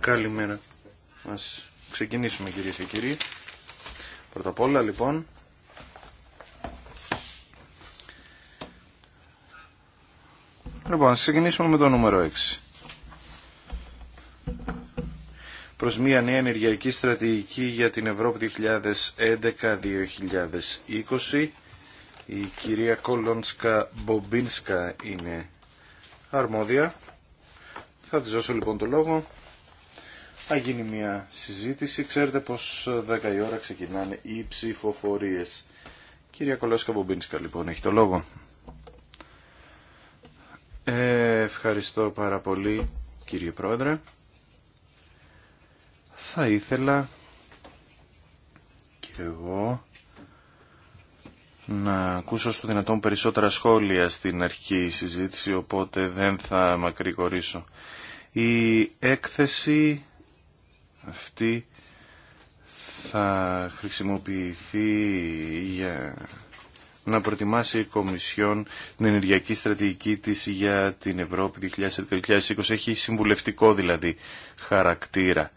Καλημέρα. Ας ξεκινήσουμε κυρίες και κύριοι. Πρώτα απ' όλα λοιπόν Λοιπόν, ας ξεκινήσουμε με το νούμερο 6. προς μια νέα ενεργειακή στρατηγική για την Ευρώπη 2011-2020. Η κυρία Κολόνσκα Μπομπίνσκα είναι αρμόδια. Θα της δώσω λοιπόν το λόγο. Θα γίνει μια συζήτηση. Ξέρετε πως 10 η ώρα ξεκινάνε οι ψηφοφορίες. Κυρία κολέσκα Μπομπίνσκα λοιπόν έχει το λόγο. Ε, ευχαριστώ πάρα πολύ κύριε Πρόεδρε. Θα ήθελα και εγώ να ακούσω στο δυνατόν περισσότερα σχόλια στην αρχική συζήτηση, οπότε δεν θα μακρηγορήσω. Η έκθεση αυτή θα χρησιμοποιηθεί για να προετοιμάσει η Κομισιόν την ενεργειακή στρατηγική της για την Ευρώπη 2020. Έχει συμβουλευτικό δηλαδή χαρακτήρα.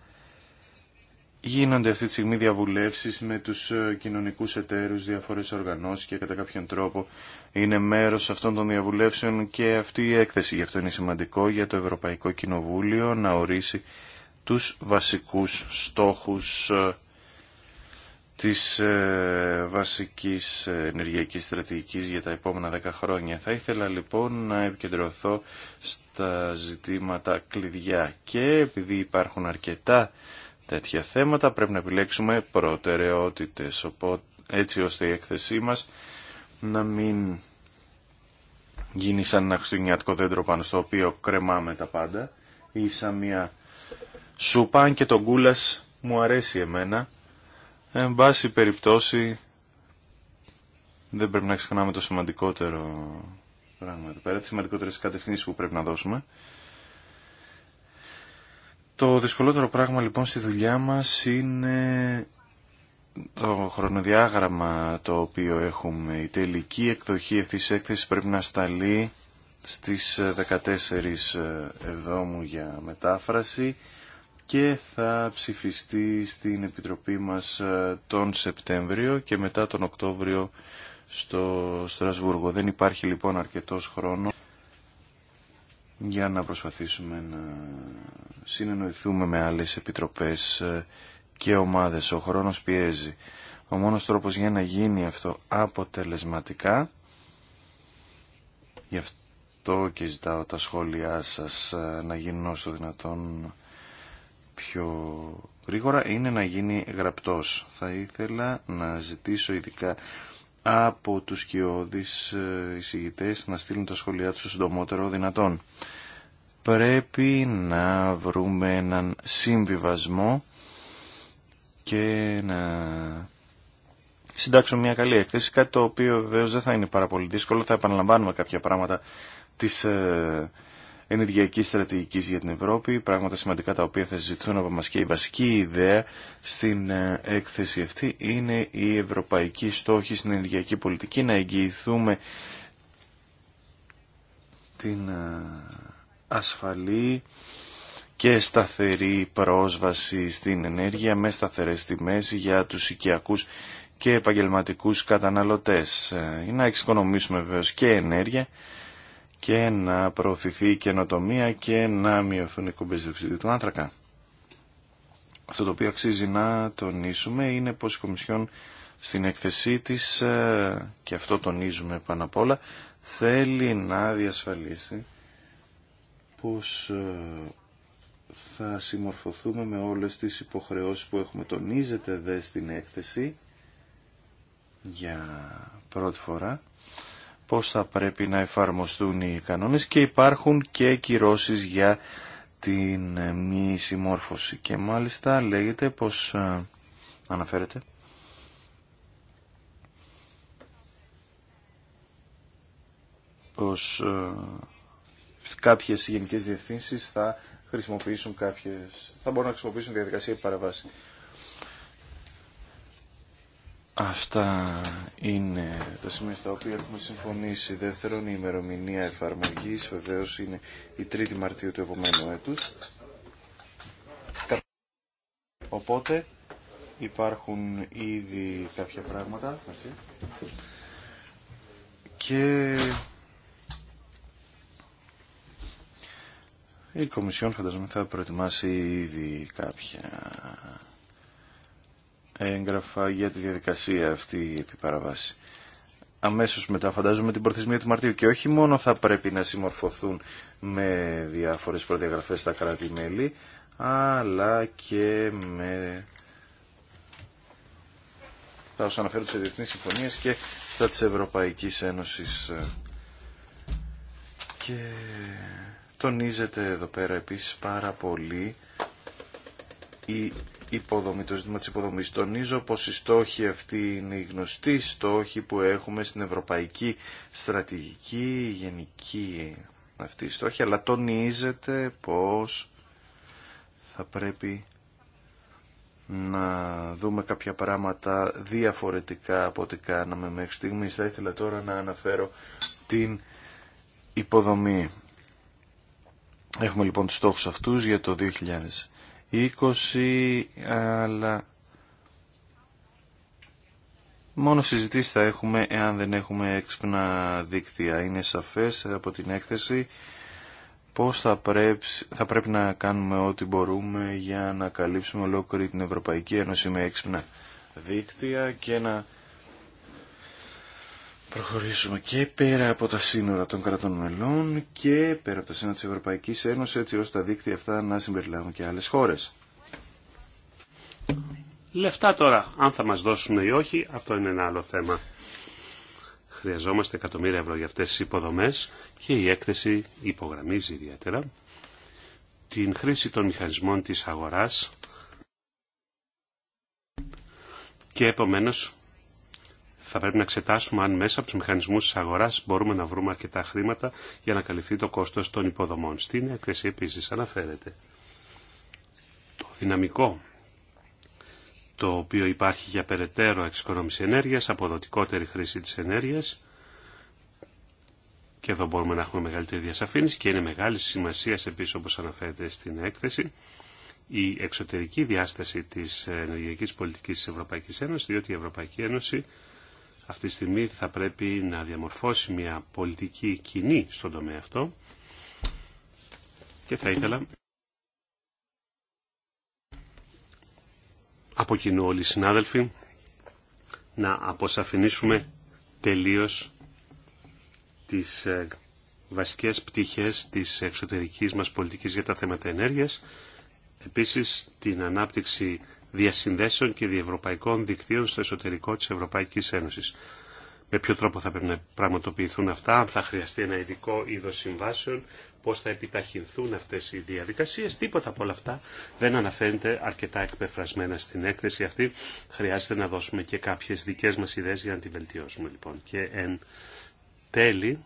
Γίνονται αυτή τη στιγμή διαβουλεύσεις με τους ε, κοινωνικούς εταίρους, διαφορέ οργανώσεις και κατά κάποιον τρόπο είναι μέρος αυτών των διαβουλεύσεων και αυτή η έκθεση. Γι' αυτό είναι σημαντικό για το Ευρωπαϊκό Κοινοβούλιο να ορίσει τους βασικούς στόχους ε, της ε, βασικής ενεργειακής στρατηγικής για τα επόμενα δέκα χρόνια. Θα ήθελα λοιπόν να επικεντρωθώ στα ζητήματα κλειδιά και επειδή υπάρχουν αρκετά τέτοια θέματα. Πρέπει να επιλέξουμε προτεραιότητες, οπότε, έτσι ώστε η έκθεσή μας να μην γίνει σαν ένα χριστουγεννιάτικο δέντρο πάνω στο οποίο κρεμάμε τα πάντα ή σαν μια σούπα, αν και το γκούλας μου αρέσει εμένα. Εν πάση περιπτώσει δεν πρέπει να ξεχνάμε το σημαντικότερο πράγμα εδώ πέρα, τις σημαντικότερες κατευθύνσεις που πρέπει να δώσουμε. Το δυσκολότερο πράγμα λοιπόν στη δουλειά μας είναι το χρονοδιάγραμμα το οποίο έχουμε. Η τελική εκδοχή αυτής της έκθεσης πρέπει να σταλεί στις 14 ε, Εβδόμου για μετάφραση και θα ψηφιστεί στην Επιτροπή μας ε, τον Σεπτέμβριο και μετά τον Οκτώβριο στο Στρασβούργο. Δεν υπάρχει λοιπόν αρκετός χρόνος για να προσπαθήσουμε να συνεννοηθούμε με άλλες επιτροπές ε, και ομάδες. Ο χρόνος πιέζει. Ο μόνος τρόπος για να γίνει αυτό αποτελεσματικά, γι' αυτό και ζητάω τα σχόλιά σας ε, να γίνουν όσο δυνατόν πιο γρήγορα, είναι να γίνει γραπτός. Θα ήθελα να ζητήσω ειδικά από τους κοιόδεις ε, εισηγητές να στείλουν τα σχολιά τους το συντομότερο δυνατόν. Πρέπει να βρούμε έναν συμβιβασμό και να συντάξουμε μια καλή έκθεση, κάτι το οποίο βεβαίω δεν θα είναι πάρα πολύ δύσκολο, θα επαναλαμβάνουμε κάποια πράγματα της ε, Ενεργειακή στρατηγική για την Ευρώπη, πράγματα σημαντικά τα οποία θα συζητηθούν από μας και η βασική ιδέα στην ε, έκθεση αυτή είναι η ευρωπαϊκή στόχη στην ενεργειακή πολιτική, να εγγυηθούμε την ε, ασφαλή και σταθερή πρόσβαση στην ενέργεια με σταθερές τιμές για τους οικιακούς και επαγγελματικούς καταναλωτές. Ε, να εξοικονομήσουμε βεβαίω και ενέργεια και να προωθηθεί η καινοτομία και να μειωθούν οι κομπές διοξιδίου του άνθρακα. Αυτό το οποίο αξίζει να τονίσουμε είναι πως η Κομισιόν στην εκθεσή της, ε, και αυτό τονίζουμε πάνω απ' όλα, θέλει να διασφαλίσει πως ε, θα συμμορφωθούμε με όλες τις υποχρεώσεις που έχουμε τονίζεται δε στην έκθεση για πρώτη φορά πώς θα πρέπει να εφαρμοστούν οι κανόνες και υπάρχουν και κυρώσεις για την ε, μη συμμόρφωση. Και μάλιστα λέγεται πως ε, αναφέρεται πως ε, κάποιες γενικές διευθύνσεις θα χρησιμοποιήσουν κάποιες, θα μπορούν να χρησιμοποιήσουν διαδικασία παραβάση. Αυτά είναι τα σημεία στα οποία έχουμε συμφωνήσει. Δεύτερον, η ημερομηνία εφαρμογή. βεβαίω είναι η 3η Μαρτίου του επόμενου έτους. Οπότε υπάρχουν ήδη κάποια πράγματα. Και η Κομισιόν φανταζομαι θα προετοιμάσει ήδη κάποια έγγραφα για τη διαδικασία αυτή η παραβάση. Αμέσως μετά φαντάζομαι την προθεσμία του Μαρτίου και όχι μόνο θα πρέπει να συμμορφωθούν με διάφορες προδιαγραφές στα κράτη-μέλη, αλλά και με Θα όσα αναφέρω σε διεθνείς συμφωνίες και στα της Ευρωπαϊκής Ένωσης. Και τονίζεται εδώ πέρα επίσης πάρα πολύ η υποδομή, το ζήτημα της υποδομής. Τονίζω πως οι στόχοι αυτοί είναι οι γνωστοί στόχοι που έχουμε στην ευρωπαϊκή στρατηγική, γενική αυτή η στόχη, αλλά τονίζεται πως θα πρέπει να δούμε κάποια πράγματα διαφορετικά από ό,τι κάναμε μέχρι στιγμής. Θα ήθελα τώρα να αναφέρω την υποδομή. Έχουμε λοιπόν τους στόχους αυτούς για το 2000. 20, αλλά μόνο συζητήσει θα έχουμε εάν δεν έχουμε έξυπνα δίκτυα. Είναι σαφές από την έκθεση πώς θα πρέπει, θα πρέπει να κάνουμε ό,τι μπορούμε για να καλύψουμε ολόκληρη την Ευρωπαϊκή Ένωση με έξυπνα δίκτυα και να προχωρήσουμε και πέρα από τα σύνορα των κρατών μελών και πέρα από τα σύνορα της Ευρωπαϊκής Ένωσης έτσι ώστε τα δίκτυα αυτά να συμπεριλάβουν και άλλες χώρες. Λεφτά τώρα, αν θα μας δώσουν ή όχι, αυτό είναι ένα άλλο θέμα. Χρειαζόμαστε εκατομμύρια ευρώ για αυτές τις υποδομές και η έκθεση υπογραμμίζει ιδιαίτερα την χρήση των μηχανισμών της αγοράς και επομένως θα πρέπει να εξετάσουμε αν μέσα από του μηχανισμού τη αγορά μπορούμε να βρούμε αρκετά χρήματα για να καλυφθεί το κόστο των υποδομών. Στην έκθεση επίση αναφέρεται το δυναμικό το οποίο υπάρχει για περαιτέρω εξοικονόμηση ενέργειας, αποδοτικότερη χρήση της ενέργειας και εδώ μπορούμε να έχουμε μεγαλύτερη διασαφήνιση και είναι μεγάλη σημασία επίσης όπως αναφέρεται στην έκθεση η εξωτερική διάσταση της ενεργειακής πολιτικής της Ευρωπαϊκής Ένωσης διότι η Ευρωπαϊκή Ένωση αυτή τη στιγμή θα πρέπει να διαμορφώσει μια πολιτική κοινή στον τομέα αυτό και θα ήθελα από κοινού όλοι οι συνάδελφοι να αποσαφηνίσουμε τελείως τις ε, βασικές πτυχές της εξωτερικής μας πολιτικής για τα θέματα ενέργειας, επίσης την ανάπτυξη διασυνδέσεων και διευρωπαϊκών δικτύων στο εσωτερικό της Ευρωπαϊκής Ένωσης. Με ποιο τρόπο θα πρέπει να πραγματοποιηθούν αυτά, αν θα χρειαστεί ένα ειδικό είδος συμβάσεων, πώ θα επιταχυνθούν αυτές οι διαδικασίες. Τίποτα από όλα αυτά δεν αναφέρεται αρκετά εκπεφρασμένα στην έκθεση αυτή. Χρειάζεται να δώσουμε και κάποιες δικές μας ιδέες για να τη βελτιώσουμε λοιπόν. Και εν τέλει,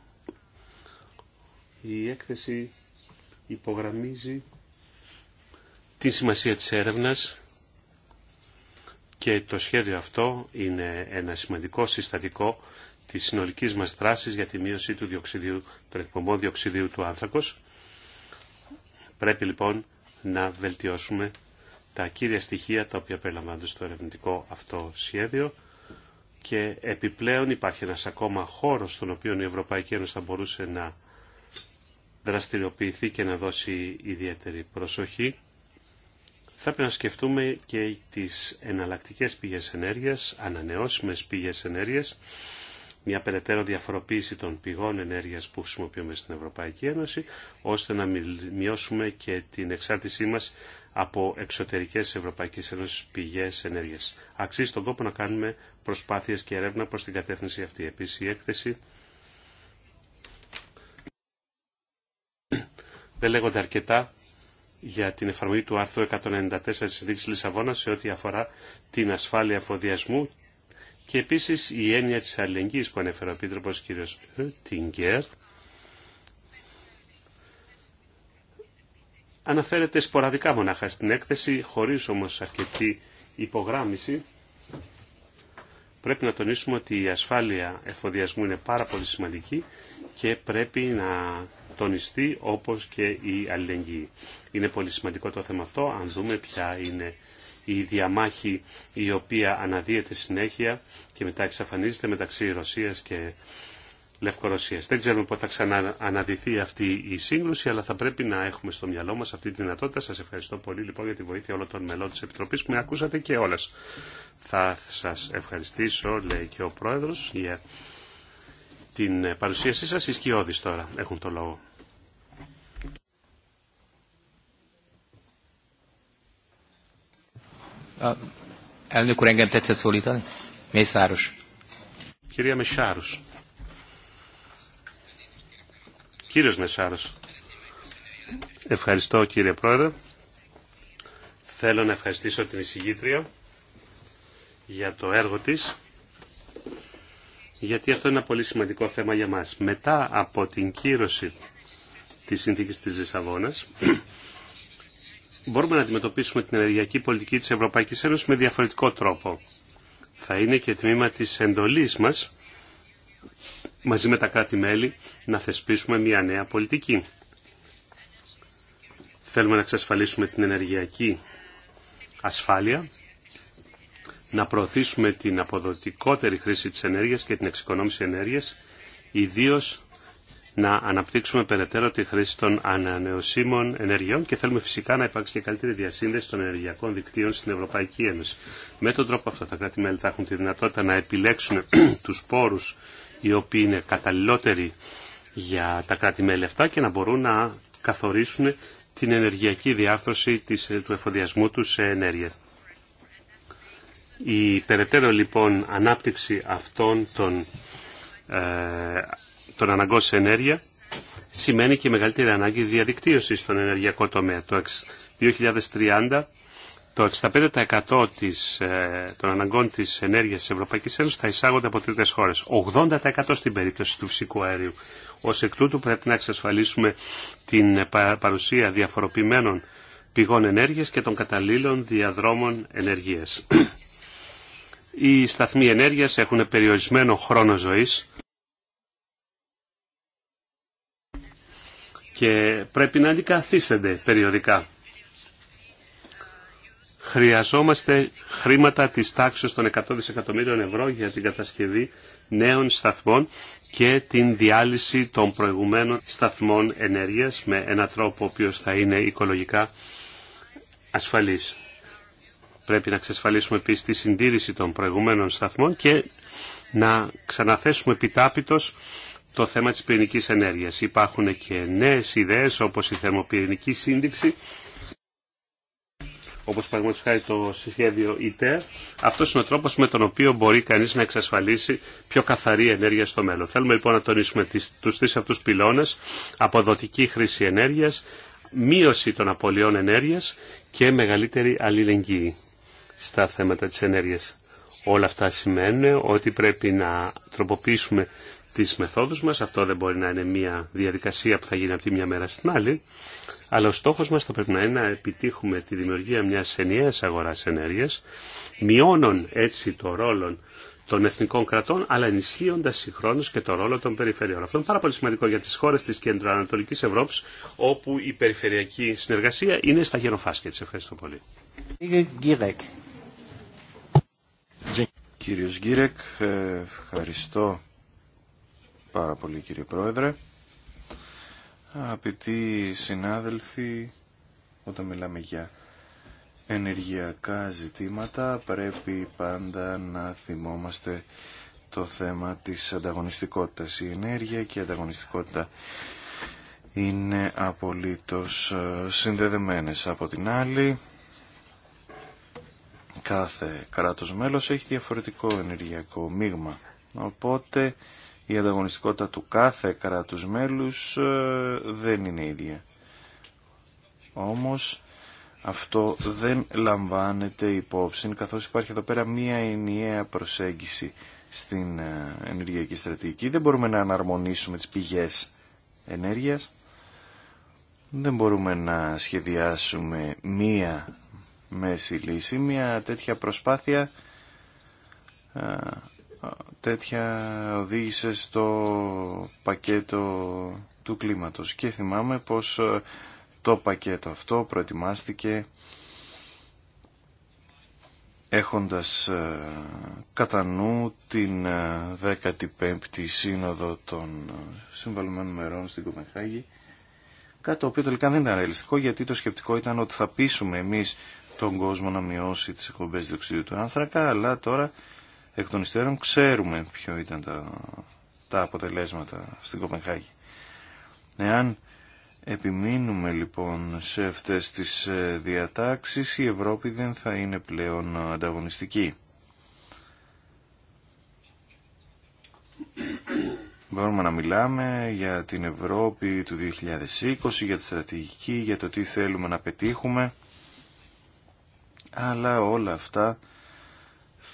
η έκθεση υπογραμμίζει τη σημασία της έρευνας και το σχέδιο αυτό είναι ένα σημαντικό συστατικό της συνολικής μας δράσης για τη μείωση του διοξιδίου, των εκπομπών διοξιδίου του άνθρακος. Πρέπει λοιπόν να βελτιώσουμε τα κύρια στοιχεία τα οποία περιλαμβάνονται στο ερευνητικό αυτό σχέδιο και επιπλέον υπάρχει ένας ακόμα χώρος στον οποίο η Ευρωπαϊκή Ένωση θα μπορούσε να δραστηριοποιηθεί και να δώσει ιδιαίτερη προσοχή θα πρέπει να σκεφτούμε και τις εναλλακτικές πηγές ενέργειας, ανανεώσιμες πηγές ενέργειας, μια περαιτέρω διαφοροποίηση των πηγών ενέργειας που χρησιμοποιούμε στην Ευρωπαϊκή Ένωση, ώστε να μειώσουμε και την εξάρτησή μας από εξωτερικές Ευρωπαϊκής Ένωσης πηγές ενέργειας. Αξίζει τον κόπο να κάνουμε προσπάθειες και ερεύνα προς την κατεύθυνση αυτή. Επίσης η έκθεση δεν λέγονται αρκετά για την εφαρμογή του άρθρου 194 της Συνδίκης Λισαβόνας σε ό,τι αφορά την ασφάλεια εφοδιασμού και επίσης η έννοια της αλληλεγγύης που ανέφερε ο Επίτροπος κ. Τιγκέρ αναφέρεται σποραδικά μονάχα στην έκθεση χωρίς όμως αρκετή υπογράμμιση. Πρέπει να τονίσουμε ότι η ασφάλεια εφοδιασμού είναι πάρα πολύ σημαντική και πρέπει να τονιστεί όπως και η αλληλεγγύη. Είναι πολύ σημαντικό το θέμα αυτό, αν δούμε ποια είναι η διαμάχη η οποία αναδύεται συνέχεια και μετά εξαφανίζεται μεταξύ Ρωσίας και Λευκορωσίας. Δεν ξέρουμε πότε θα ξανααναδυθεί αυτή η σύγκρουση, αλλά θα πρέπει να έχουμε στο μυαλό μας αυτή τη δυνατότητα. Σας ευχαριστώ πολύ λοιπόν για τη βοήθεια όλων των μελών της Επιτροπής που με ακούσατε και όλες. Θα σας ευχαριστήσω, λέει και ο Πρόεδρος, για την παρουσίασή σας. Οι σκιώδεις τώρα έχουν το λόγο. Κυρία Μεσάρους. Κύριος Μεσάρος. Ευχαριστώ κύριε Πρόεδρε. Θέλω να ευχαριστήσω την εισηγήτρια για το έργο της, γιατί αυτό είναι ένα πολύ σημαντικό θέμα για μας. Μετά από την κύρωση της συνθήκης της Λισαβόνας, μπορούμε να αντιμετωπίσουμε την ενεργειακή πολιτική της Ευρωπαϊκής Ένωσης με διαφορετικό τρόπο. Θα είναι και τμήμα της εντολής μας, μαζί με τα κράτη-μέλη, να θεσπίσουμε μια νέα πολιτική. Θέλουμε να εξασφαλίσουμε την ενεργειακή ασφάλεια, να προωθήσουμε την αποδοτικότερη χρήση της ενέργειας και την εξοικονόμηση ενέργειας, ιδίως να αναπτύξουμε περαιτέρω τη χρήση των ανανεωσίμων ενεργειών και θέλουμε φυσικά να υπάρξει και καλύτερη διασύνδεση των ενεργειακών δικτύων στην Ευρωπαϊκή Ένωση. Με τον τρόπο αυτό τα κράτη-μέλη θα έχουν τη δυνατότητα να επιλέξουν τους πόρους οι οποίοι είναι καταλληλότεροι για τα κράτη-μέλη αυτά και να μπορούν να καθορίσουν την ενεργειακή διάρθρωση της, του εφοδιασμού τους σε ενέργεια. Η περαιτέρω λοιπόν ανάπτυξη αυτών των ε, των αναγκών σε ενέργεια σημαίνει και μεγαλύτερη ανάγκη διαδικτύωση στον ενεργειακό τομέα. Το 2030 το 65% της, ε, των αναγκών της ενέργειας της Ευρωπαϊκής Ένωσης θα εισάγονται από τρίτες χώρες. 80% στην περίπτωση του φυσικού αερίου. Ως εκ τούτου πρέπει να εξασφαλίσουμε την ε, παρουσία διαφοροποιημένων πηγών ενέργειας και των καταλήλων διαδρόμων ενεργείας. Οι σταθμοί ενέργειας έχουν περιορισμένο χρόνο ζωής και πρέπει να αντικαθίστανται περιοδικά. Χρειαζόμαστε χρήματα της τάξης των 100 δισεκατομμύριων ευρώ για την κατασκευή νέων σταθμών και την διάλυση των προηγουμένων σταθμών ενέργειας με έναν τρόπο ο οποίος θα είναι οικολογικά ασφαλής. Πρέπει να εξασφαλίσουμε επίσης τη συντήρηση των προηγουμένων σταθμών και να ξαναθέσουμε επιτάπητος το θέμα της πυρηνικής ενέργειας. Υπάρχουν και νέες ιδέες όπως η θερμοπυρηνική σύνδεξη, όπως παραδείγματο χάρη το σχέδιο ΙΤΕΡ. Αυτός είναι ο τρόπος με τον οποίο μπορεί κανείς να εξασφαλίσει πιο καθαρή ενέργεια στο μέλλον. Θέλουμε λοιπόν να τονίσουμε τις, τους τρεις αυτούς πυλώνες, αποδοτική χρήση ενέργειας, μείωση των απολειών ενέργειας και μεγαλύτερη αλληλεγγύη στα θέματα της ενέργειας. Όλα αυτά σημαίνουν ότι πρέπει να τροποποιήσουμε τις μεθόδους μα. Αυτό δεν μπορεί να είναι μια διαδικασία που θα γίνει από τη μια μέρα στην άλλη. Αλλά ο στόχος μας θα πρέπει να είναι να επιτύχουμε τη δημιουργία μιας ενιαίας αγοράς ενέργειας, μειώνων έτσι το ρόλο των εθνικών κρατών, αλλά ενισχύοντα συγχρόνω και το ρόλο των περιφερειών. Αυτό είναι πάρα πολύ σημαντικό για τι χώρε τη Κεντροανατολική Ευρώπη, όπου η περιφερειακή συνεργασία είναι στα γενοφάσκια Ευχαριστώ πολύ. Κύριος Γκίρεκ, ευχαριστώ πάρα πολύ κύριε Πρόεδρε. Αγαπητοί συνάδελφοι, όταν μιλάμε για ενεργειακά ζητήματα πρέπει πάντα να θυμόμαστε το θέμα της ανταγωνιστικότητας. Η ενέργεια και η ανταγωνιστικότητα είναι απολύτως ε, συνδεδεμένες. Από την άλλη, κάθε κράτος μέλος έχει διαφορετικό ενεργειακό μείγμα. Οπότε η ανταγωνιστικότητα του κάθε κράτους μέλους ε, δεν είναι ίδια. Όμως αυτό δεν λαμβάνεται υπόψη καθώς υπάρχει εδώ πέρα μία ενιαία προσέγγιση στην ε, ενεργειακή στρατηγική. Δεν μπορούμε να αναρμονίσουμε τις πηγές ενέργειας. Δεν μπορούμε να σχεδιάσουμε μία μέση λύση. Μία τέτοια προσπάθεια ε, τέτοια οδήγησε στο πακέτο του κλίματος και θυμάμαι πως ε, το πακέτο αυτό προετοιμάστηκε έχοντας ε, κατά νου την 15η ε, σύνοδο των συμβαλωμένων μερών στην Κοπενχάγη κάτι το οποίο τελικά δεν ήταν ρεαλιστικό γιατί το σκεπτικό ήταν ότι θα πείσουμε εμείς τον κόσμο να μειώσει τις εκπομπές διοξιδίου του άνθρακα αλλά τώρα εκ των υστέρων ξέρουμε ποιο ήταν τα, τα αποτελέσματα στην Κοπενχάγη. Εάν επιμείνουμε λοιπόν σε αυτές τις ε, διατάξεις η Ευρώπη δεν θα είναι πλέον ανταγωνιστική. Μπορούμε να μιλάμε για την Ευρώπη του 2020, για τη στρατηγική, για το τι θέλουμε να πετύχουμε, αλλά όλα αυτά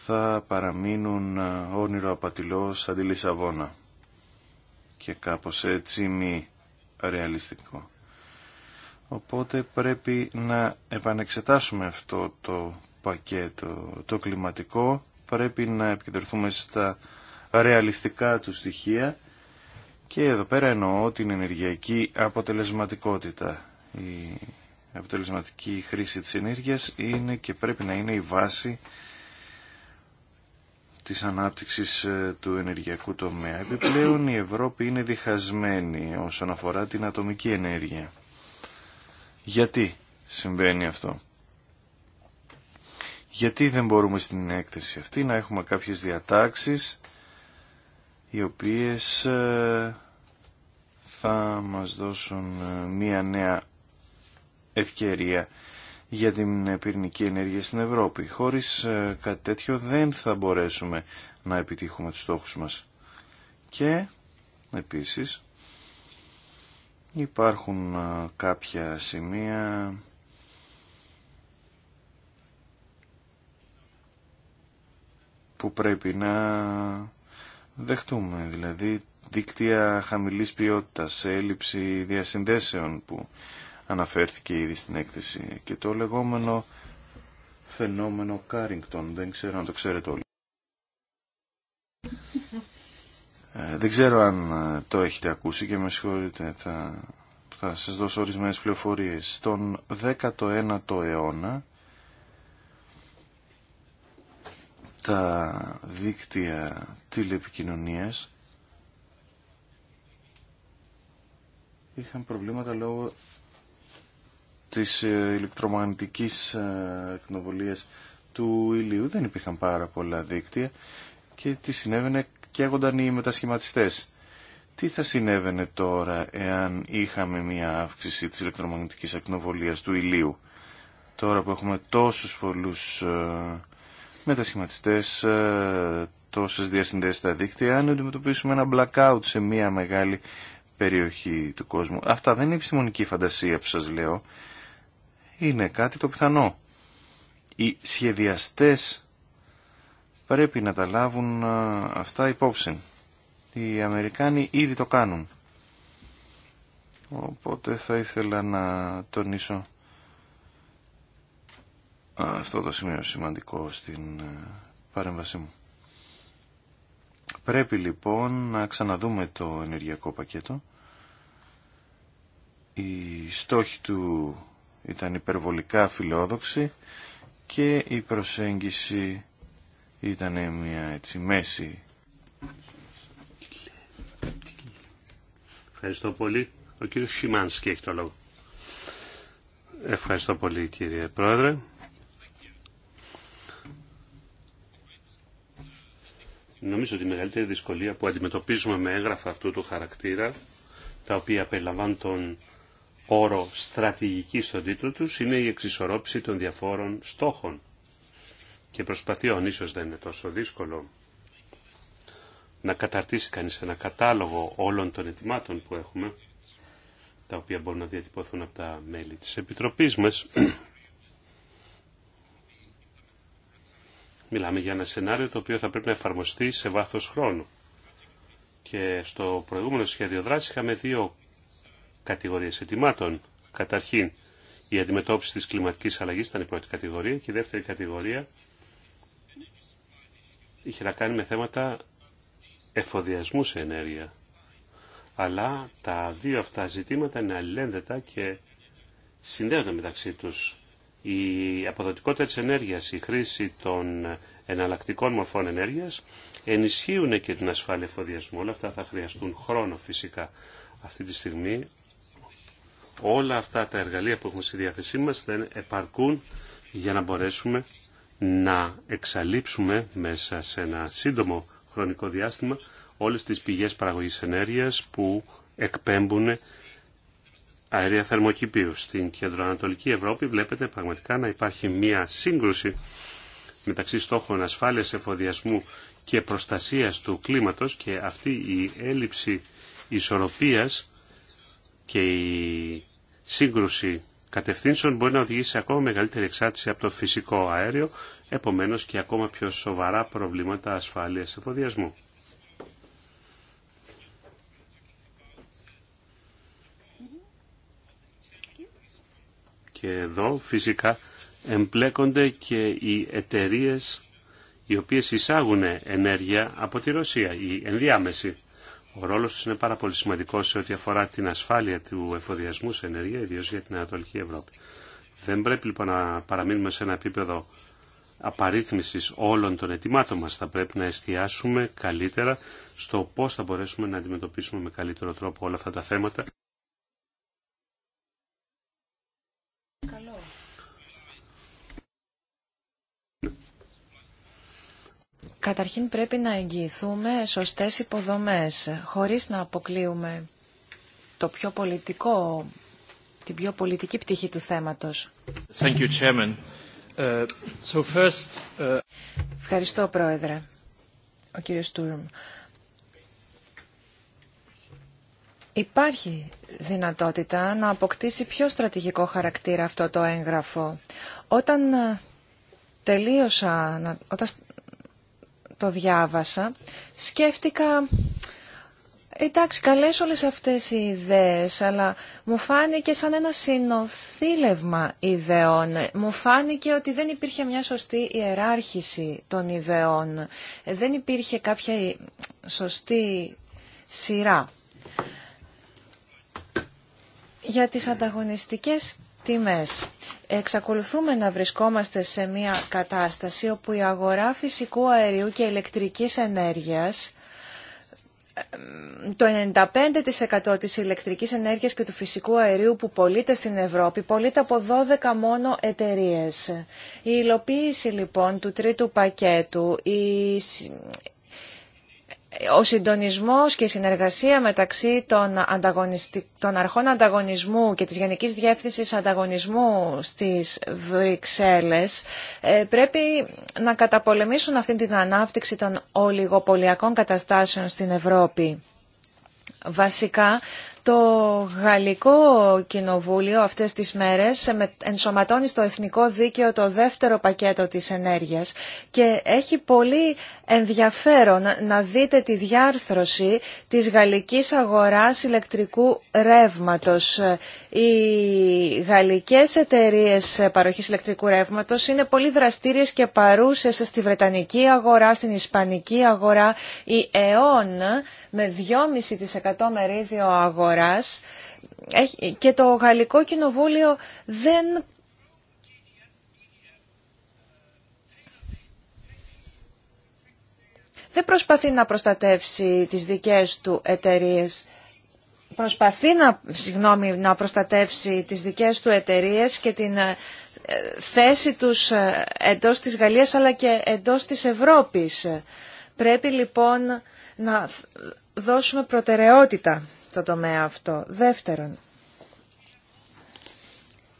θα παραμείνουν ε, όνειρο απατηλός αντί Λισαβόνα και κάπως έτσι μη ρεαλιστικό. Οπότε πρέπει να επανεξετάσουμε αυτό το πακέτο το κλιματικό, πρέπει να επικεντρωθούμε στα ρεαλιστικά του στοιχεία και εδώ πέρα εννοώ την ενεργειακή αποτελεσματικότητα. Η αποτελεσματική χρήση της ενέργειας είναι και πρέπει να είναι η βάση της ανάπτυξης ε, του ενεργειακού τομέα. Επιπλέον η Ευρώπη είναι διχασμένη όσον αφορά την ατομική ενέργεια. Γιατί συμβαίνει αυτό. Γιατί δεν μπορούμε στην έκθεση αυτή να έχουμε κάποιες διατάξεις οι οποίες ε, θα μας δώσουν ε, μία νέα ευκαιρία για την πυρηνική ενέργεια στην Ευρώπη. Χωρίς ε, κάτι τέτοιο δεν θα μπορέσουμε να επιτύχουμε τους στόχους μας. Και επίσης υπάρχουν ε, κάποια σημεία που πρέπει να δεχτούμε, δηλαδή δίκτυα χαμηλής ποιότητας, έλλειψη διασυνδέσεων που αναφέρθηκε ήδη στην έκθεση. Και το λεγόμενο φαινόμενο Κάρινγκτον, δεν ξέρω αν το ξέρετε όλοι. Ε, δεν ξέρω αν ε, το έχετε ακούσει και με συγχωρείτε, θα, θα σας δώσω ορισμένες πληροφορίες. Στον 19ο αιώνα τα δίκτυα τηλεπικοινωνίας είχαν προβλήματα λόγω της ε, ηλεκτρομαγνητικής ε, εκνοβολίας του ηλίου. Δεν υπήρχαν πάρα πολλά δίκτυα και τι συνέβαινε καίγονταν οι μετασχηματιστές. Τι θα συνέβαινε τώρα εάν είχαμε μια αύξηση της ηλεκτρομαγνητικής ακνοβολίας του ηλίου. Τώρα που έχουμε τόσους πολλούς ε, μετασχηματιστές, τόσες διασυνδέσεις στα δίκτυα, αν αντιμετωπίσουμε ένα blackout σε μια μεγάλη περιοχή του κόσμου. Αυτά δεν είναι επιστημονική φαντασία που σας λέω είναι κάτι το πιθανό. Οι σχεδιαστές πρέπει να τα λάβουν αυτά υπόψη. Οι Αμερικάνοι ήδη το κάνουν. Οπότε θα ήθελα να τονίσω αυτό το σημείο σημαντικό στην ε, παρέμβασή μου. Πρέπει λοιπόν να ξαναδούμε το ενεργειακό πακέτο. Οι στόχοι του ήταν υπερβολικά φιλόδοξη και η προσέγγιση ήταν μια έτσι μέση. Ευχαριστώ πολύ. Ο κύριος Σιμάνσκι έχει το λόγο. Ευχαριστώ πολύ κύριε Πρόεδρε. Νομίζω ότι η μεγαλύτερη δυσκολία που αντιμετωπίζουμε με έγγραφα αυτού του χαρακτήρα, τα οποία περιλαμβάνουν τον όρο στρατηγική στον τίτλο τους είναι η εξισορρόπηση των διαφόρων στόχων και προσπαθειών. Ίσως δεν είναι τόσο δύσκολο να καταρτήσει κανείς ένα κατάλογο όλων των ετοιμάτων που έχουμε, τα οποία μπορούν να διατυπωθούν από τα μέλη της Επιτροπής μας. Μιλάμε για ένα σενάριο το οποίο θα πρέπει να εφαρμοστεί σε βάθος χρόνου. Και στο προηγούμενο σχέδιο δράση είχαμε δύο κατηγορίες ετοιμάτων. Καταρχήν, η αντιμετώπιση της κλιματικής αλλαγής ήταν η πρώτη κατηγορία και η δεύτερη κατηγορία είχε να κάνει με θέματα εφοδιασμού σε ενέργεια. Αλλά τα δύο αυτά ζητήματα είναι αλληλένδετα και συνδέονται μεταξύ τους. Η αποδοτικότητα της ενέργειας, η χρήση των εναλλακτικών μορφών ενέργειας ενισχύουν και την ασφάλεια εφοδιασμού. Όλα αυτά θα χρειαστούν χρόνο φυσικά. Αυτή τη στιγμή όλα αυτά τα εργαλεία που έχουμε στη διάθεσή μας δεν επαρκούν για να μπορέσουμε να εξαλείψουμε μέσα σε ένα σύντομο χρονικό διάστημα όλες τις πηγές παραγωγής ενέργειας που εκπέμπουν αερία θερμοκηπίου. Στην κεντροανατολική Ευρώπη βλέπετε πραγματικά να υπάρχει μία σύγκρουση μεταξύ στόχων ασφάλειας εφοδιασμού και προστασίας του κλίματος και αυτή η έλλειψη ισορροπίας και η σύγκρουση κατευθύνσεων μπορεί να οδηγήσει ακόμα μεγαλύτερη εξάρτηση από το φυσικό αέριο, επομένως και ακόμα πιο σοβαρά προβλήματα ασφάλειας εφοδιασμού. Και εδώ φυσικά εμπλέκονται και οι εταιρείε οι οποίες εισάγουν ενέργεια από τη Ρωσία, η ενδιάμεση. Ο ρόλος τους είναι πάρα πολύ σημαντικός σε ό,τι αφορά την ασφάλεια του εφοδιασμού σε ενέργεια, ιδίως για την Ανατολική Ευρώπη. Δεν πρέπει λοιπόν να παραμείνουμε σε ένα επίπεδο απαρίθμησης όλων των ετοιμάτων μας. Θα πρέπει να εστιάσουμε καλύτερα στο πώς θα μπορέσουμε να αντιμετωπίσουμε με καλύτερο τρόπο όλα αυτά τα θέματα Καταρχήν πρέπει να εγγυηθούμε σωστές υποδομές, χωρίς να αποκλείουμε το πιο πολιτικό, την πιο πολιτική πτυχή του θέματος. Thank you, uh, uh, Ευχαριστώ, Πρόεδρε. Ο κύριος Τούρμ. Υπάρχει δυνατότητα να αποκτήσει πιο στρατηγικό χαρακτήρα αυτό το έγγραφο. Όταν ε, τελείωσα, όταν το διάβασα, σκέφτηκα... Εντάξει, καλές όλες αυτές οι ιδέες, αλλά μου φάνηκε σαν ένα συνοθήλευμα ιδεών. Μου φάνηκε ότι δεν υπήρχε μια σωστή ιεράρχηση των ιδεών. Δεν υπήρχε κάποια σωστή σειρά. Για τις ανταγωνιστικές τιμές. Εξακολουθούμε να βρισκόμαστε σε μια κατάσταση όπου η αγορά φυσικού αερίου και ηλεκτρικής ενέργειας το 95% της ηλεκτρικής ενέργειας και του φυσικού αερίου που πωλείται στην Ευρώπη πωλείται από 12 μόνο εταιρείες. Η υλοποίηση λοιπόν του τρίτου πακέτου, η ο συντονισμός και η συνεργασία μεταξύ των, αρχών ανταγωνισμού και της Γενικής Διεύθυνσης Ανταγωνισμού στις Βρυξέλλες ε, πρέπει να καταπολεμήσουν αυτή την ανάπτυξη των ολιγοπολιακών καταστάσεων στην Ευρώπη. Βασικά το Γαλλικό Κοινοβούλιο αυτές τις μέρες ενσωματώνει στο Εθνικό Δίκαιο το δεύτερο πακέτο της ενέργειας και έχει πολύ ενδιαφέρον να δείτε τη διάρθρωση της γαλλικής αγοράς ηλεκτρικού ρεύματος. Οι γαλλικές εταιρείες παροχής ηλεκτρικού ρεύματος είναι πολύ δραστήριες και παρούσες στη Βρετανική αγορά, στην Ισπανική αγορά. Η ΕΟΝ με 2,5% μερίδιο αγοράς και το Γαλλικό Κοινοβούλιο δεν δεν προσπαθεί να προστατεύσει τις δικές του εταιρείες. Προσπαθεί να, συγγνώμη, να προστατεύσει τις δικές του εταιρείες και την ε, θέση τους ε, εντός της Γαλλίας αλλά και εντός της Ευρώπης. Πρέπει λοιπόν να δώσουμε προτεραιότητα το τομέα αυτό. Δεύτερον,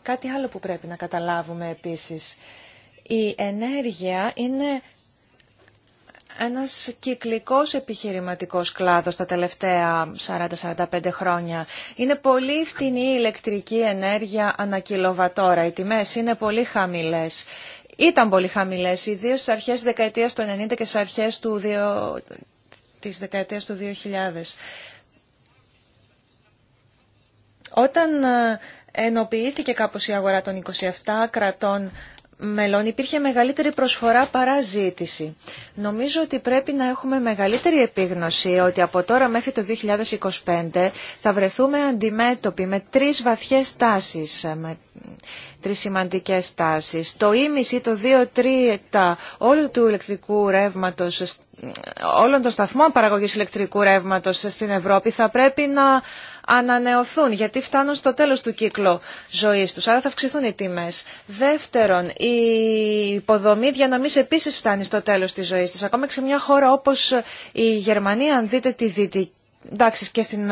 κάτι άλλο που πρέπει να καταλάβουμε επίσης. Η ενέργεια είναι ένας κυκλικός επιχειρηματικός κλάδος τα τελευταία 40-45 χρόνια. Είναι πολύ φτηνή η ηλεκτρική ενέργεια ανά κιλοβατόρα. Οι τιμές είναι πολύ χαμηλές. Ήταν πολύ χαμηλές, ιδίως στις αρχές της δεκαετίας του 90 και στις αρχές του της δεκαετίας του 2000. Όταν ε, ενοποιήθηκε κάπως η αγορά των 27 κρατών μελών υπήρχε μεγαλύτερη προσφορά παρά ζήτηση. Νομίζω ότι πρέπει να έχουμε μεγαλύτερη επίγνωση ότι από τώρα μέχρι το 2025 θα βρεθούμε αντιμέτωποι με τρεις βαθιές τάσεις. Ε, τρεις σημαντικές τάσεις. Το ίμιση, το 2 τρίτα όλου του ηλεκτρικού ρεύματος, όλων των σταθμών παραγωγής ηλεκτρικού ρεύματος στην Ευρώπη θα πρέπει να ανανεωθούν γιατί φτάνουν στο τέλος του κύκλου ζωής τους, άρα θα αυξηθούν οι τιμές. Δεύτερον, η υποδομή διανομής επίσης φτάνει στο τέλος της ζωής της. Ακόμα και σε μια χώρα όπως η Γερμανία, αν δείτε τη δυτική, εντάξει, και στην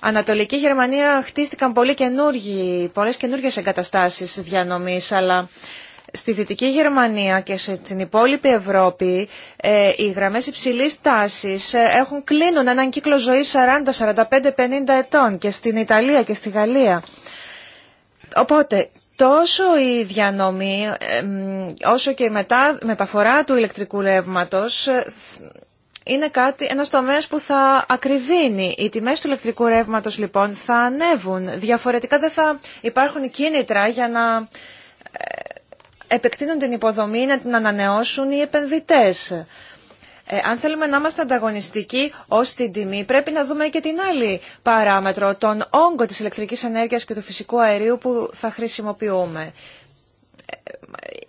Ανατολική Γερμανία χτίστηκαν πολύ καινούργιοι, πολλές καινούργιες εγκαταστάσεις διανομής, αλλά στη Δυτική Γερμανία και στην υπόλοιπη Ευρώπη ε, οι γραμμές υψηλής τάσης ε, έχουν, κλείνουν έναν κύκλο ζωής 40, 45, 50 ετών και στην Ιταλία και στη Γαλλία. Οπότε τόσο η διανομή ε, όσο και η μεταφορά του ηλεκτρικού ρεύματος είναι κάτι, ένας τομέας που θα ακριβίνει. Οι τιμές του ηλεκτρικού ρεύματος λοιπόν θα ανέβουν. Διαφορετικά δεν θα υπάρχουν κίνητρα για να ε, επεκτείνουν την υποδομή, να την ανανεώσουν οι επενδυτές. Ε, αν θέλουμε να είμαστε ανταγωνιστικοί ως την τιμή, πρέπει να δούμε και την άλλη παράμετρο, τον όγκο της ηλεκτρικής ενέργειας και του φυσικού αερίου που θα χρησιμοποιούμε. Ε,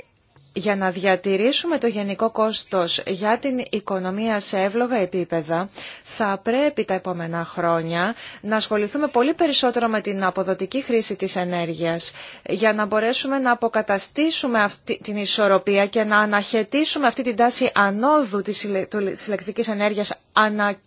για να διατηρήσουμε το γενικό κόστος για την οικονομία σε εύλογα επίπεδα, θα πρέπει τα επόμενα χρόνια να ασχοληθούμε πολύ περισσότερο με την αποδοτική χρήση της ενέργειας, για να μπορέσουμε να αποκαταστήσουμε αυτή την ισορροπία και να αναχαιτήσουμε αυτή την τάση ανόδου της ηλεκτρικής ενέργειας ανά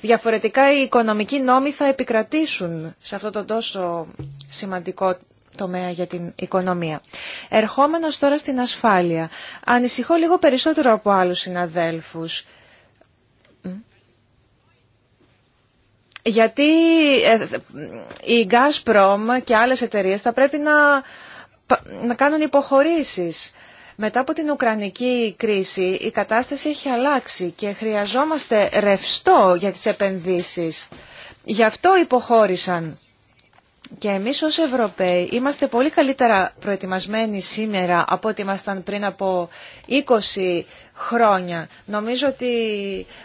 Διαφορετικά οι οικονομικοί νόμοι θα επικρατήσουν σε αυτό το τόσο σημαντικό τομέα για την οικονομία. Ερχόμενος τώρα στην ασφάλεια. Ανησυχώ λίγο περισσότερο από άλλους συναδέλφους. Γιατί ε, η Gazprom και άλλες εταιρείες θα πρέπει να, να κάνουν υποχωρήσεις. Μετά από την Ουκρανική κρίση η κατάσταση έχει αλλάξει και χρειαζόμαστε ρευστό για τις επενδύσεις. Γι' αυτό υποχώρησαν. Και εμείς ως Ευρωπαίοι είμαστε πολύ καλύτερα προετοιμασμένοι σήμερα από ό,τι ήμασταν πριν από 20 χρόνια. Νομίζω ότι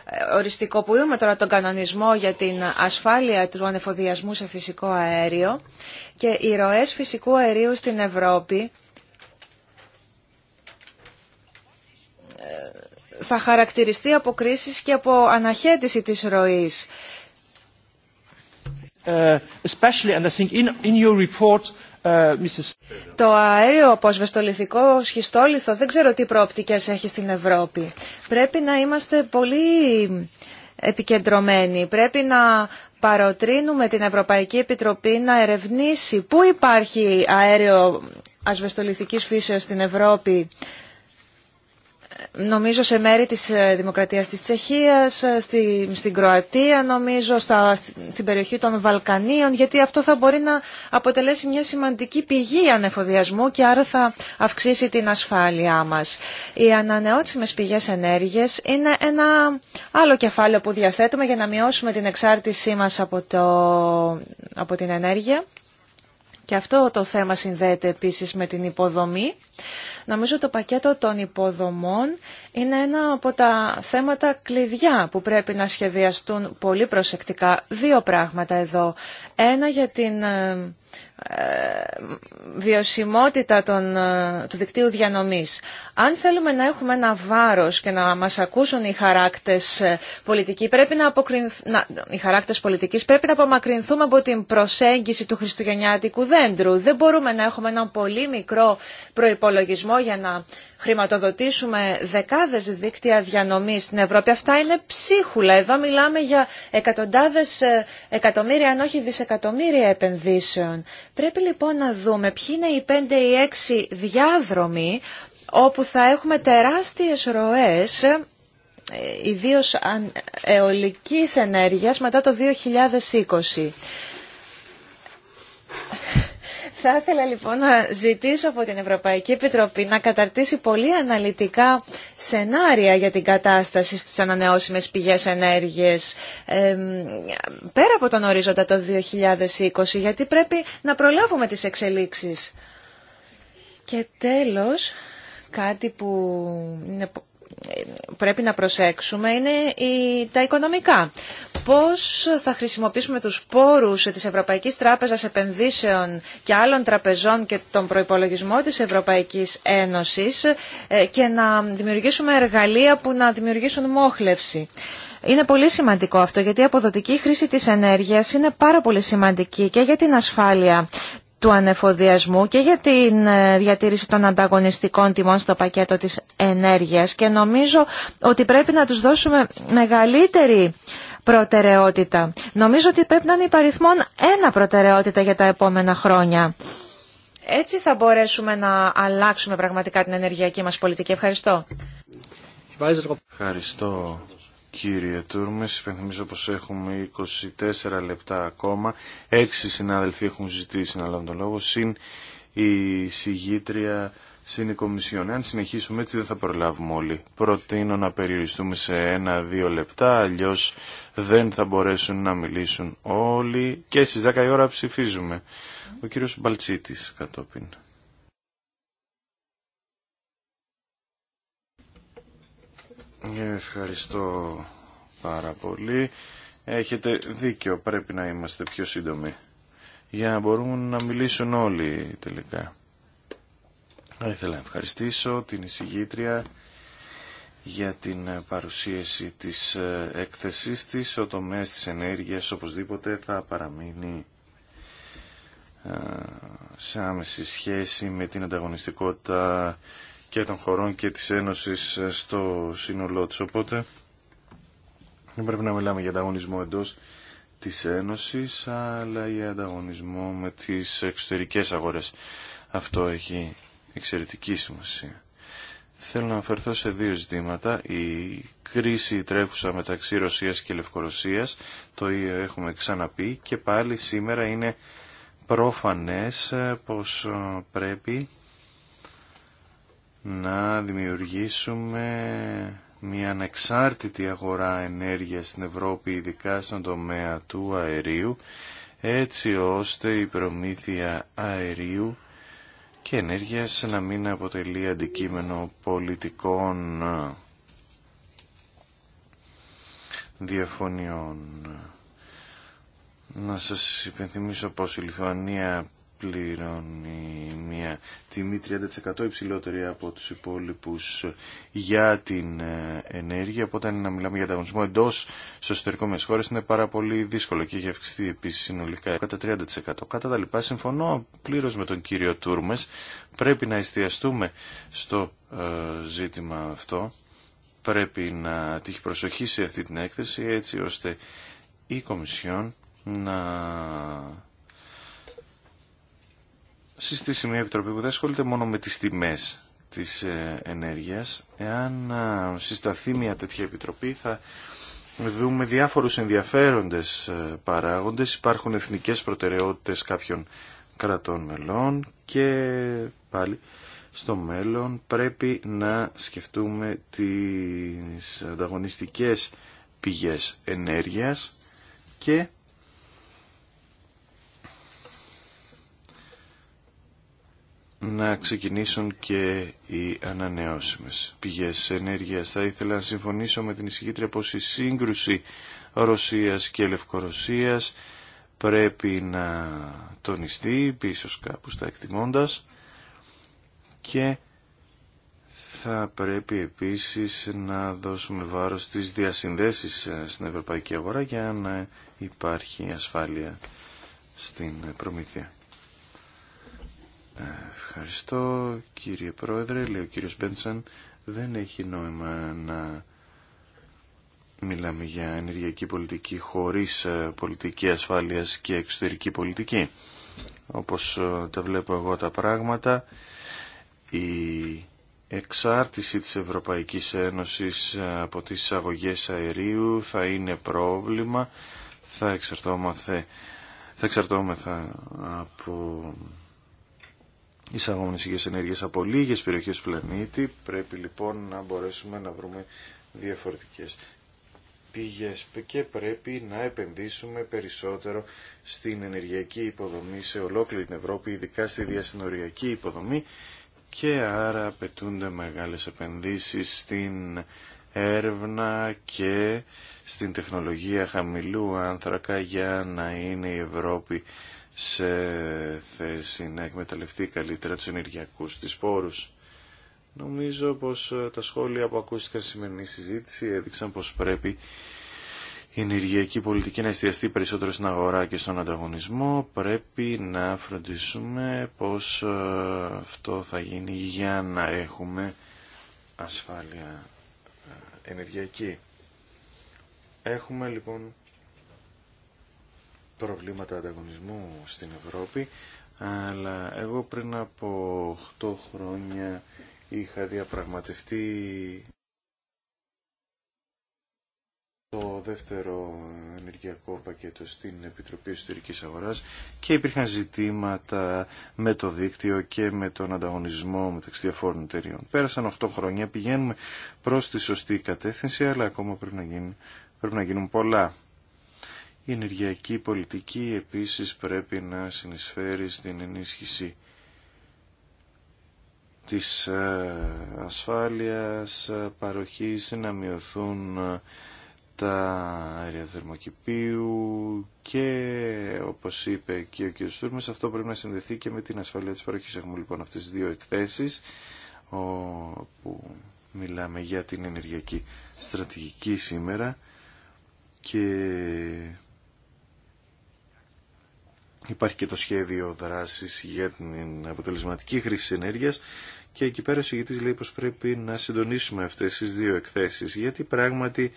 ε, οριστικοποιούμε τώρα τον κανονισμό για την ασφάλεια του ανεφοδιασμού σε φυσικό αέριο και οι ροές φυσικού αερίου στην Ευρώπη ε, θα χαρακτηριστεί από κρίσεις και από αναχέτηση της ροής. Το αέριο αποσβεστολιθικό σχιστόλιθο δεν ξέρω τι προοπτικές έχει στην Ευρώπη. Πρέπει να είμαστε πολύ επικεντρωμένοι. Πρέπει να παροτρύνουμε την Ευρωπαϊκή Επιτροπή να ερευνήσει πού υπάρχει αέριο ασβεστολιθικής φύσεως στην Ευρώπη νομίζω σε μέρη της ε, δημοκρατίας της Τσεχίας, ε, στην Κροατία, νομίζω στα, στην περιοχή των Βαλκανίων, γιατί αυτό θα μπορεί να αποτελέσει μια σημαντική πηγή ανεφοδιασμού και άρα θα αυξήσει την ασφάλειά μας. Οι ανανεώσιμες πηγές ενέργειας είναι ένα άλλο κεφάλαιο που διαθέτουμε για να μειώσουμε την εξάρτησή μας από, από την ενέργεια και αυτό το θέμα συνδέεται επίσης με την υποδομή. Νομίζω το πακέτο των υποδομών είναι ένα από τα θέματα κλειδιά που πρέπει να σχεδιαστούν πολύ προσεκτικά. Δύο πράγματα εδώ. Ένα για την ε, βιωσιμότητα των, ε, του δικτύου διανομής. Αν θέλουμε να έχουμε ένα βάρος και να μας ακούσουν οι χαράκτες, ε, πολιτικοί, πρέπει να οι χαράκτες πολιτικής, πρέπει να απομακρυνθούμε από την προσέγγιση του χριστουγεννιάτικου δέντρου. Δεν μπορούμε να έχουμε έναν πολύ μικρό προϋπολογισμό για να χρηματοδοτήσουμε δεκάδες δίκτυα διανομής στην Ευρώπη. Αυτά είναι ψίχουλα. Εδώ μιλάμε για εκατοντάδες ε, εκατομμύρια, αν όχι δισεκατομμύρια επενδύσεων. Πρέπει λοιπόν να δούμε ποιοι είναι οι πέντε ή έξι διάδρομοι όπου θα έχουμε τεράστιες ροές ε, ιδίω αιωλικής ενέργειας μετά το 2020. Θα ήθελα λοιπόν να ζητήσω από την Ευρωπαϊκή Επιτροπή να καταρτήσει πολύ αναλυτικά σενάρια για την κατάσταση στις ανανεώσιμες πηγές ενέργειας πέρα από τον ορίζοντα το 2020 γιατί πρέπει να προλάβουμε τις εξελίξεις. Και τέλος, κάτι που είναι πρέπει να προσέξουμε είναι τα οικονομικά. Πώς θα χρησιμοποιήσουμε τους πόρους της Ευρωπαϊκής Τράπεζας Επενδύσεων και άλλων τραπεζών και τον προϋπολογισμό της Ευρωπαϊκής Ένωσης ε, και να δημιουργήσουμε εργαλεία που να δημιουργήσουν μόχλευση. Είναι πολύ σημαντικό αυτό γιατί η αποδοτική χρήση της ενέργειας είναι πάρα πολύ σημαντική και για την ασφάλεια του ανεφοδιασμού και για την ε, διατήρηση των ανταγωνιστικών τιμών στο πακέτο της ενέργειας και νομίζω ότι πρέπει να τους δώσουμε μεγαλύτερη προτεραιότητα. Νομίζω ότι πρέπει να είναι υπαριθμόν ένα προτεραιότητα για τα επόμενα χρόνια. Έτσι θα μπορέσουμε να αλλάξουμε πραγματικά την ενεργειακή μας πολιτική. Ευχαριστώ. Ευχαριστώ κύριε Τούρμες. Υπενθυμίζω πως έχουμε 24 λεπτά ακόμα. Έξι συνάδελφοι έχουν ζητήσει να λάβουν τον λόγο, συν η συγγήτρια συν η Κομισιόν. Αν συνεχίσουμε έτσι δεν θα προλάβουμε όλοι. Προτείνω να περιοριστούμε σε ένα-δύο λεπτά, αλλιώς δεν θα μπορέσουν να μιλήσουν όλοι και στις 10 η ώρα ψηφίζουμε. Ο κύριος Μπαλτσίτης κατόπιν. Ευχαριστώ πάρα πολύ. Έχετε δίκιο, πρέπει να είμαστε πιο σύντομοι για να μπορούν να μιλήσουν όλοι τελικά. Θα ήθελα να ευχαριστήσω την εισηγήτρια για την παρουσίαση της ε, έκθεσής της. Ο τομέας της ενέργειας οπωσδήποτε θα παραμείνει ε, σε άμεση σχέση με την ανταγωνιστικότητα και των χωρών και της Ένωσης ε, στο σύνολό της. Οπότε δεν πρέπει να μιλάμε για ανταγωνισμό εντός της Ένωσης, αλλά για ανταγωνισμό με τις εξωτερικές αγορές. Αυτό έχει εξαιρετική σημασία. Θέλω να αναφερθώ σε δύο ζητήματα. Η κρίση τρέχουσα μεταξύ Ρωσίας και Λευκορωσίας, το έχουμε ξαναπεί και πάλι σήμερα είναι πρόφανες ε, πως ε, πρέπει να δημιουργήσουμε μια ανεξάρτητη αγορά ενέργειας στην Ευρώπη, ειδικά στον τομέα του αερίου, έτσι ώστε η προμήθεια αερίου και ενέργειας να μην αποτελεί αντικείμενο πολιτικών διαφωνιών. Να σας υπενθυμίσω πως η Λιθουανία πληρώνει μια τιμή 30% υψηλότερη από τους υπόλοιπους για την ε, ενέργεια. Οπότε να μιλάμε για ανταγωνισμό εντός στο εσωτερικό μιας χώρας είναι πάρα πολύ δύσκολο και έχει αυξηθεί επίσης συνολικά κατά 30%. Κατά τα λοιπά συμφωνώ πλήρως με τον κύριο Τούρμες. Πρέπει να εστιαστούμε στο ε, ζήτημα αυτό. Πρέπει να τύχει προσοχή σε αυτή την έκθεση έτσι ώστε η Κομισιόν να συστήσει μια επιτροπή που δεν ασχολείται μόνο με τις τιμές της ε, ενέργειας. Εάν συσταθεί μια τέτοια επιτροπή θα δούμε διάφορους ενδιαφέροντες ε, παράγοντες. Υπάρχουν εθνικές προτεραιότητες κάποιων κρατών μελών και πάλι στο μέλλον πρέπει να σκεφτούμε τις ανταγωνιστικές πηγές ενέργειας και να ξεκινήσουν και οι ανανεώσιμες πηγές ενέργειας. Θα ήθελα να συμφωνήσω με την εισηγήτρια πως η σύγκρουση Ρωσίας και Λευκορωσίας πρέπει να τονιστεί πίσω κάπου στα εκτιμώντας και θα πρέπει επίσης να δώσουμε βάρος στις διασυνδέσεις στην ευρωπαϊκή αγορά για να υπάρχει ασφάλεια στην προμήθεια. Ευχαριστώ κύριε Πρόεδρε, λέει ο κύριος Μπέντσαν. Δεν έχει νόημα να μιλάμε για ενεργειακή πολιτική χωρίς ε, πολιτική ασφάλειας και εξωτερική πολιτική. Όπως ε, τα βλέπω εγώ τα πράγματα, η εξάρτηση της Ευρωπαϊκής Ένωσης ε, από τις αγωγές αερίου θα είναι πρόβλημα, θα εξαρτώμαθε θα εξαρτώμεθα από εισαγόμενε υγιές ενέργειες από λίγε περιοχές του πλανήτη. Πρέπει λοιπόν να μπορέσουμε να βρούμε διαφορετικές πηγές και πρέπει να επενδύσουμε περισσότερο στην ενεργειακή υποδομή σε ολόκληρη την Ευρώπη, ειδικά στη διασυνοριακή υποδομή και άρα απαιτούνται μεγάλες επενδύσεις στην έρευνα και στην τεχνολογία χαμηλού άνθρακα για να είναι η Ευρώπη σε θέση να εκμεταλλευτεί καλύτερα τους ενεργειακούς της πόρους. Νομίζω πως ε, τα σχόλια που ακούστηκαν στη σημερινή συζήτηση έδειξαν πως πρέπει η ενεργειακή πολιτική να εστιαστεί περισσότερο στην αγορά και στον ανταγωνισμό. Πρέπει να φροντίσουμε πως ε, αυτό θα γίνει για να έχουμε ασφάλεια ε, ενεργειακή. Έχουμε λοιπόν προβλήματα ανταγωνισμού στην Ευρώπη, αλλά εγώ πριν από 8 χρόνια είχα διαπραγματευτεί το δεύτερο ενεργειακό πακέτο στην Επιτροπή Ιστορικής Αγοράς και υπήρχαν ζητήματα με το δίκτυο και με τον ανταγωνισμό μεταξύ διαφόρων εταιριών. Πέρασαν 8 χρόνια, πηγαίνουμε προς τη σωστή κατεύθυνση, αλλά ακόμα πρέπει να, πρέπει να γίνουν πολλά. Η ενεργειακή πολιτική επίσης πρέπει να συνεισφέρει στην ενίσχυση της ε, ασφάλειας ε, παροχής να μειωθούν ε, τα αέρια θερμοκηπίου και όπως είπε και ο κ. Στούρμες αυτό πρέπει να συνδεθεί και με την ασφάλεια της παροχής. Έχουμε λοιπόν αυτές τις δύο εκθέσεις που μιλάμε για την ενεργειακή στρατηγική σήμερα και Υπάρχει και το σχέδιο δράση για την αποτελεσματική χρήση ενέργειας και εκεί πέρα ο συγγητή λέει πω πρέπει να συντονίσουμε αυτές τις δύο εκθέσεις γιατί πράγματι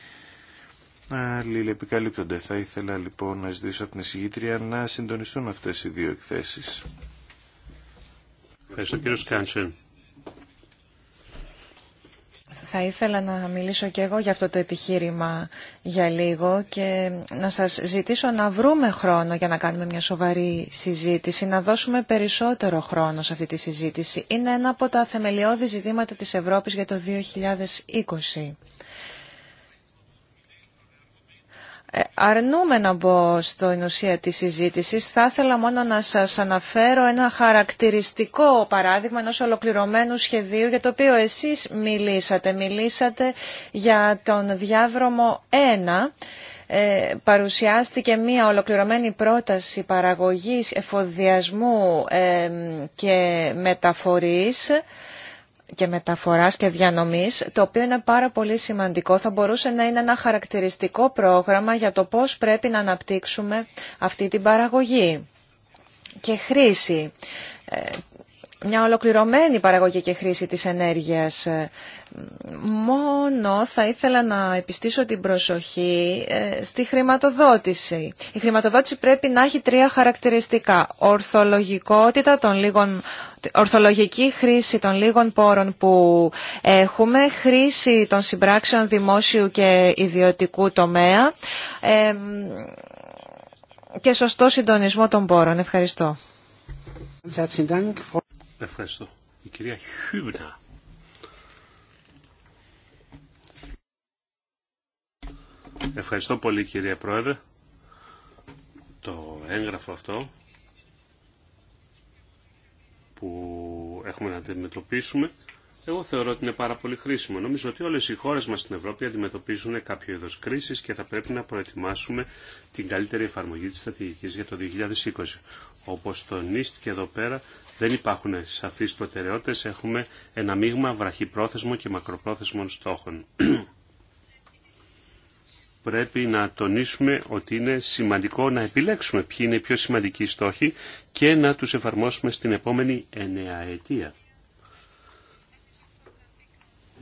αλληλεπικαλύπτονται. Θα ήθελα λοιπόν να ζητήσω από την συγγήτρια να συντονιστούν αυτές οι δύο εκθέσεις. Ευχαριστώ κύριο Σκάντσεν. Θα ήθελα να μιλήσω και εγώ για αυτό το επιχείρημα για λίγο και να σας ζητήσω να βρούμε χρόνο για να κάνουμε μια σοβαρή συζήτηση, να δώσουμε περισσότερο χρόνο σε αυτή τη συζήτηση. Είναι ένα από τα θεμελιώδη ζητήματα της Ευρώπης για το 2020. Ε, αρνούμε να μπω στο ουσία της συζήτησης. Θα ήθελα μόνο να σας αναφέρω ένα χαρακτηριστικό παράδειγμα ενός ολοκληρωμένου σχεδίου για το οποίο εσείς μιλήσατε. Μιλήσατε για τον διάδρομο 1. Ε, παρουσιάστηκε μία ολοκληρωμένη πρόταση παραγωγής, εφοδιασμού ε, και μεταφορής και μεταφοράς και διανομής, το οποίο είναι πάρα πολύ σημαντικό. Θα μπορούσε να είναι ένα χαρακτηριστικό πρόγραμμα για το πώς πρέπει να αναπτύξουμε αυτή την παραγωγή και χρήση. Ε, μια ολοκληρωμένη παραγωγή και χρήση της ενέργειας. Ε, μόνο θα ήθελα να επιστήσω την προσοχή ε, στη χρηματοδότηση. Η χρηματοδότηση πρέπει να έχει τρία χαρακτηριστικά. Ορθολογικότητα των λίγων ορθολογική χρήση των λίγων πόρων που έχουμε, χρήση των συμπράξεων δημόσιου και ιδιωτικού τομέα και σωστό συντονισμό των πόρων. Ευχαριστώ. Ευχαριστώ. Η κυρία Χιούνα. Ευχαριστώ πολύ κύριε Πρόεδρε. Το έγγραφο αυτό που έχουμε να αντιμετωπίσουμε, εγώ θεωρώ ότι είναι πάρα πολύ χρήσιμο. Νομίζω ότι όλες οι χώρες μας στην Ευρώπη αντιμετωπίζουν κάποιο είδος κρίσης και θα πρέπει να προετοιμάσουμε την καλύτερη εφαρμογή της στρατηγικής για το 2020. Όπως και εδώ πέρα, δεν υπάρχουν σαφείς προτεραιότητες, έχουμε ένα μείγμα βραχυπρόθεσμων και μακροπρόθεσμων στόχων πρέπει να τονίσουμε ότι είναι σημαντικό να επιλέξουμε ποιοι είναι οι πιο σημαντικοί στόχοι και να τους εφαρμόσουμε στην επόμενη εννέα αιτία.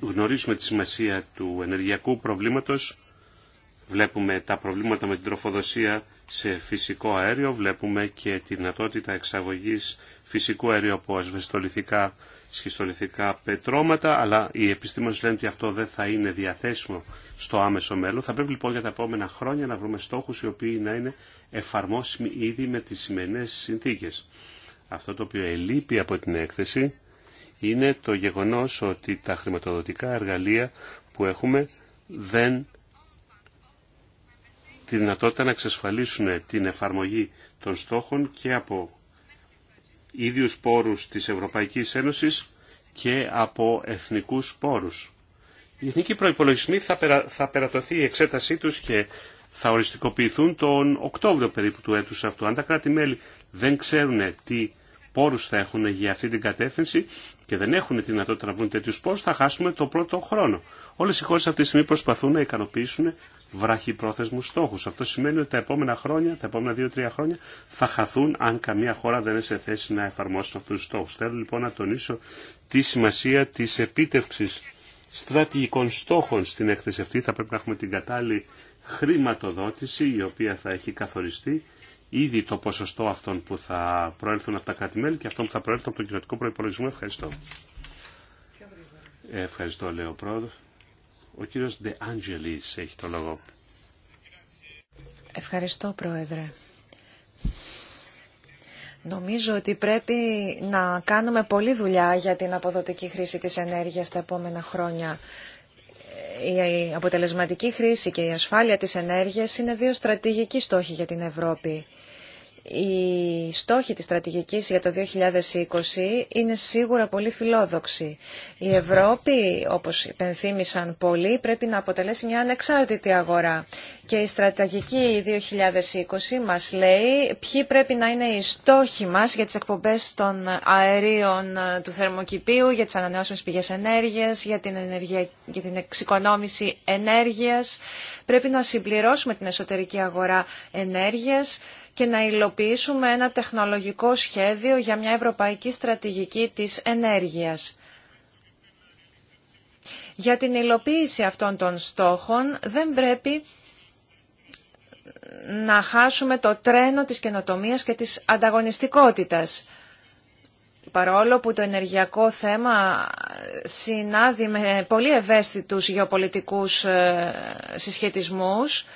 Γνωρίζουμε τη σημασία του ενεργειακού προβλήματος, βλέπουμε τα προβλήματα με την τροφοδοσία σε φυσικό αέριο, βλέπουμε και τη δυνατότητα εξαγωγής φυσικού αέριου από ασβεστολιθικά σχιστολιθικά πετρώματα, αλλά οι επιστήμονες λένε ότι αυτό δεν θα είναι διαθέσιμο στο άμεσο μέλλον. Θα πρέπει λοιπόν για τα επόμενα χρόνια να βρούμε στόχους οι οποίοι να είναι εφαρμόσιμοι ήδη με τις σημερινές συνθήκες. Αυτό το οποίο ελείπει από την έκθεση είναι το γεγονός ότι τα χρηματοδοτικά εργαλεία που έχουμε δεν τη δυνατότητα να εξασφαλίσουν την εφαρμογή των στόχων και από ίδιους πόρους της Ευρωπαϊκής Ένωσης και από εθνικούς πόρους. Οι εθνικοί προϋπολογισμοί θα, περα, θα περατωθεί η εξέτασή τους και θα οριστικοποιηθούν τον Οκτώβριο περίπου του έτους αυτού. Αν τα κράτη-μέλη δεν ξέρουν τι πόρους θα έχουν για αυτή την κατεύθυνση και δεν έχουν τη δυνατότητα να βρουν τέτοιους πόρους, θα χάσουμε το πρώτο χρόνο. Όλες οι χώρες αυτή τη στιγμή προσπαθούν να ικανοποιήσουν βραχυπρόθεσμους στόχους. Αυτό σημαίνει ότι τα επόμενα χρόνια, τα επόμενα δύο-τρία χρόνια θα χαθούν αν καμία χώρα δεν είναι σε θέση να εφαρμόσει αυτούς τους στόχους. Θέλω λοιπόν να τονίσω τη σημασία της επίτευξης στρατηγικών στόχων στην έκθεση αυτή. Θα πρέπει να έχουμε την κατάλληλη χρηματοδότηση η οποία θα έχει καθοριστεί ήδη το ποσοστό αυτών που θα προέλθουν από τα κράτη-μέλη και αυτών που θα προέλθουν από τον κοινωτικό προπολογισμό. Ευχαριστώ. Ευχαριστώ, λέω ο ο κύριος Ντε έχει το λόγο. Ευχαριστώ, Πρόεδρε. Νομίζω ότι πρέπει να κάνουμε πολλή δουλειά για την αποδοτική χρήση της ενέργειας τα επόμενα χρόνια. Η αποτελεσματική χρήση και η ασφάλεια της ενέργειας είναι δύο στρατηγικοί στόχοι για την Ευρώπη οι στόχοι της στρατηγικής για το 2020 είναι σίγουρα πολύ φιλόδοξοι. Η Ευρώπη, όπως υπενθύμησαν πολλοί, πρέπει να αποτελέσει μια ανεξάρτητη αγορά. Και η στρατηγική 2020 μας λέει ποιοι πρέπει να είναι οι στόχοι μας για τις εκπομπές των αερίων ε, του θερμοκηπίου, για τις ανανεώσιμες πηγές ενέργειας, για την, ενεργεια... για την εξοικονόμηση ενέργειας. Πρέπει να συμπληρώσουμε την εσωτερική αγορά ενέργειας και να υλοποιήσουμε ένα τεχνολογικό σχέδιο για μια ευρωπαϊκή στρατηγική της ενέργειας. Για την υλοποίηση αυτών των στόχων δεν πρέπει να χάσουμε το τρένο της καινοτομίας και της ανταγωνιστικότητας. Παρόλο που το ενεργειακό θέμα συνάδει με πολύ ευαίσθητους γεωπολιτικούς ε, συσχετισμούς,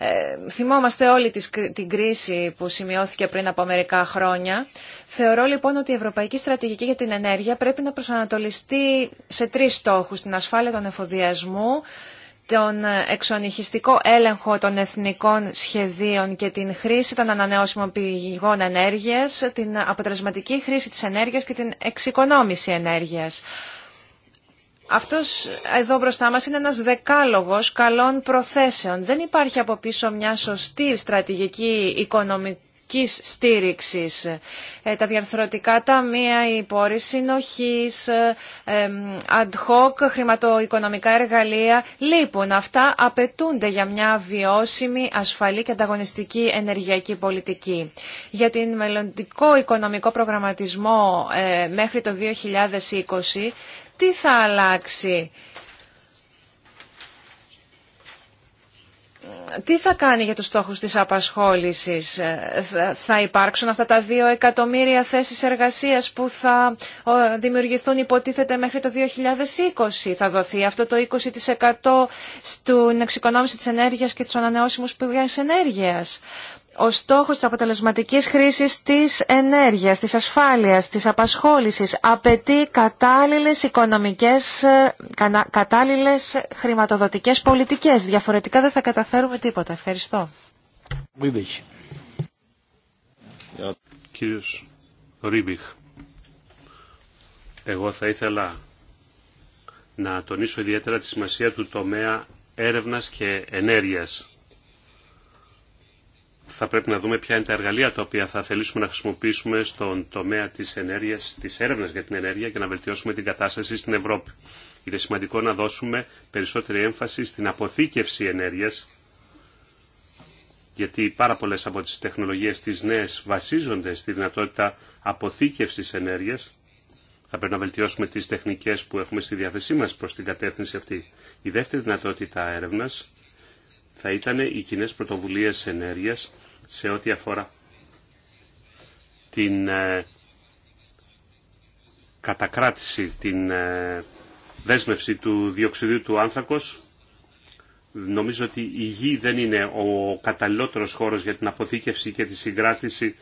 ε, θυμόμαστε όλοι την κρίση που σημειώθηκε πριν από μερικά χρόνια. Θεωρώ λοιπόν ότι η Ευρωπαϊκή Στρατηγική για την Ενέργεια πρέπει να προσανατολιστεί σε τρεις στόχους. Την ασφάλεια των εφοδιασμού, τον ε, εξονυχιστικό έλεγχο των εθνικών σχεδίων και την χρήση των ανανεώσιμων πηγών ενέργειας, την αποτελεσματική χρήση της ενέργειας και την εξοικονόμηση ενέργειας. Αυτός εδώ μπροστά μας είναι ένας δεκάλογος καλών προθέσεων. Δεν υπάρχει από πίσω μια σωστή στρατηγική οικονομικής στήριξης. Ε, τα διαρθρωτικά ταμεία, η πόρη συνοχής, ε, ad hoc, χρηματοοικονομικά εργαλεία λείπουν. Αυτά απαιτούνται για μια βιώσιμη, ασφαλή και ανταγωνιστική ενεργειακή πολιτική. Για την μελλοντικό οικονομικό προγραμματισμό ε, μέχρι το 2020 τι θα αλλάξει. Τι θα κάνει για τους στόχους της απασχόλησης. Θα υπάρξουν αυτά τα δύο εκατομμύρια θέσεις εργασίας που θα δημιουργηθούν υποτίθεται μέχρι το 2020. Θα δοθεί αυτό το 20% στην εξοικονόμηση της ενέργειας και τους ανανεώσιμου πηγές ενέργειας ο στόχος της αποτελεσματικής χρήσης της ενέργειας, της ασφάλειας, της απασχόλησης απαιτεί κατάλληλες οικονομικές, ε, κατάλληλες χρηματοδοτικές πολιτικές. Διαφορετικά δεν θα καταφέρουμε τίποτα. Ευχαριστώ. Κύριος Ρίμπιχ, εγώ θα ήθελα να τονίσω ιδιαίτερα τη σημασία του τομέα έρευνας και ενέργειας θα πρέπει να δούμε ποια είναι τα εργαλεία τα οποία θα θελήσουμε να χρησιμοποιήσουμε στον τομέα της, ενέργειας, έρευνας για την ενέργεια και να βελτιώσουμε την κατάσταση στην Ευρώπη. Είναι σημαντικό να δώσουμε περισσότερη έμφαση στην αποθήκευση ενέργειας, γιατί πάρα πολλές από τις τεχνολογίες τις νέες βασίζονται στη δυνατότητα αποθήκευσης ενέργειας. Θα πρέπει να βελτιώσουμε τις τεχνικές που έχουμε στη διάθεσή μας προς την κατεύθυνση αυτή. Η δεύτερη δυνατότητα έρευνας θα ήταν οι κοινέ πρωτοβουλίε ενέργεια σε ό,τι αφορά την ε, κατακράτηση, την ε, δέσμευση του διοξιδίου του άνθρακος. Νομίζω ότι η γη δεν είναι ο καταλληλότερος χώρος για την αποθήκευση και τη συγκράτηση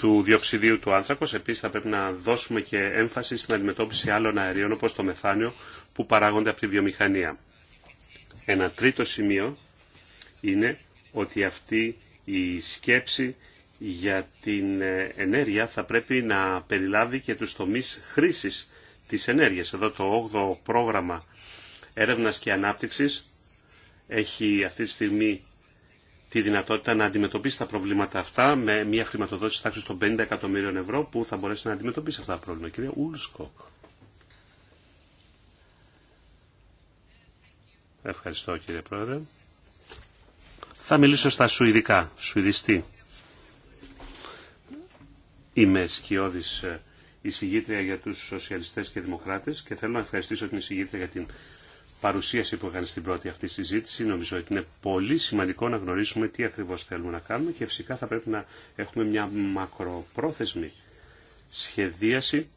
του διοξιδίου του άνθρακος. Επίσης θα πρέπει να δώσουμε και έμφαση στην αντιμετώπιση άλλων αερίων όπως το μεθάνιο που παράγονται από τη βιομηχανία. Ένα τρίτο σημείο είναι ότι αυτή η σκέψη για την ε, ενέργεια θα πρέπει να περιλάβει και τους τομείς χρήσης της ενέργειας. Εδώ το 8ο πρόγραμμα έρευνας και ανάπτυξης έχει αυτή τη στιγμή τη δυνατότητα να αντιμετωπίσει τα προβλήματα αυτά με μια χρηματοδότηση τάξης των 50 εκατομμύριων ευρώ που θα μπορέσει να αντιμετωπίσει αυτά τα προβλήματα. Κύριε Ούλσκοκ. Ευχαριστώ κύριε Πρόεδρε. Θα μιλήσω στα σουηδικά, σουηδιστή. Είμαι σκιώδης ε, εισηγήτρια για τους σοσιαλιστές και δημοκράτες και θέλω να ευχαριστήσω την εισηγήτρια για την παρουσίαση που έκανε στην πρώτη αυτή συζήτηση. Νομίζω ότι είναι πολύ σημαντικό να γνωρίσουμε τι ακριβώς θέλουμε να κάνουμε και φυσικά θα πρέπει να έχουμε μια μακροπρόθεσμη σχεδίαση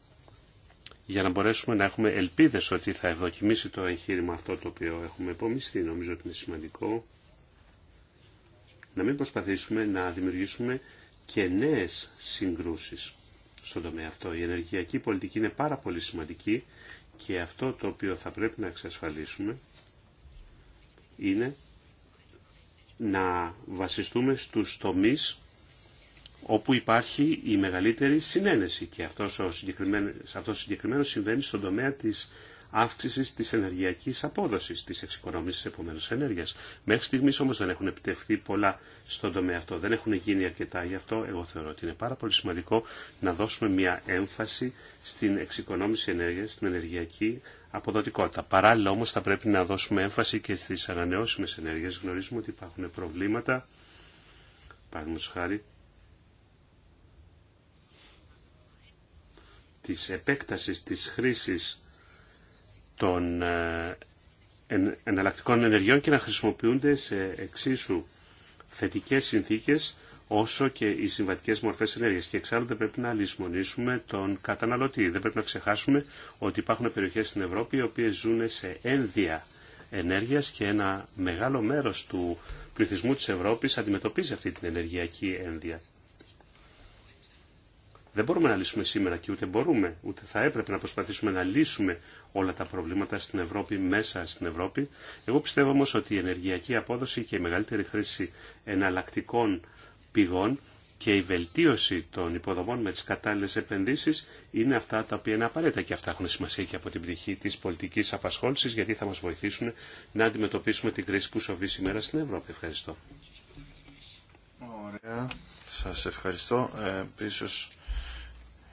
για να μπορέσουμε να έχουμε ελπίδες ότι θα ευδοκιμήσει το εγχείρημα αυτό το οποίο έχουμε υπομειστεί. Νομίζω ότι είναι σημαντικό να μην προσπαθήσουμε να δημιουργήσουμε και νέες συγκρούσεις στον τομέα αυτό. Η ενεργειακή πολιτική είναι πάρα πολύ σημαντική και αυτό το οποίο θα πρέπει να εξασφαλίσουμε είναι να βασιστούμε στους τομείς όπου υπάρχει η μεγαλύτερη συνένεση και αυτό ο αυτό συγκεκριμένο συμβαίνει στον τομέα της αύξηση τη ενεργειακή απόδοση, τη εξοικονόμηση επομένω ενέργεια. Μέχρι στιγμή όμω δεν έχουν επιτευχθεί πολλά στον τομέα αυτό. Δεν έχουν γίνει αρκετά. Γι' αυτό εγώ θεωρώ ότι είναι πάρα πολύ σημαντικό να δώσουμε μια έμφαση στην εξοικονόμηση ενέργεια, στην ενεργειακή αποδοτικότητα. Παράλληλα όμω θα πρέπει να δώσουμε έμφαση και στι ανανεώσιμε ενέργειε. Γνωρίζουμε ότι υπάρχουν προβλήματα. Παραδείγματο χάρη, της επέκτασης της των ε, εναλλακτικών ενεργειών και να χρησιμοποιούνται σε εξίσου θετικές συνθήκες όσο και οι συμβατικές μορφές ενέργειας. Και εξάλλου δεν πρέπει να λησμονήσουμε τον καταναλωτή. Δεν πρέπει να ξεχάσουμε ότι υπάρχουν περιοχές στην Ευρώπη οι οποίες ζουν σε ένδια ενέργειας και ένα μεγάλο μέρος του πληθυσμού της Ευρώπης αντιμετωπίζει αυτή την ενεργειακή ένδια. Δεν μπορούμε να λύσουμε σήμερα και ούτε μπορούμε, ούτε θα έπρεπε να προσπαθήσουμε να λύσουμε όλα τα προβλήματα στην Ευρώπη, μέσα στην Ευρώπη. Εγώ πιστεύω όμως ότι η ενεργειακή απόδοση και η μεγαλύτερη χρήση εναλλακτικών πηγών και η βελτίωση των υποδομών με τις κατάλληλες επενδύσεις είναι αυτά τα οποία είναι απαραίτητα και αυτά έχουν σημασία και από την πτυχή της πολιτικής απασχόλησης γιατί θα μας βοηθήσουν να αντιμετωπίσουμε την κρίση που σοβεί σήμερα στην Ευρώπη. Ευχαριστώ. Ε,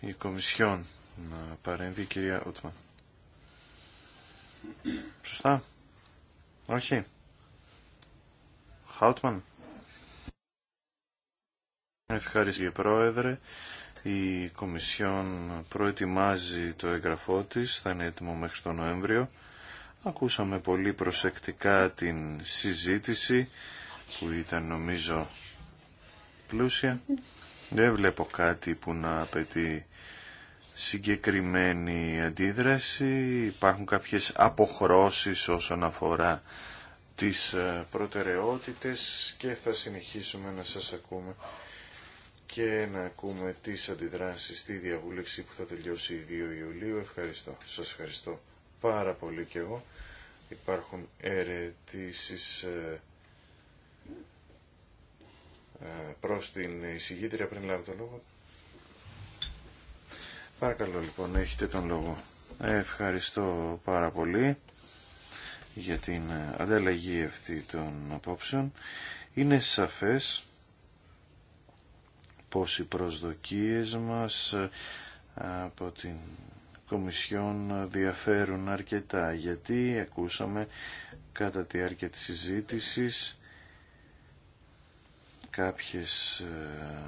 η Κομισιόν να παρέμβει, κυρία Ούτμαν. Σωστά. Όχι. Χάουτμαν. Ευχαριστώ κύριε Πρόεδρε. Η Κομισιόν προετοιμάζει το έγγραφό της, θα είναι έτοιμο μέχρι τον Νοέμβριο. Ακούσαμε πολύ προσεκτικά την συζήτηση που ήταν νομίζω πλούσια δεν βλέπω κάτι που να απαιτεί συγκεκριμένη αντίδραση. Υπάρχουν κάποιες αποχρώσεις όσον αφορά τις ε, προτεραιότητες και θα συνεχίσουμε να σας ακούμε και να ακούμε τις αντιδράσεις στη διαβούλευση που θα τελειώσει 2 Ιουλίου. Ευχαριστώ. Σας ευχαριστώ πάρα πολύ και εγώ. Υπάρχουν ερετήσεις ε, ε, προς την εισηγήτρια πριν λάβει τον λόγο. Παρακαλώ λοιπόν, έχετε τον λόγο. Ευχαριστώ πάρα πολύ για την ανταλλαγή αυτή των απόψεων. Είναι σαφές πως οι προσδοκίες μας ε, από την Κομισιόν διαφέρουν αρκετά γιατί ακούσαμε κατά τη διάρκεια της συζήτησης κάποιες, ε,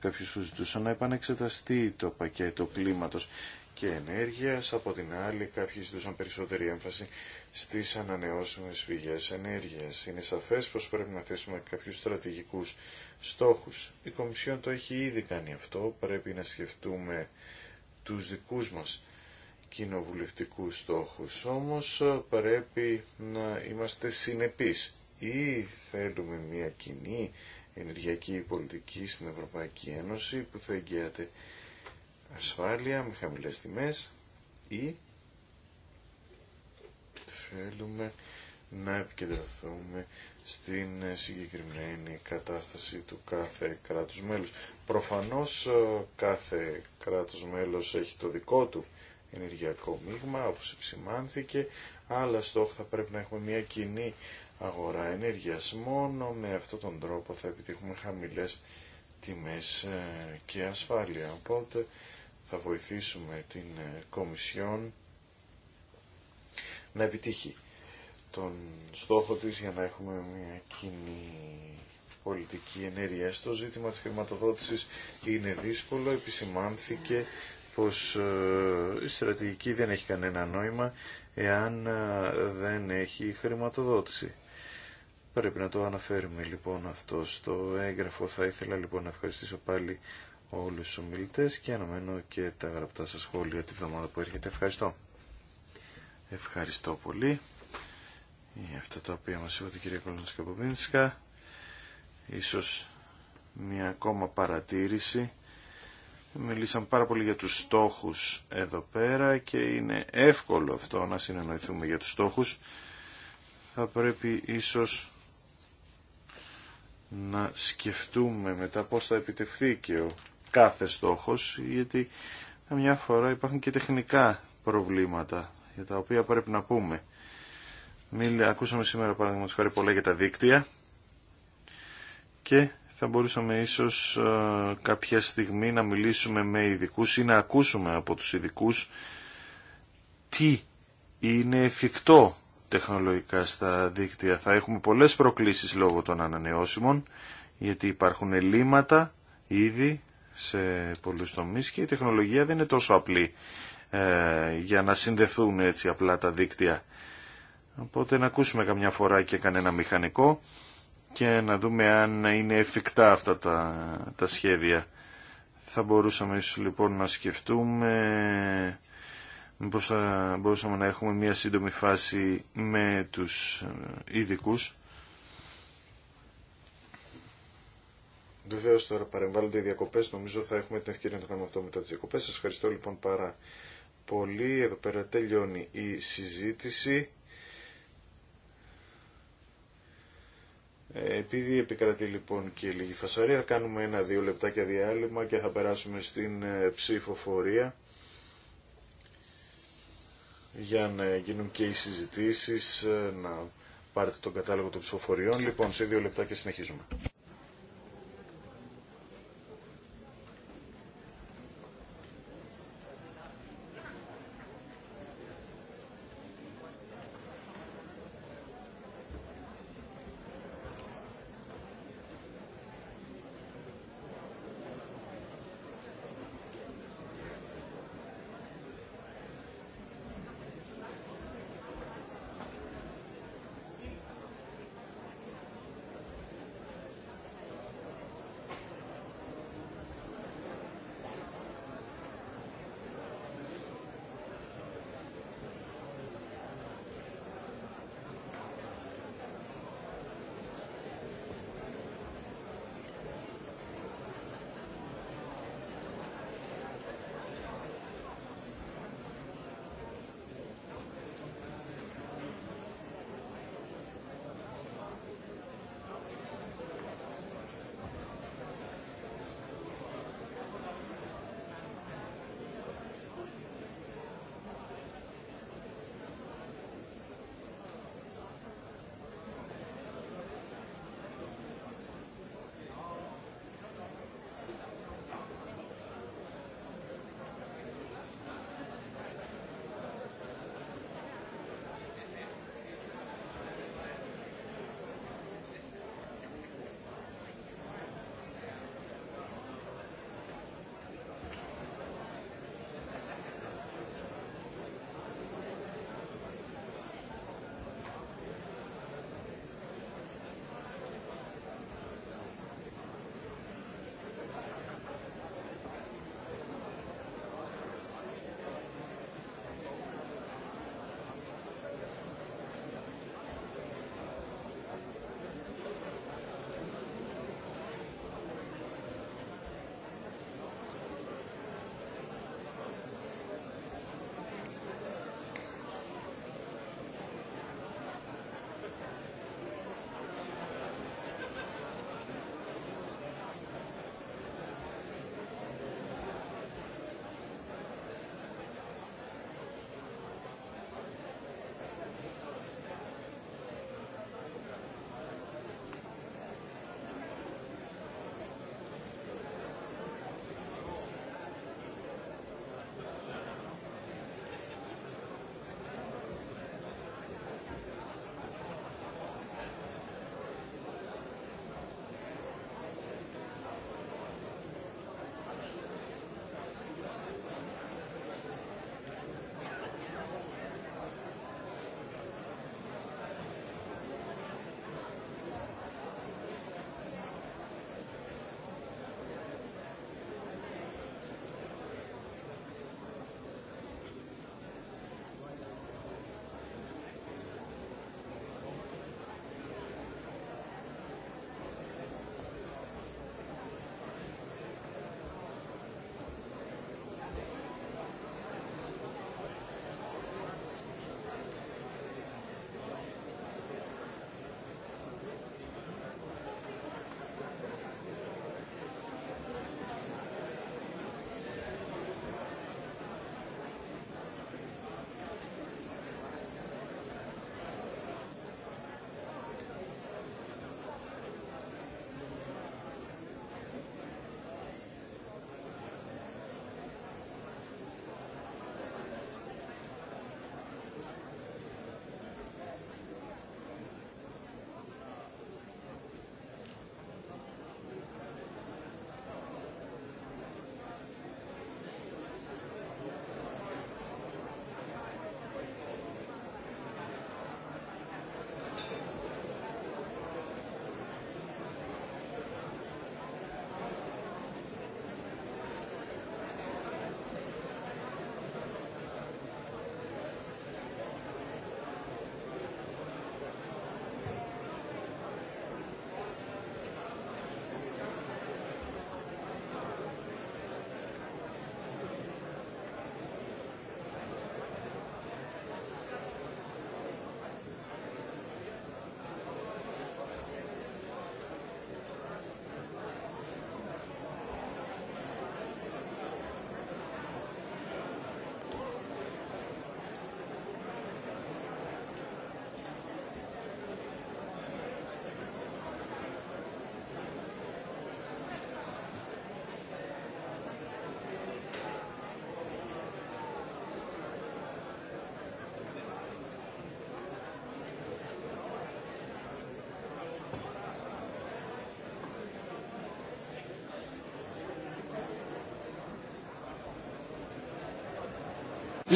κάποιους που ζητούσαν να επανεξεταστεί το πακέτο κλίματος και ενέργειας, από την άλλη κάποιοι ζητούσαν περισσότερη έμφαση στις ανανεώσιμες πηγές ενέργειας. Είναι σαφές πως πρέπει να θέσουμε κάποιους στρατηγικούς στόχους. Η Κομισιόν το έχει ήδη κάνει αυτό, πρέπει να σκεφτούμε τους δικούς μας κοινοβουλευτικούς στόχους, όμως ε, πρέπει να είμαστε συνεπείς. Ή θέλουμε μια κοινή ενεργειακή πολιτική στην Ευρωπαϊκή Ένωση που θα εγγυάται ασφάλεια με χαμηλές τιμές ή θέλουμε να επικεντρωθούμε στην συγκεκριμένη κατάσταση του κάθε κράτους μέλους. Προφανώς ε, κάθε κράτος μέλος έχει το δικό του ενεργειακό μείγμα, όπως επισημάνθηκε, αλλά στόχο θα πρέπει να έχουμε μια κοινή αγορά ενέργειας. Μόνο με αυτόν τον τρόπο θα επιτύχουμε χαμηλές τιμές ε, και ασφάλεια. Οπότε θα βοηθήσουμε την ε, Κομισιόν να επιτύχει τον στόχο της για να έχουμε μια κοινή πολιτική ενέργεια. Στο ζήτημα της χρηματοδότησης είναι δύσκολο, επισημάνθηκε πως ε, η στρατηγική δεν έχει κανένα νόημα εάν δεν έχει χρηματοδότηση. Πρέπει να το αναφέρουμε λοιπόν αυτό στο έγγραφο. Θα ήθελα λοιπόν να ευχαριστήσω πάλι όλους τους ομιλητές και αναμένω και τα γραπτά σας σχόλια τη βδομάδα που έρχεται. Ευχαριστώ. Ευχαριστώ πολύ για ε, αυτά τα οποία μας είπατε κυρία Κολονσκαποπίνσκα. Ίσως μια ακόμα παρατήρηση. Μιλήσαμε πάρα πολύ για τους στόχους εδώ πέρα και είναι εύκολο αυτό να συνεννοηθούμε για τους στόχους. Θα πρέπει ίσως να σκεφτούμε μετά πώς θα επιτευχθεί και ο κάθε στόχος, γιατί μια φορά υπάρχουν και τεχνικά προβλήματα για τα οποία πρέπει να πούμε. Μιλ, ακούσαμε σήμερα παραδείγματος χάρη πολλά για τα δίκτυα και θα μπορούσαμε ίσως ε, κάποια στιγμή να μιλήσουμε με ειδικού ή να ακούσουμε από τους ειδικού τι είναι εφικτό τεχνολογικά στα δίκτυα. Θα έχουμε πολλές προκλήσεις λόγω των ανανεώσιμων, γιατί υπάρχουν ελλείμματα ήδη σε πολλούς τομείς και η τεχνολογία δεν είναι τόσο απλή ε, για να συνδεθούν έτσι απλά τα δίκτυα. Οπότε να ακούσουμε καμιά φορά και κανένα μηχανικό και να δούμε αν είναι εφικτά αυτά τα, τα σχέδια. Θα μπορούσαμε ίσως λοιπόν να σκεφτούμε Μήπως θα μπορούσαμε να έχουμε μια σύντομη φάση με τους ε, ειδικού. Βεβαίω τώρα παρεμβάλλονται οι διακοπές. Νομίζω θα έχουμε την ευκαιρία να το κάνουμε αυτό μετά τις διακοπές. Σα ευχαριστώ λοιπόν πάρα πολύ. Εδώ πέρα τελειώνει η συζήτηση. Ε, επειδή επικρατεί λοιπόν και λίγη φασαρία, κάνουμε ένα-δύο λεπτάκια διάλειμμα και θα περάσουμε στην ε, ψηφοφορία για να γίνουν και οι συζητήσεις, ε, να πάρετε τον κατάλογο των ψηφοφοριών. Λοιπόν, σε δύο λεπτά και συνεχίζουμε.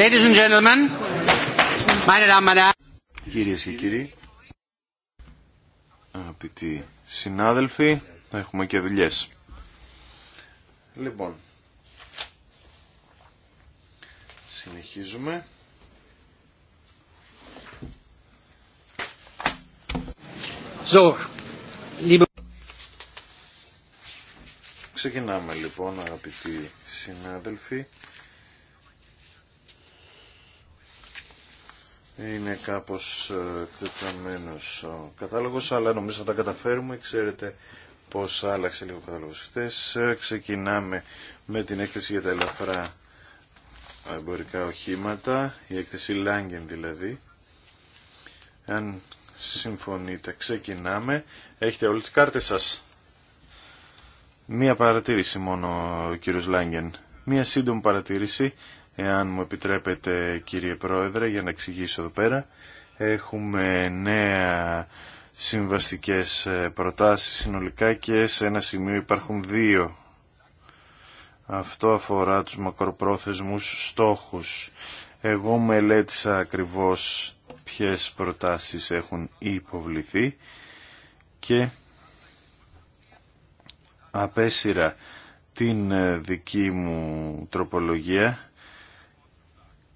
Κυρίε Κυρίες και κύριοι, αγαπητοί συνάδελφοι, θα έχουμε και δουλειές. Λοιπόν, συνεχίζουμε. So, liebe... Ξεκινάμε λοιπόν αγαπητοί συνάδελφοι. είναι κάπως ε, εκτεταμένος ο κατάλογος, αλλά νομίζω θα τα καταφέρουμε. Ξέρετε πώς άλλαξε λίγο ο κατάλογος ε, Ξεκινάμε με την έκθεση για τα ελαφρά εμπορικά οχήματα, η έκθεση Langen δηλαδή. Αν συμφωνείτε, ξεκινάμε. Έχετε όλες τις κάρτες σας. Μία παρατήρηση μόνο ο κύριος Λάγκεν. Μία σύντομη παρατήρηση εάν μου επιτρέπετε κύριε Πρόεδρε, για να εξηγήσω εδώ πέρα. Έχουμε νέα συμβαστικές ε, προτάσεις συνολικά και σε ένα σημείο υπάρχουν δύο. Αυτό αφορά τους μακροπρόθεσμους στόχους. Εγώ μελέτησα ακριβώς ποιες προτάσεις έχουν υποβληθεί και απέσυρα την ε, δική μου τροπολογία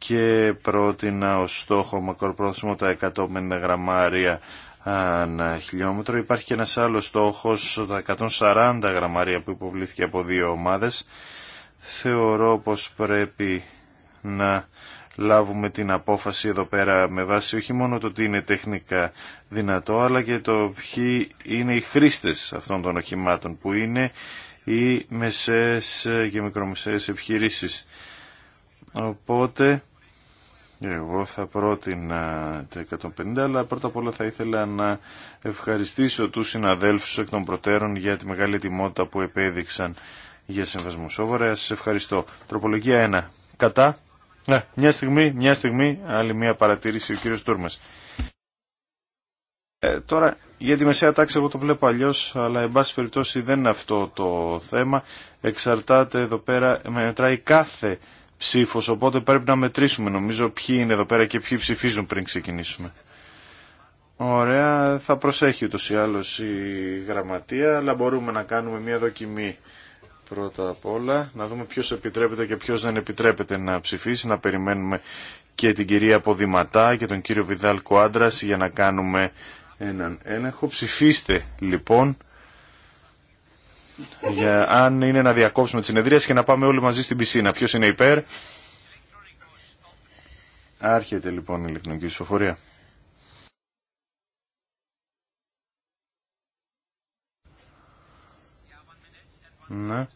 και πρότεινα ως στόχο μακροπρόθεσμο τα 150 γραμμάρια ανά χιλιόμετρο. Υπάρχει και ένας άλλος στόχος, τα 140 γραμμάρια που υποβλήθηκε από δύο ομάδες. Θεωρώ πως πρέπει να λάβουμε την απόφαση εδώ πέρα με βάση όχι μόνο το τι είναι τεχνικά δυνατό, αλλά και το ποιοι είναι οι χρήστες αυτών των οχημάτων, που είναι οι μεσές και μικρομεσαίες επιχειρήσεις. Οπότε εγώ θα πρότεινα τα 150, αλλά πρώτα απ' όλα θα ήθελα να ευχαριστήσω τους συναδέλφους εκ των προτέρων για τη μεγάλη ετοιμότητα που επέδειξαν για συμβασμό σόβορα. Σας ευχαριστώ. Τροπολογία 1. Κατά. Ναι, μια στιγμή, μια στιγμή, άλλη μια παρατήρηση ο κύριος Τούρμας. Ε, τώρα, για τη μεσαία τάξη εγώ το βλέπω αλλιώ, αλλά εν πάση περιπτώσει δεν είναι αυτό το θέμα. Εξαρτάται εδώ πέρα, μετράει κάθε Ψήφο. οπότε πρέπει να μετρήσουμε νομίζω ποιοι είναι εδώ πέρα και ποιοι ψηφίζουν πριν ξεκινήσουμε. Ωραία, θα προσέχει ούτως ή άλλως η γραμματεία, αλλά μπορούμε να κάνουμε μια δοκιμή πρώτα απ' όλα, να δούμε ποιος επιτρέπεται και ποιος δεν επιτρέπεται να ψηφίσει, να περιμένουμε και την κυρία Ποδηματά και τον κύριο Βιδάλ Κουάντρας για να κάνουμε έναν έλεγχο. Ψηφίστε λοιπόν για αν είναι να διακόψουμε τη συνεδρίαση και να πάμε όλοι μαζί στην πισίνα. Ποιος είναι υπέρ. Άρχεται λοιπόν η ηλεκτρονική ψηφοφορία. Ναι.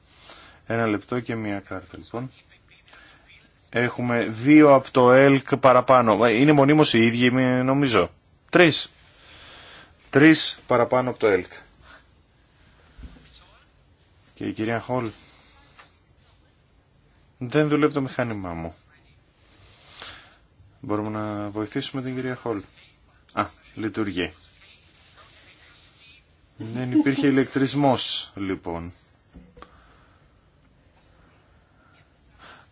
Ένα λεπτό και μία κάρτα λοιπόν. Έχουμε δύο από το ΕΛΚ παραπάνω. Είναι μονίμως οι ίδιοι νομίζω. Τρεις. Τρεις παραπάνω από το ΕΛΚ και η κυρία Χολ. Δεν δουλεύει το μηχάνημά μου. Μπορούμε να βοηθήσουμε την κυρία Χολ. Α, λειτουργεί. Δεν υπήρχε ηλεκτρισμός, λοιπόν.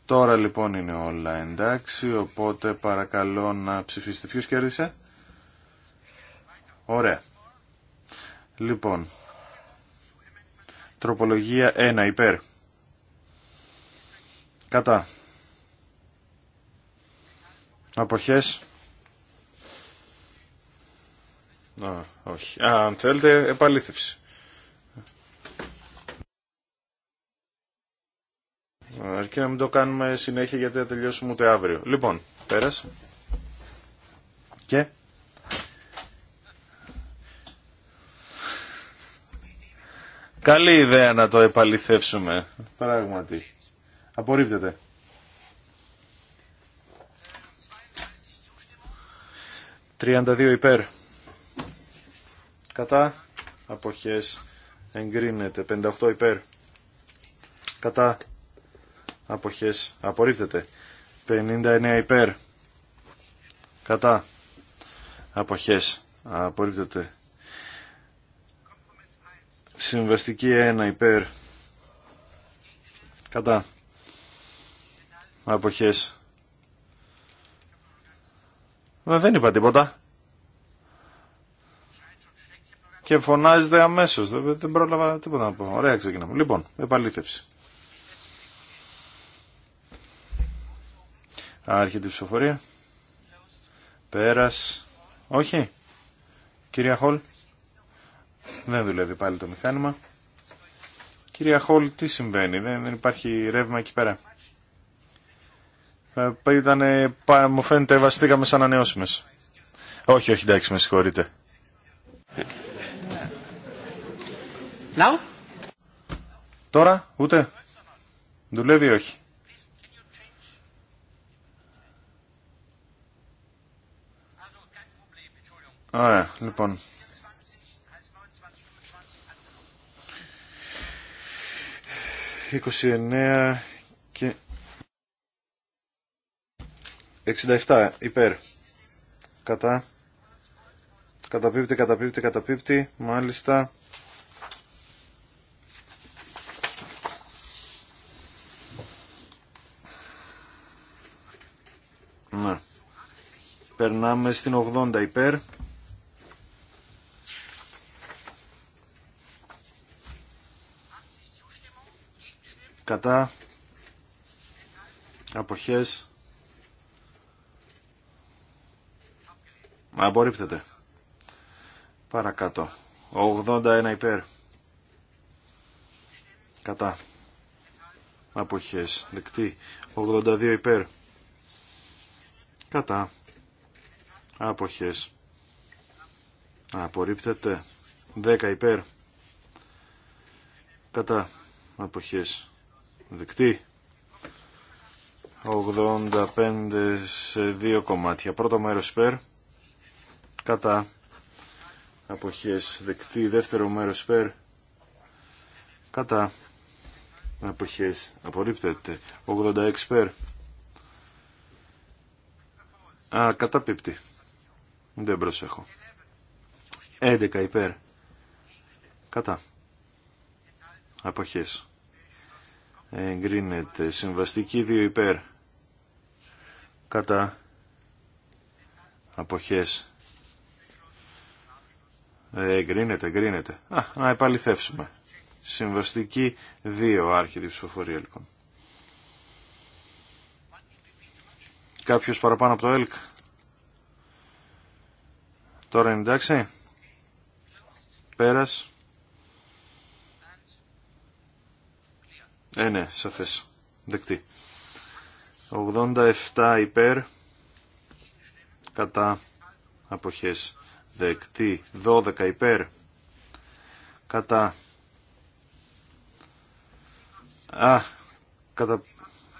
Τώρα λοιπόν είναι όλα εντάξει, οπότε παρακαλώ να ψηφίσετε. Ποιος κέρδισε? Ωραία. Λοιπόν, Τροπολογία 1 υπέρ. Κατά. Αποχές. όχι. Α, αν θέλετε, επαλήθευση. Αρκεί να μην το κάνουμε συνέχεια γιατί θα τελειώσουμε ούτε αύριο. Λοιπόν, πέρασε. Και Καλή ιδέα να το επαληθεύσουμε. Πράγματι. Απορρίπτεται. 32 υπέρ. Κατά. Αποχές. Εγκρίνεται. 58 υπέρ. Κατά. Αποχές. Απορρίπτεται. 59 υπέρ. Κατά. Αποχές. Απορρίπτεται. Συμβαστική 1 υπέρ. Κατά. Αποχές. Μα δεν είπα τίποτα. Και φωνάζεται αμέσως. Δεν πρόλαβα τίποτα να πω. Ωραία ξεκινάμε. Λοιπόν, επαλήθευση. Άρχεται η ψηφοφορία. Πέρας. Όχι. Κυρία Χολ. Δεν δουλεύει πάλι το μηχάνημα. Κυρία Χόλ, τι συμβαίνει, δεν, υπάρχει ρεύμα εκεί πέρα. Ε, ήταν, πα, μου φαίνεται βασιστήκαμε σαν ανανεώσιμες. Όχι, όχι, εντάξει, με συγχωρείτε. Now? Τώρα, ούτε. Δουλεύει ή όχι. Ωραία, λοιπόν. 29 και 67 υπέρ. Κατά. Καταπίπτει, καταπίπτει, καταπίπτει. Μάλιστα. Ναι. Περνάμε στην 80 υπέρ. κατά αποχές απορρίπτεται παρακάτω 81 υπέρ κατά αποχές δεκτή 82 υπέρ κατά αποχές απορρίπτεται 10 υπέρ κατά αποχές δεκτή 85 σε δύο κομμάτια πρώτο μέρος υπέρ κατά αποχές δεκτή δεύτερο μέρος υπέρ κατά αποχές απορρίπτεται 86 υπέρ α κατά πίπτη. δεν προσέχω 11 υπέρ κατά αποχές εγκρίνεται. Συμβαστική 2 υπέρ κατά αποχές ε, εγκρίνεται, εγκρίνεται. Α, να επαληθεύσουμε. Συμβαστική 2 άρχιτη ψηφοφορία λοιπόν. Κάποιος παραπάνω από το ΕΛΚ. Τώρα εντάξει. Πέρας. Ε, ναι, σαφές. Δεκτή. 87 υπέρ κατά αποχές δεκτή 12 υπέρ κατά α κατά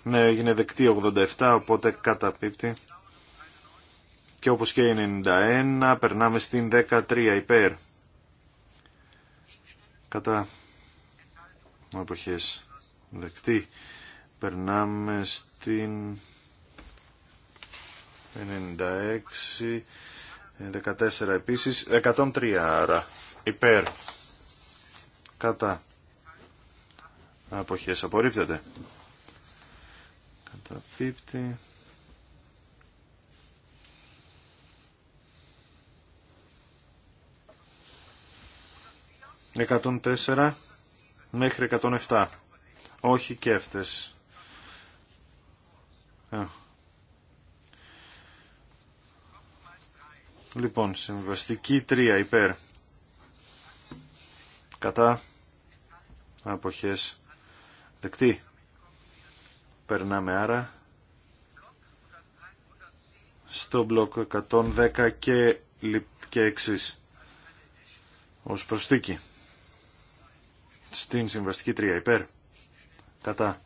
ναι έγινε δεκτή 87 οπότε καταπίπτει και όπως και 91 περνάμε στην 13 υπέρ κατά αποχές δεκτή. Περνάμε στην 96, 14 επίσης, 103 άρα, υπέρ, κατά, αποχές απορρίπτεται, καταπίπτει, Εκατόν τέσσερα μέχρι 107 όχι και αυτές. Λοιπόν, συμβαστική 3 υπέρ. Κατά αποχές δεκτή. Περνάμε άρα στο μπλοκ 110 και, και εξής ως προστίκη στην συμβαστική 3 υπέρ κατά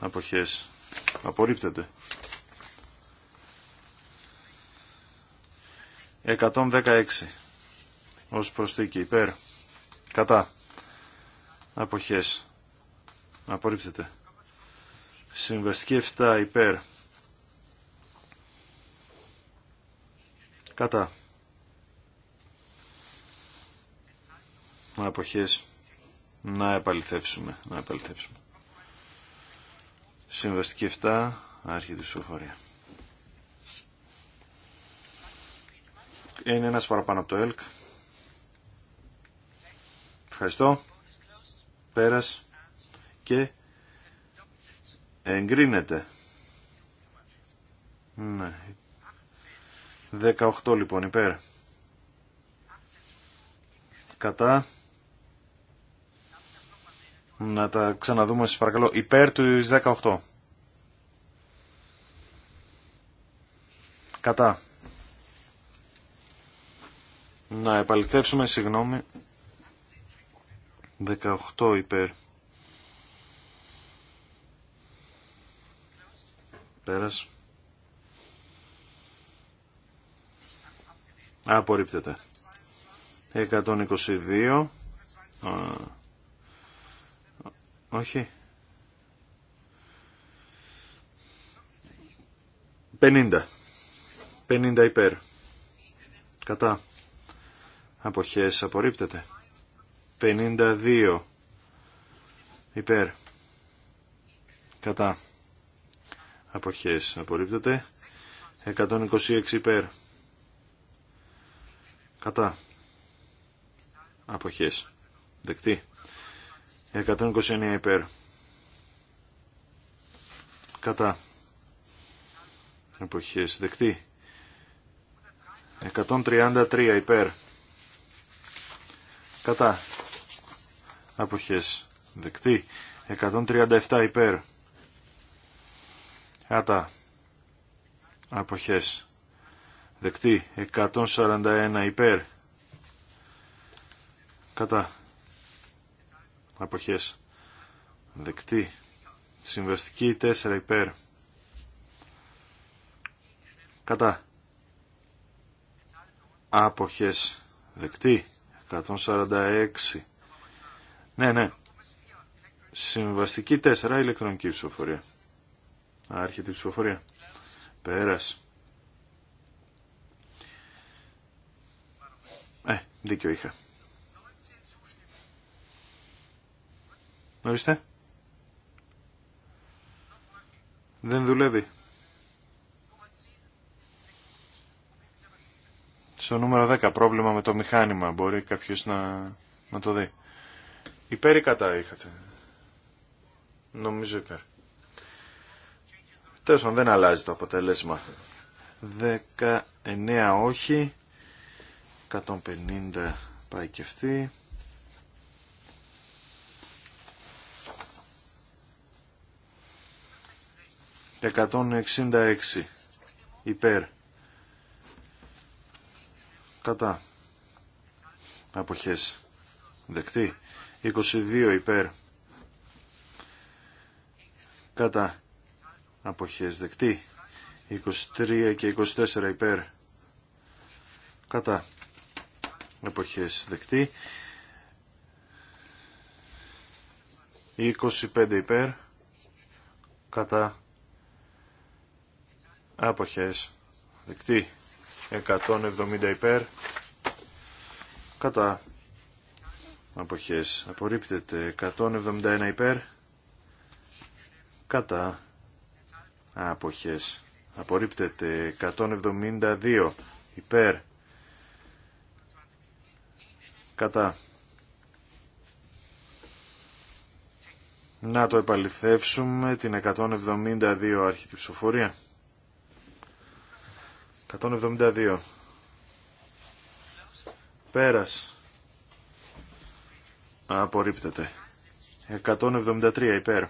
αποχές απορρίπτεται 116 ως προσθήκη υπέρ κατά αποχές απορρίπτεται συμβαστική 7 υπέρ κατά αποχές να επαληθεύσουμε. Να επαληθεύσουμε. Συμβαστική 7. άρχη της Είναι ένας παραπάνω από το ΕΛΚ. Ευχαριστώ. Πέρας. Και εγκρίνεται. Ναι. 18 λοιπόν υπέρ. Κατά. Να τα ξαναδούμε σας παρακαλώ. Υπέρ του 18. Κατά. Να επαληθεύσουμε, συγγνώμη. 18 υπέρ. Πέρας. Απορρίπτεται. 122. Όχι. 50. 50 υπέρ. Κατά. Αποχές απορρίπτεται. 52 υπέρ. Κατά. Αποχές απορρίπτεται. 126 υπέρ. Κατά. Αποχές. Δεκτή. 129 υπέρ. Κατά. Εποχές δεκτή. 133 υπέρ. Κατά. Αποχές δεκτή. 137 υπέρ. Κατά. Αποχές δεκτή. 141 υπέρ. Κατά αποχές δεκτή συμβαστική 4 υπέρ κατά αποχές δεκτή 146 ναι ναι συμβαστική 4 ηλεκτρονική ψηφοφορία άρχεται η ψηφοφορία πέρας ε δίκιο είχα Ορίστε. Δεν δουλεύει. Στο νούμερο 10 πρόβλημα με το μηχάνημα. Μπορεί κάποιος να, να το δει. Υπέρ ή κατά είχατε. Νομίζω υπέρ. Τέλος δεν αλλάζει το αποτέλεσμα. 19 όχι. 150 πάει και αυτή. 166 υπέρ κατά αποχές δεκτή 22 υπέρ κατά αποχές δεκτή 23 και 24 υπέρ κατά αποχές δεκτή 25 υπέρ κατά Αποχές. Δεκτή. 170 υπέρ. Κατά. Αποχές. Απορρίπτεται. 171 υπέρ. Κατά. Αποχές. Απορρίπτεται. 172 υπέρ. Κατά. Να το επαληθεύσουμε την 172 άρχη ψηφοφορία. 172. Πέρας. Απορρίπτεται. 173 υπέρ.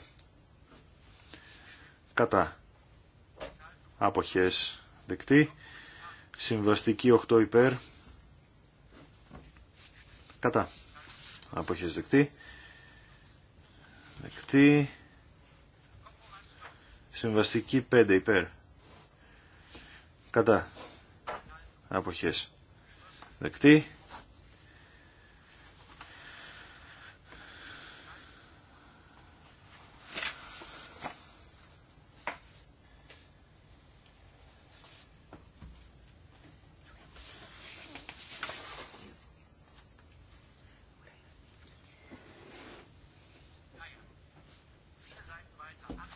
Κατά. Αποχές δεκτή. Συμβαστική 8 υπέρ. Κατά. Αποχές δεκτή. Δεκτή. Συμβαστική 5 υπέρ κατά αποχές δεκτή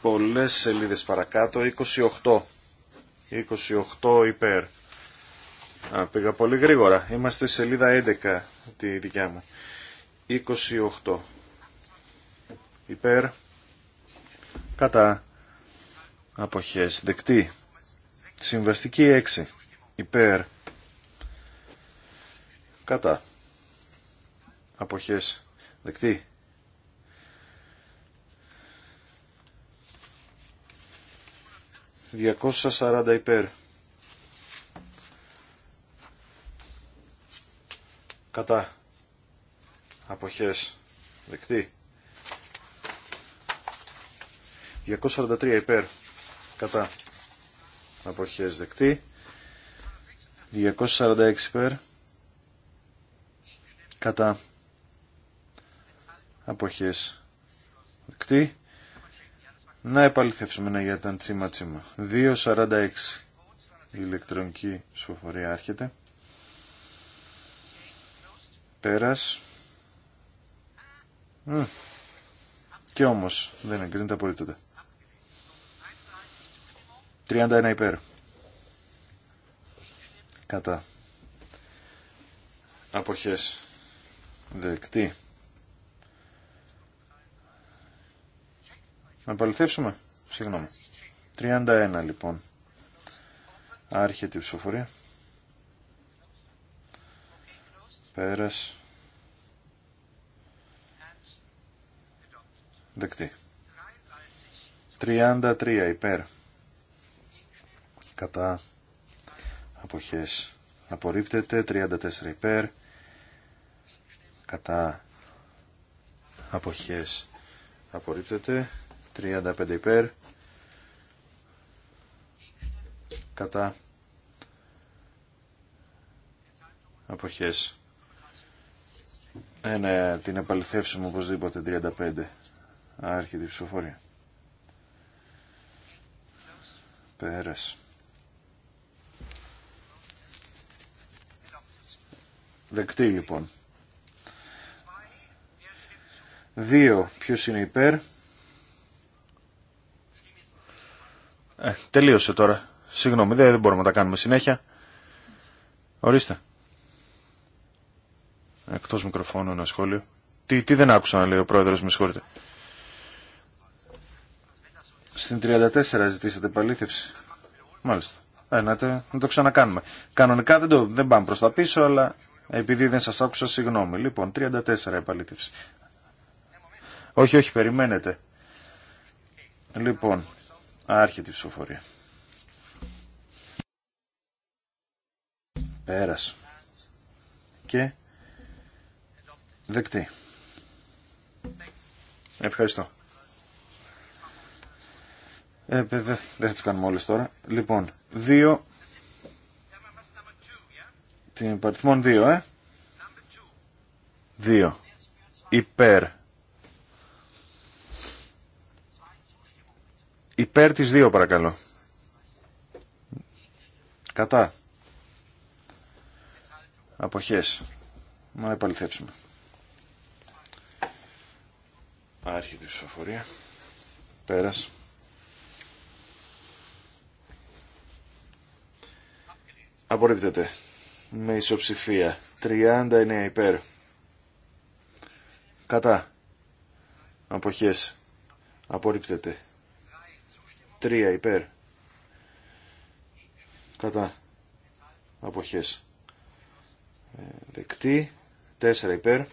Πολλές σελίδες παρακάτω, 28. 28 υπέρ. Α, πήγα πολύ γρήγορα. Είμαστε σελίδα 11 τη δικιά μου. 28 υπέρ. Κατά αποχές δεκτή. Συμβαστική 6 υπέρ. Κατά αποχές δεκτή. 240 υπέρ. Κατά. Αποχές. Δεκτή. 243 υπέρ. Κατά. Αποχές δεκτή. 246 υπέρ. Κατά. Αποχές δεκτή. Να επαληθεύσουμε ένα για τα τσίμα τσίμα. 2.46 η ηλεκτρονική σφοφορία άρχεται. Πέρας. Και όμως δεν εγκρίνεται τότε. 31 υπέρ. Κατά. Αποχές. Δεκτή. Να παληθεύσουμε. Συγγνώμη. 31 λοιπόν. Άρχεται η ψηφοφορία. Πέρας. Δεκτή. 33 υπέρ. Κατά. Αποχές. Απορρίπτεται. 34 υπέρ. Κατά. Αποχές. Απορρίπτεται. 35 υπέρ κατά αποχές ε, ναι, την επαληθεύσουμε οπωσδήποτε 35 άρχη ψηφοφορία πέρας δεκτή λοιπόν 2 ποιος είναι υπέρ Ε, τελείωσε τώρα. Συγγνώμη, δεν, μπορούμε να τα κάνουμε συνέχεια. Ορίστε. Εκτός μικροφώνου ένα σχόλιο. Τι, τι δεν άκουσα λέει ο πρόεδρος, με συγχωρείτε. Στην 34 ζητήσατε επαλήθευση. Μάλιστα. Ε, να, το ξανακάνουμε. Κανονικά δεν, το, δεν πάμε προς τα πίσω, αλλά επειδή δεν σας άκουσα, συγγνώμη. Λοιπόν, 34 επαλήθευση. Όχι, όχι, περιμένετε. Λοιπόν, Άρχεται η ψηφοφορία. Πέρασε. Και δεκτή. Ευχαριστώ. Ε, δεν δε θα τις κάνουμε όλες τώρα. Λοιπόν, δύο... Την παριθμόν δύο, ε. Δύο. Υπέρ. Υπέρ της 2 παρακαλώ. Κατά. Αποχές. Να επαληθέψουμε. Άρχεται η ψηφοφορία. Πέρας. Απορρίπτεται. Με ισοψηφία. 39 υπέρ. Κατά. Αποχές. Απορρίπτεται. Τρία υπέρ κατά αποχές ε, δεκτή τέσσερα υπέρ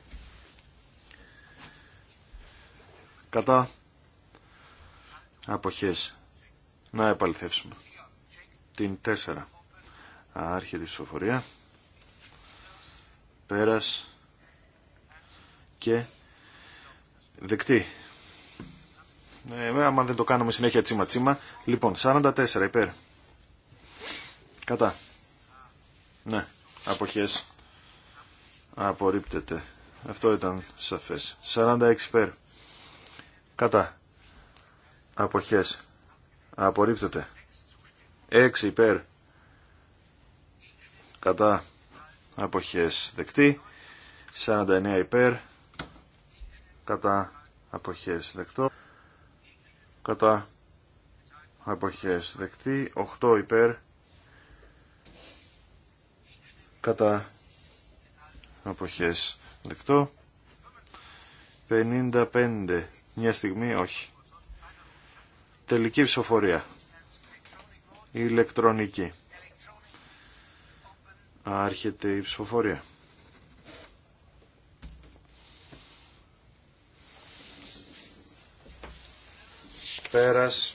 κατά αποχές να επαληθεύσουμε την 4 άρχεται η ψηφοφορία πέρας και δεκτή ε, άμα δεν το κάνουμε συνέχεια τσίμα τσίμα. Λοιπόν, 44 υπέρ. Κατά. Ναι, αποχές. Απορρίπτεται. Αυτό ήταν σαφές. 46 υπέρ. Κατά. Αποχές. Απορρίπτεται. 6 υπέρ. Κατά. Αποχές δεκτή. 49 υπέρ. Κατά. Αποχές δεκτό κατά εποχές δεκτή 8 υπέρ κατά εποχές δεκτό 55 μια στιγμή όχι τελική ψηφοφορία ηλεκτρονική άρχεται η ψηφοφορία πέρας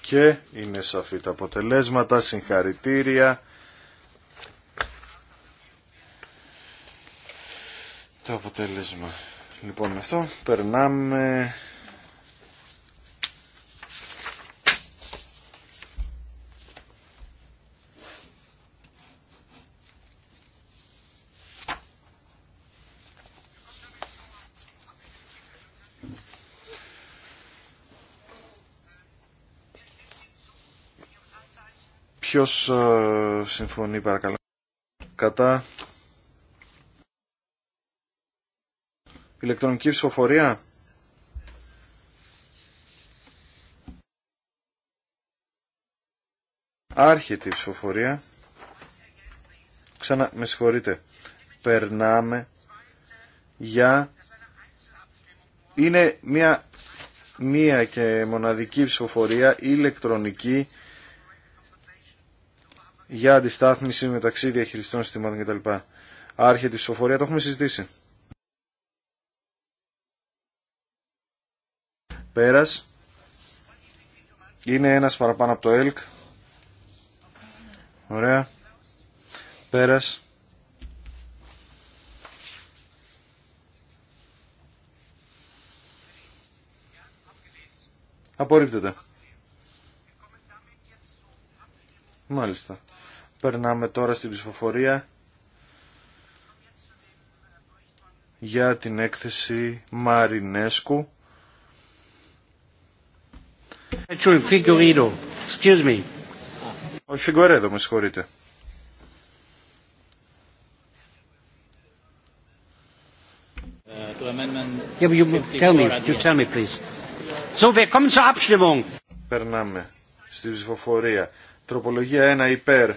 και είναι σαφή τα αποτελέσματα, συγχαρητήρια. Το αποτέλεσμα. Λοιπόν, με αυτό περνάμε Ποιος ε, συμφωνεί παρακαλώ. Κατά. Ηλεκτρονική ψηφοφορία. Άρχεται η ψηφοφορία. Ξανά, με συγχωρείτε. Περνάμε για... Είναι μια μία και μοναδική ψηφοφορία ηλεκτρονική για αντιστάθμιση μεταξύ διαχειριστών συστημάτων κτλ. Άρχεται η ψηφοφορία, το έχουμε συζητήσει. Πέρας. Είναι ένα παραπάνω από το ΕΛΚ. Ωραία. Πέρας. Απορρίπτεται. Μάλιστα. Περνάμε τώρα στην ψηφοφορία για την έκθεση Μαρινέσκου. Excuse Φιγκορέδο, με συγχωρείτε. Περνάμε στην ψηφοφορία. Τροπολογία 1 υπέρ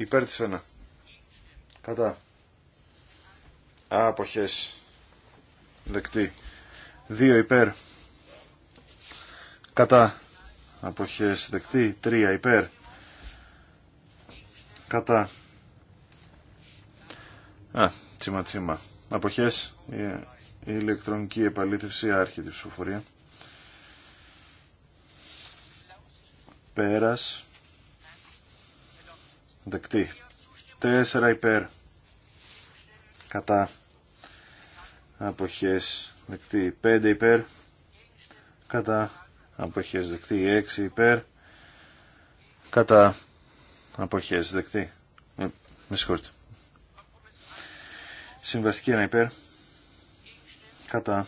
Υπέρ της 1. Κατά. Αποχές. Δεκτή. 2 υπέρ. Κατά. Αποχές δεκτή. 3 υπέρ. Κατά. Α, τσίμα τσίμα. Αποχές. Η ηλεκτρονική επαλήθευση άρχεται ψηφοφορία. Πέρας δεκτή 4 υπέρ κατά αποχές δεκτή 5 υπέρ κατά αποχές δεκτή 6 υπέρ κατά αποχές δεκτή ε, με συγχωρείτε συμβαστική 1 υπέρ κατά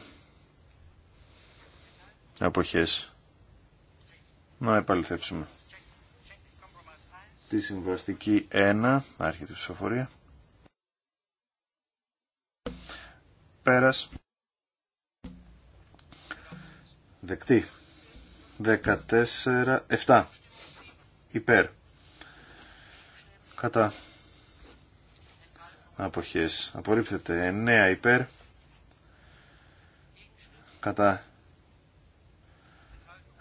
αποχές να επαληθεύσουμε Στη συμβαστική 1, άρχεται η ψηφοφορία. Πέρας. Δεκτή. 14, 7. Υπέρ. Κατά. Αποχές. Απορρίπτεται 9 υπέρ. Κατά.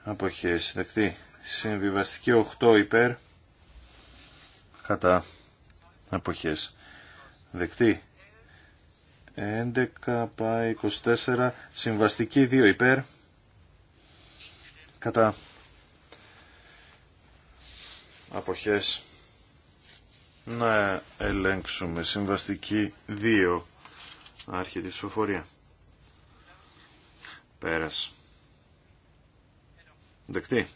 Αποχές. Δεκτή. Συμβιβαστική 8 υπέρ κατά εποχές. δεκτή 11 πάει 24 συμβαστική 2 υπέρ κατά αποχές να ελέγξουμε συμβαστική 2 άρχη τη ψηφοφορία πέρας δεκτή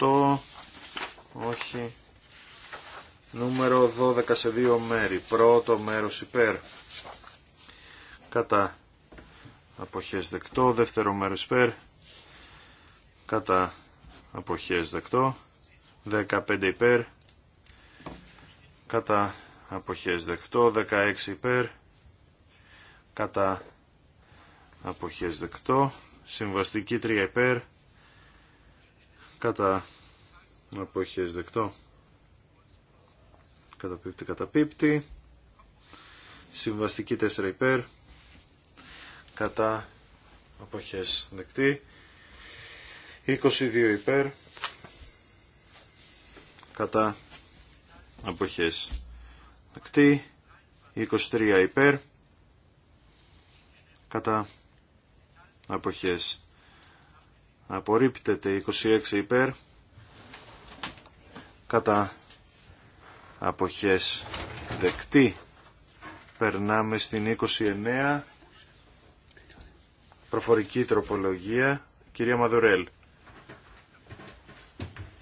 28 όχι Νούμερο 12 σε δύο μέρη. Πρώτο μέρος υπέρ. Κατά. Αποχές δεκτό. Δεύτερο μέρος υπέρ. Κατά. Αποχές δεκτό. 15 υπέρ. Κατά. Αποχές δεκτό. 16 υπέρ. Κατά. Αποχές δεκτό. Συμβαστική 3 υπέρ. Κατά. Αποχές δεκτό καταπίπτει, καταπίπτει. Συμβαστική 4 υπέρ. Κατά αποχές δεκτή. 22 υπέρ. Κατά αποχές δεκτή. 23 υπέρ. Κατά αποχές απορρίπτεται 26 υπέρ κατά αποχές δεκτή. Περνάμε στην 29 προφορική τροπολογία. Κυρία Μαδουρέλ.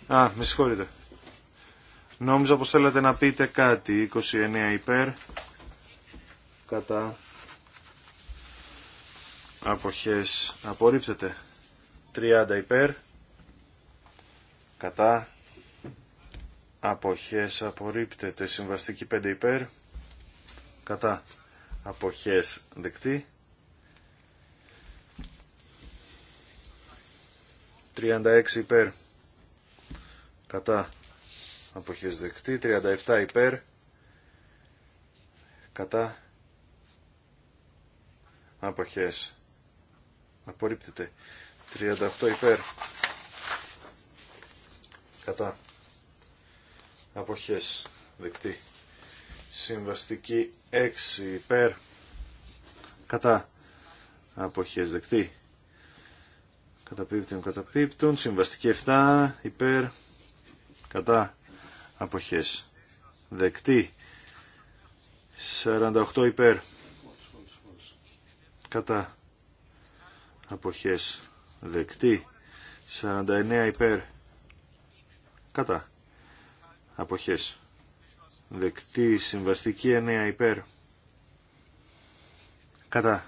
Α, με συγχωρείτε. Νόμιζα πως θέλατε να πείτε κάτι. 29 υπέρ. Κατά. Αποχές. Απορρίπτεται. 30 υπέρ. Κατά αποχές απορρίπτεται συμβαστική 5 υπέρ κατά αποχές δεκτή 36 υπέρ κατά αποχές δεκτή 37 υπέρ κατά αποχές απορρίπτεται 38 υπέρ κατά αποχές δεκτή συμβαστική 6 υπέρ κατά αποχές δεκτή καταπίπτουν καταπίπτουν συμβαστική 7 υπέρ κατά αποχές δεκτή 48 υπέρ κατά αποχές δεκτή 49 υπέρ κατά αποχές δεκτή συμβαστική 9 υπέρ κατά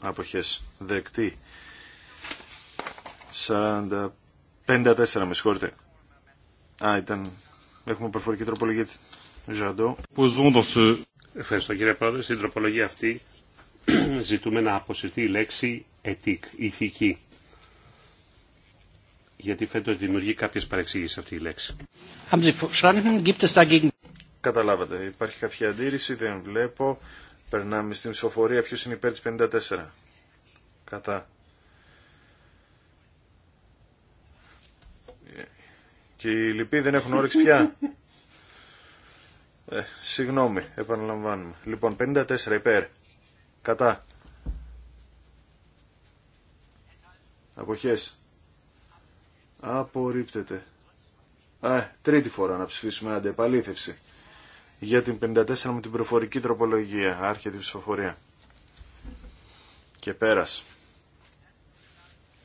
αποχές δεκτή Πέντα 54 με συγχωρείτε α ήταν έχουμε προφορική τροπολογία Ζαντό Ευχαριστώ κύριε Πρόεδρε στην τροπολογία αυτή ζητούμε να αποσυρθεί η λέξη ετικ, ηθική γιατί φαίνεται ότι δημιουργεί κάποιες παρεξήγησεις αυτή η λέξη. Καταλάβατε. Υπάρχει κάποια αντίρρηση, δεν βλέπω. Περνάμε στην ψηφοφορία. Ποιος είναι υπέρ της 54. Κατά. Και οι λοιποί δεν έχουν όρεξη πια. Ε, συγγνώμη, επαναλαμβάνουμε. Λοιπόν, 54 υπέρ. Κατά. Αποχές. Απορρίπτεται. Α, τρίτη φορά να ψηφίσουμε αντεπαλήθευση. Για την 54 με την προφορική τροπολογία. Άρχεται η ψηφοφορία. Και πέρας.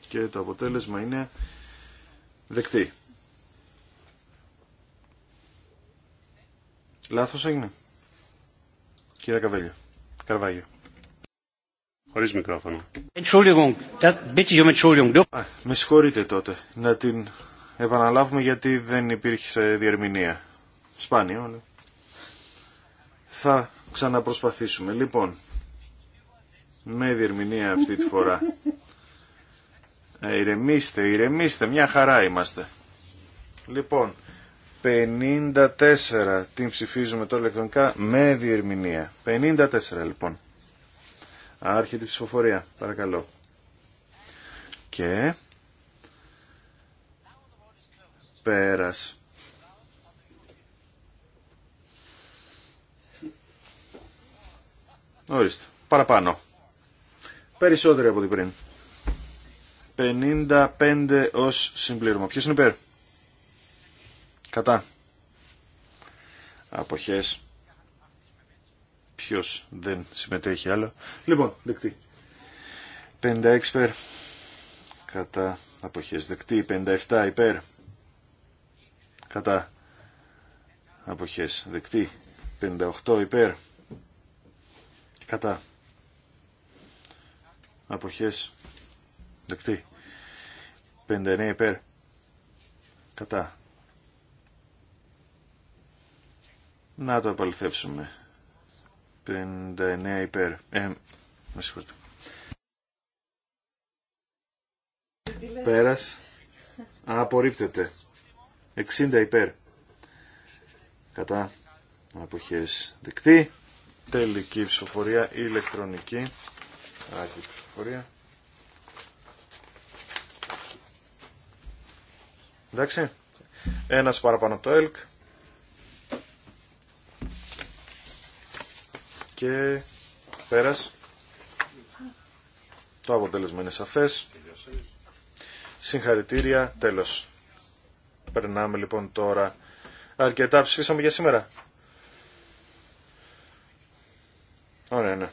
Και το αποτέλεσμα είναι δεκτή. Λάθος έγινε. Κύριε Καβέλιο. Καρβάγιο. Um με συγχωρείτε τότε. Να την επαναλάβουμε γιατί δεν υπήρχε διερμηνία. Σπάνιο, αλλά... Θα ξαναπροσπαθήσουμε. Λοιπόν, με διερμηνία αυτή τη φορά. Ε, ηρεμήστε, ηρεμήστε, μια χαρά είμαστε. Λοιπόν, 54 την ψηφίζουμε τώρα ηλεκτρονικά με διερμηνία. 54 λοιπόν. Άρχεται η ψηφοφορία. Παρακαλώ. Και... Πέρας. Ορίστε. Παραπάνω. Περισσότεροι από την πριν. 55 ως συμπλήρωμα. Ποιος είναι υπέρ. Κατά. Αποχές. Ποιο δεν συμμετέχει άλλο. Λοιπόν, δεκτή. 56 υπέρ. Κατά αποχές δεκτή. 57 υπέρ. Κατά αποχές δεκτή. 58 υπέρ. Κατά αποχές δεκτή. 59 υπέρ. Κατά. Να το επαληθεύσουμε. 59 υπέρ. Ε, με συγχωρείτε. Πέρας. Α, απορρίπτεται. 60 υπέρ. Κατά. Αποχές δεκτή. Τελική ψηφοφορία ηλεκτρονική. άλλη ψηφοφορία. Εντάξει. Ένας παραπάνω από το ΕΛΚ. και πέρας. Το αποτέλεσμα είναι σαφές. Συγχαρητήρια, τέλος. Περνάμε λοιπόν τώρα. Αρκετά ψηφίσαμε για σήμερα. Ωραία, ναι.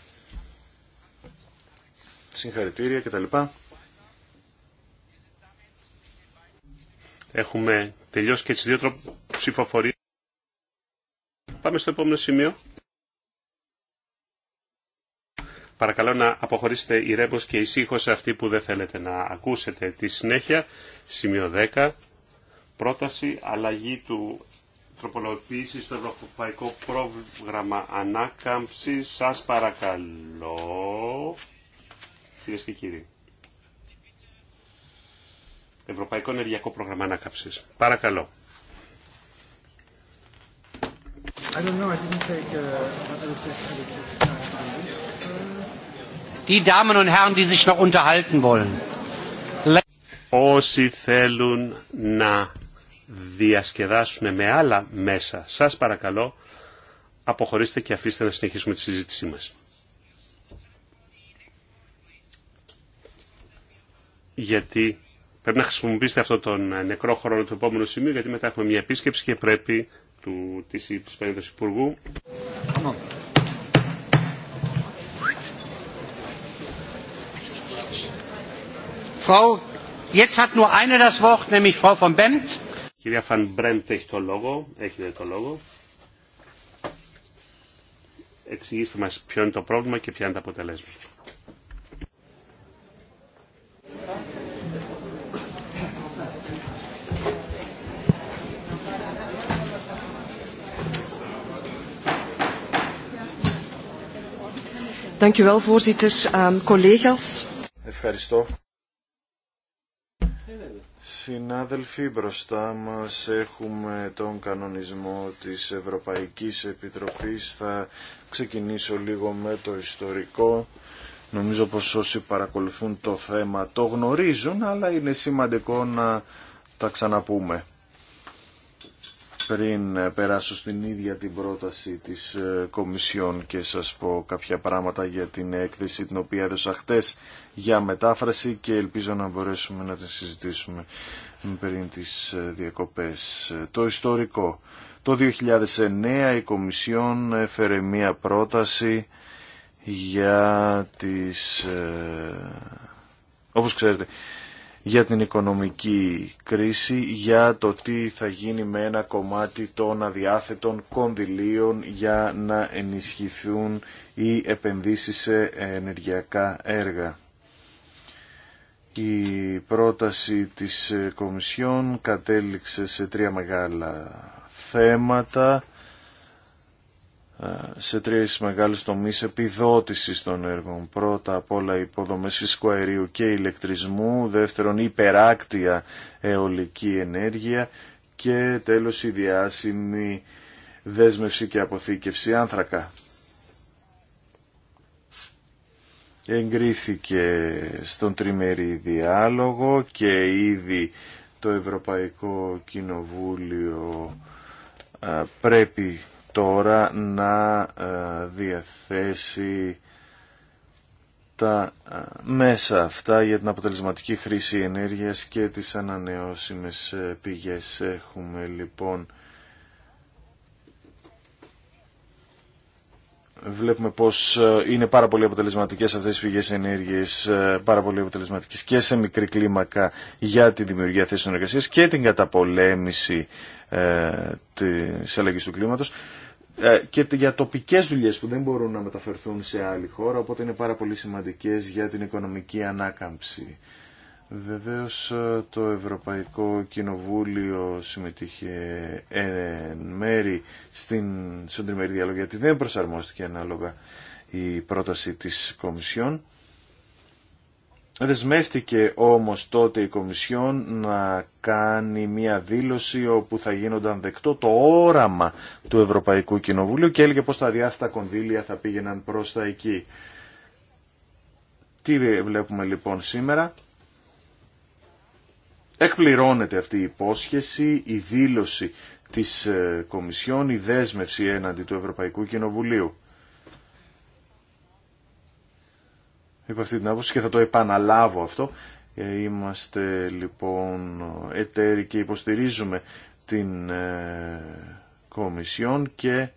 Συγχαρητήρια και τα λοιπά. Έχουμε τελειώσει και τις δύο ψηφοφορίες. Πάμε στο επόμενο σημείο. Παρακαλώ να αποχωρήσετε ηρέμως και ησύχως αυτοί που δεν θέλετε να ακούσετε τη συνέχεια. Σημείο 10. Πρόταση αλλαγή του τροπολογοποίηση στο Ευρωπαϊκό Πρόγραμμα Ανάκαμψη. Σας παρακαλώ. Κυρίε και κύριοι. Ευρωπαϊκό Ενεργειακό Πρόγραμμα Ανάκαμψη. Παρακαλώ. I don't know, I didn't take, uh, die Damen und Herren, die sich noch unterhalten wollen. Όσοι θέλουν να διασκεδάσουν με άλλα μέσα, σας παρακαλώ, αποχωρήστε και αφήστε να συνεχίσουμε τη συζήτησή μας. Γιατί πρέπει να χρησιμοποιήσετε αυτό τον νεκρό χρόνο του επόμενου σημείου, γιατί μετά έχουμε μια επίσκεψη και πρέπει του, της, της του Υπουργού. Frau, nur Κυρία Φαν Μπρέντ, έχει το λόγο. Έχετε το λόγο. Εξηγήστε μας ποιο είναι το πρόβλημα και ποια είναι τα αποτελέσματα. Dank ehm, Ευχαριστώ. Συνάδελφοι, μπροστά μας έχουμε τον κανονισμό της Ευρωπαϊκής Επιτροπής. Θα ξεκινήσω λίγο με το ιστορικό. Νομίζω πως όσοι παρακολουθούν το θέμα το γνωρίζουν, αλλά είναι σημαντικό να τα ξαναπούμε πριν περάσω στην ίδια την πρόταση της ε, Κομισιόν και σας πω κάποια πράγματα για την έκθεση την οποία έδωσα χτες για μετάφραση και ελπίζω να μπορέσουμε να την συζητήσουμε πριν τις ε, διακοπές. Το ιστορικό. Το 2009 η Κομισιόν έφερε μία πρόταση για τις... Ε, όπως ξέρετε, για την οικονομική κρίση, για το τι θα γίνει με ένα κομμάτι των αδιάθετων κονδυλίων για να ενισχυθούν οι επενδύσεις σε ενεργειακά έργα. Η πρόταση της Κομισιόν κατέληξε σε τρία μεγάλα θέματα ε, σε τρεις μεγάλους τομείς επιδότησης των έργων. Πρώτα απ' όλα υποδομές φυσικού αερίου και ηλεκτρισμού, δεύτερον υπεράκτια αιωλική ενέργεια και τέλος η διάσημη δέσμευση και αποθήκευση άνθρακα. Εγκρίθηκε στον τριμερή διάλογο και ήδη το Ευρωπαϊκό Κοινοβούλιο ε, πρέπει τώρα να ε, διαθέσει τα ε, μέσα αυτά για την αποτελεσματική χρήση ενέργειας και τις ανανεώσιμες ε, πηγές. Έχουμε λοιπόν... Βλέπουμε πως είναι πάρα πολύ αποτελεσματικές αυτές οι πηγές ενέργειας, πάρα πολύ αποτελεσματικές και σε μικρή κλίμακα για τη δημιουργία θέσεων εργασίας και την καταπολέμηση ε, της αλλαγής του κλίματος. Ε, και για τοπικέ δουλειέ που δεν μπορούν να μεταφερθούν σε άλλη χώρα, οπότε είναι πάρα πολύ σημαντικέ για την οικονομική ανάκαμψη. Βεβαίως ε, το Ευρωπαϊκό Κοινοβούλιο συμμετείχε ε, εν μέρη στην, στον τριμερή διάλογο γιατί δεν προσαρμόστηκε ανάλογα η πρόταση της Κομισιόν. Δεσμεύτηκε όμως τότε η Κομισιόν να κάνει μια δήλωση όπου θα γίνονταν δεκτό το όραμα του Ευρωπαϊκού Κοινοβουλίου και έλεγε πως τα διάθετα κονδύλια θα πήγαιναν προς τα εκεί. Τι βλέπουμε λοιπόν σήμερα. Εκπληρώνεται αυτή η υπόσχεση, η δήλωση της ε, Κομισιόν, η δέσμευση έναντι του Ευρωπαϊκού Κοινοβουλίου. είπα αυτή την άποψη και θα το επαναλάβω αυτό. Ε, είμαστε λοιπόν εταίροι και υποστηρίζουμε την ε, Κομισιόν και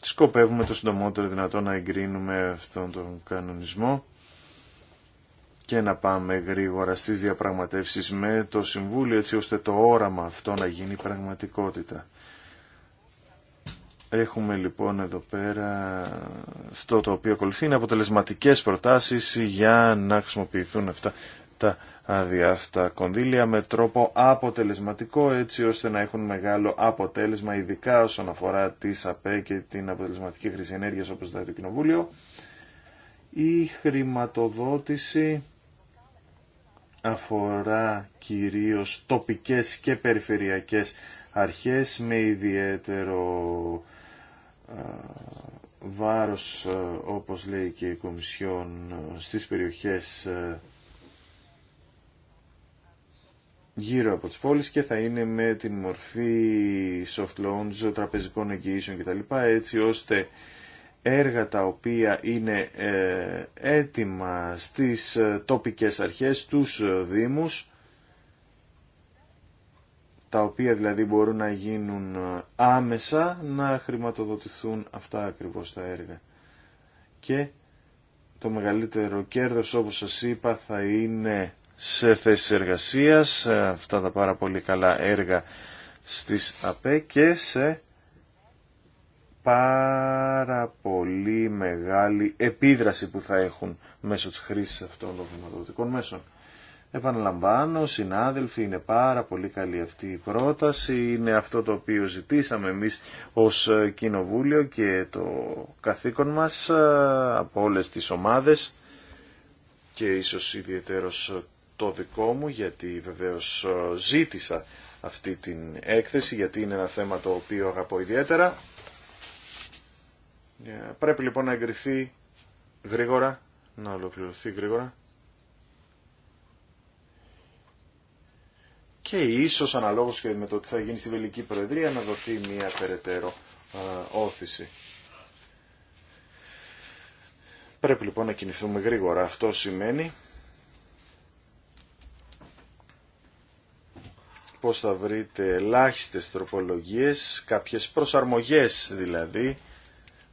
σκοπεύουμε το συντομότερο δυνατό να εγκρίνουμε αυτόν τον κανονισμό και να πάμε γρήγορα στις διαπραγματεύσεις με το Συμβούλιο έτσι ώστε το όραμα αυτό να γίνει πραγματικότητα. Έχουμε λοιπόν εδώ πέρα αυτό το οποίο ακολουθεί είναι αποτελεσματικές προτάσεις για να χρησιμοποιηθούν αυτά τα αδιάφτα κονδύλια με τρόπο αποτελεσματικό έτσι ώστε να έχουν μεγάλο αποτέλεσμα ειδικά όσον αφορά τις ΑΠΕ και την αποτελεσματική χρήση ενέργειας όπως το Κοινοβούλιο. Η χρηματοδότηση αφορά κυρίως τοπικές και περιφερειακές αρχές με ιδιαίτερο βάρος ε, όπως λέει και η Κομισιόν ε, στις περιοχές ε, γύρω από τις πόλεις και θα είναι με την μορφή soft loans, τραπεζικών εγγυήσεων κτλ. έτσι ώστε έργα τα οποία είναι έτοιμα στις τοπικές αρχές, τους δήμους τα οποία δηλαδή μπορούν να γίνουν ε, άμεσα, να χρηματοδοτηθούν αυτά ακριβώς τα έργα. Και το μεγαλύτερο κέρδος όπως σας είπα θα είναι σε θέσεις εργασίας, ε, αυτά τα πάρα πολύ καλά έργα στις ΑΠΕ και σε πάρα πολύ μεγάλη επίδραση που θα έχουν μέσω της χρήσης αυτών των χρηματοδοτικών μέσων. Επαναλαμβάνω, συνάδελφοι, είναι πάρα πολύ καλή αυτή η πρόταση, είναι αυτό το οποίο ζητήσαμε εμείς ως κοινοβούλιο και το καθήκον μας ε, από όλες τις ομάδες και ίσως ιδιαίτερος το δικό μου γιατί βεβαίως ε, ζήτησα αυτή την έκθεση γιατί είναι ένα θέμα το οποίο αγαπώ ιδιαίτερα. Ε, πρέπει λοιπόν να εγκριθεί γρήγορα, να ολοκληρωθεί γρήγορα. και ίσως αναλόγως και με το τι θα γίνει στη Βελική Προεδρία να δοθεί μια περαιτέρω όθηση. Πρέπει λοιπόν να κινηθούμε γρήγορα. Αυτό σημαίνει πως θα βρείτε ελάχιστες τροπολογίες, κάποιες προσαρμογές δηλαδή,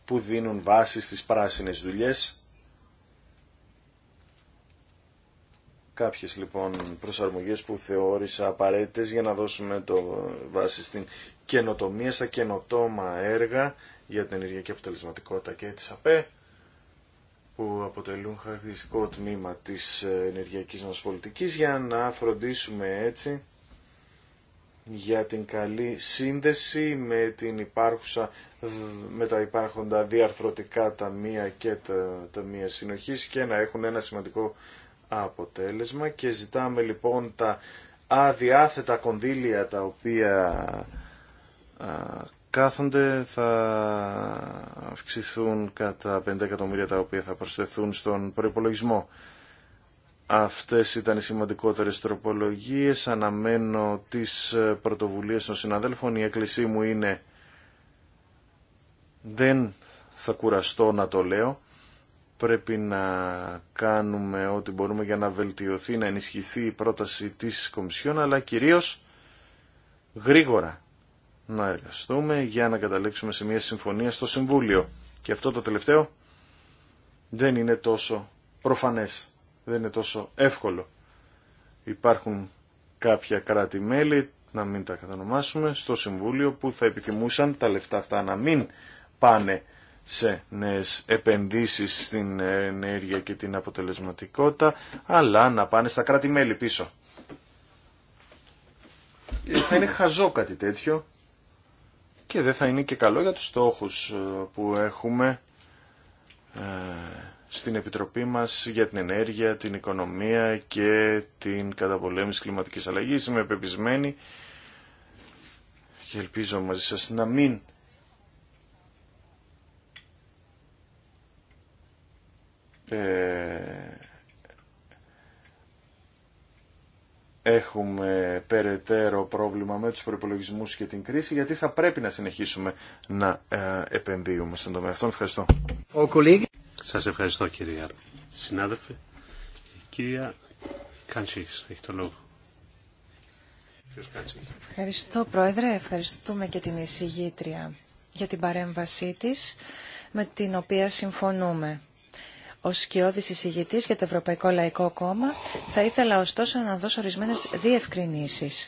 που δίνουν βάση στις πράσινες δουλειές Κάποιες λοιπόν προσαρμογές που θεώρησα απαραίτητες για να δώσουμε το βάση στην καινοτομία, στα καινοτόμα έργα για την ενεργειακή αποτελεσματικότητα και της ΑΠΕ που αποτελούν χαρακτηριστικό τμήμα της ενεργειακής μας πολιτικής για να φροντίσουμε έτσι για την καλή σύνδεση με, την υπάρχουσα, με τα υπάρχοντα διαρθρωτικά ταμεία και τα ταμεία συνοχής και να έχουν ένα σημαντικό αποτέλεσμα και ζητάμε λοιπόν τα αδιάθετα κονδύλια τα οποία κάθονται θα αυξηθούν κατά 5 εκατομμύρια τα οποία θα προσθεθούν στον προϋπολογισμό. Αυτές ήταν οι σημαντικότερες τροπολογίες. Αναμένω τις πρωτοβουλίες των συναδέλφων. Η έκκλησή μου είναι δεν θα κουραστώ να το λέω πρέπει να κάνουμε ό,τι μπορούμε για να βελτιωθεί, να ενισχυθεί η πρόταση της Κομισιόν, αλλά κυρίως γρήγορα να εργαστούμε για να καταλήξουμε σε μια συμφωνία στο Συμβούλιο. Και αυτό το τελευταίο δεν είναι τόσο προφανές, δεν είναι τόσο εύκολο. Υπάρχουν κάποια κράτη-μέλη, να μην τα κατανομάσουμε, στο Συμβούλιο που θα επιθυμούσαν τα λεφτά αυτά να μην πάνε σε νέες επενδύσεις στην ενέργεια και την αποτελεσματικότητα, αλλά να πάνε στα κράτη-μέλη πίσω. Θα είναι χαζό κάτι τέτοιο και δεν θα είναι και καλό για τους στόχους ε, που έχουμε ε, στην Επιτροπή μας για την ενέργεια, την οικονομία και την καταπολέμηση κλιματικής αλλαγής. Είμαι επεμπισμένη και ελπίζω μαζί σας να μην Ε, έχουμε περαιτέρω πρόβλημα με τους προϋπολογισμούς και την κρίση, γιατί θα πρέπει να συνεχίσουμε να ε, επενδύουμε στον τομέα αυτόν. Ευχαριστώ. Ο Σας ευχαριστώ κυρία συνάδελφε. Κυρία Κάντσης, έχει το λόγο. Ευχαριστώ Πρόεδρε, ευχαριστούμε και την εισηγήτρια για την παρέμβασή της, με την οποία συμφωνούμε ω σκιώδης εισηγητής για το Ευρωπαϊκό Λαϊκό Κόμμα. Θα ήθελα ωστόσο να δώσω ορισμένες διευκρινήσεις.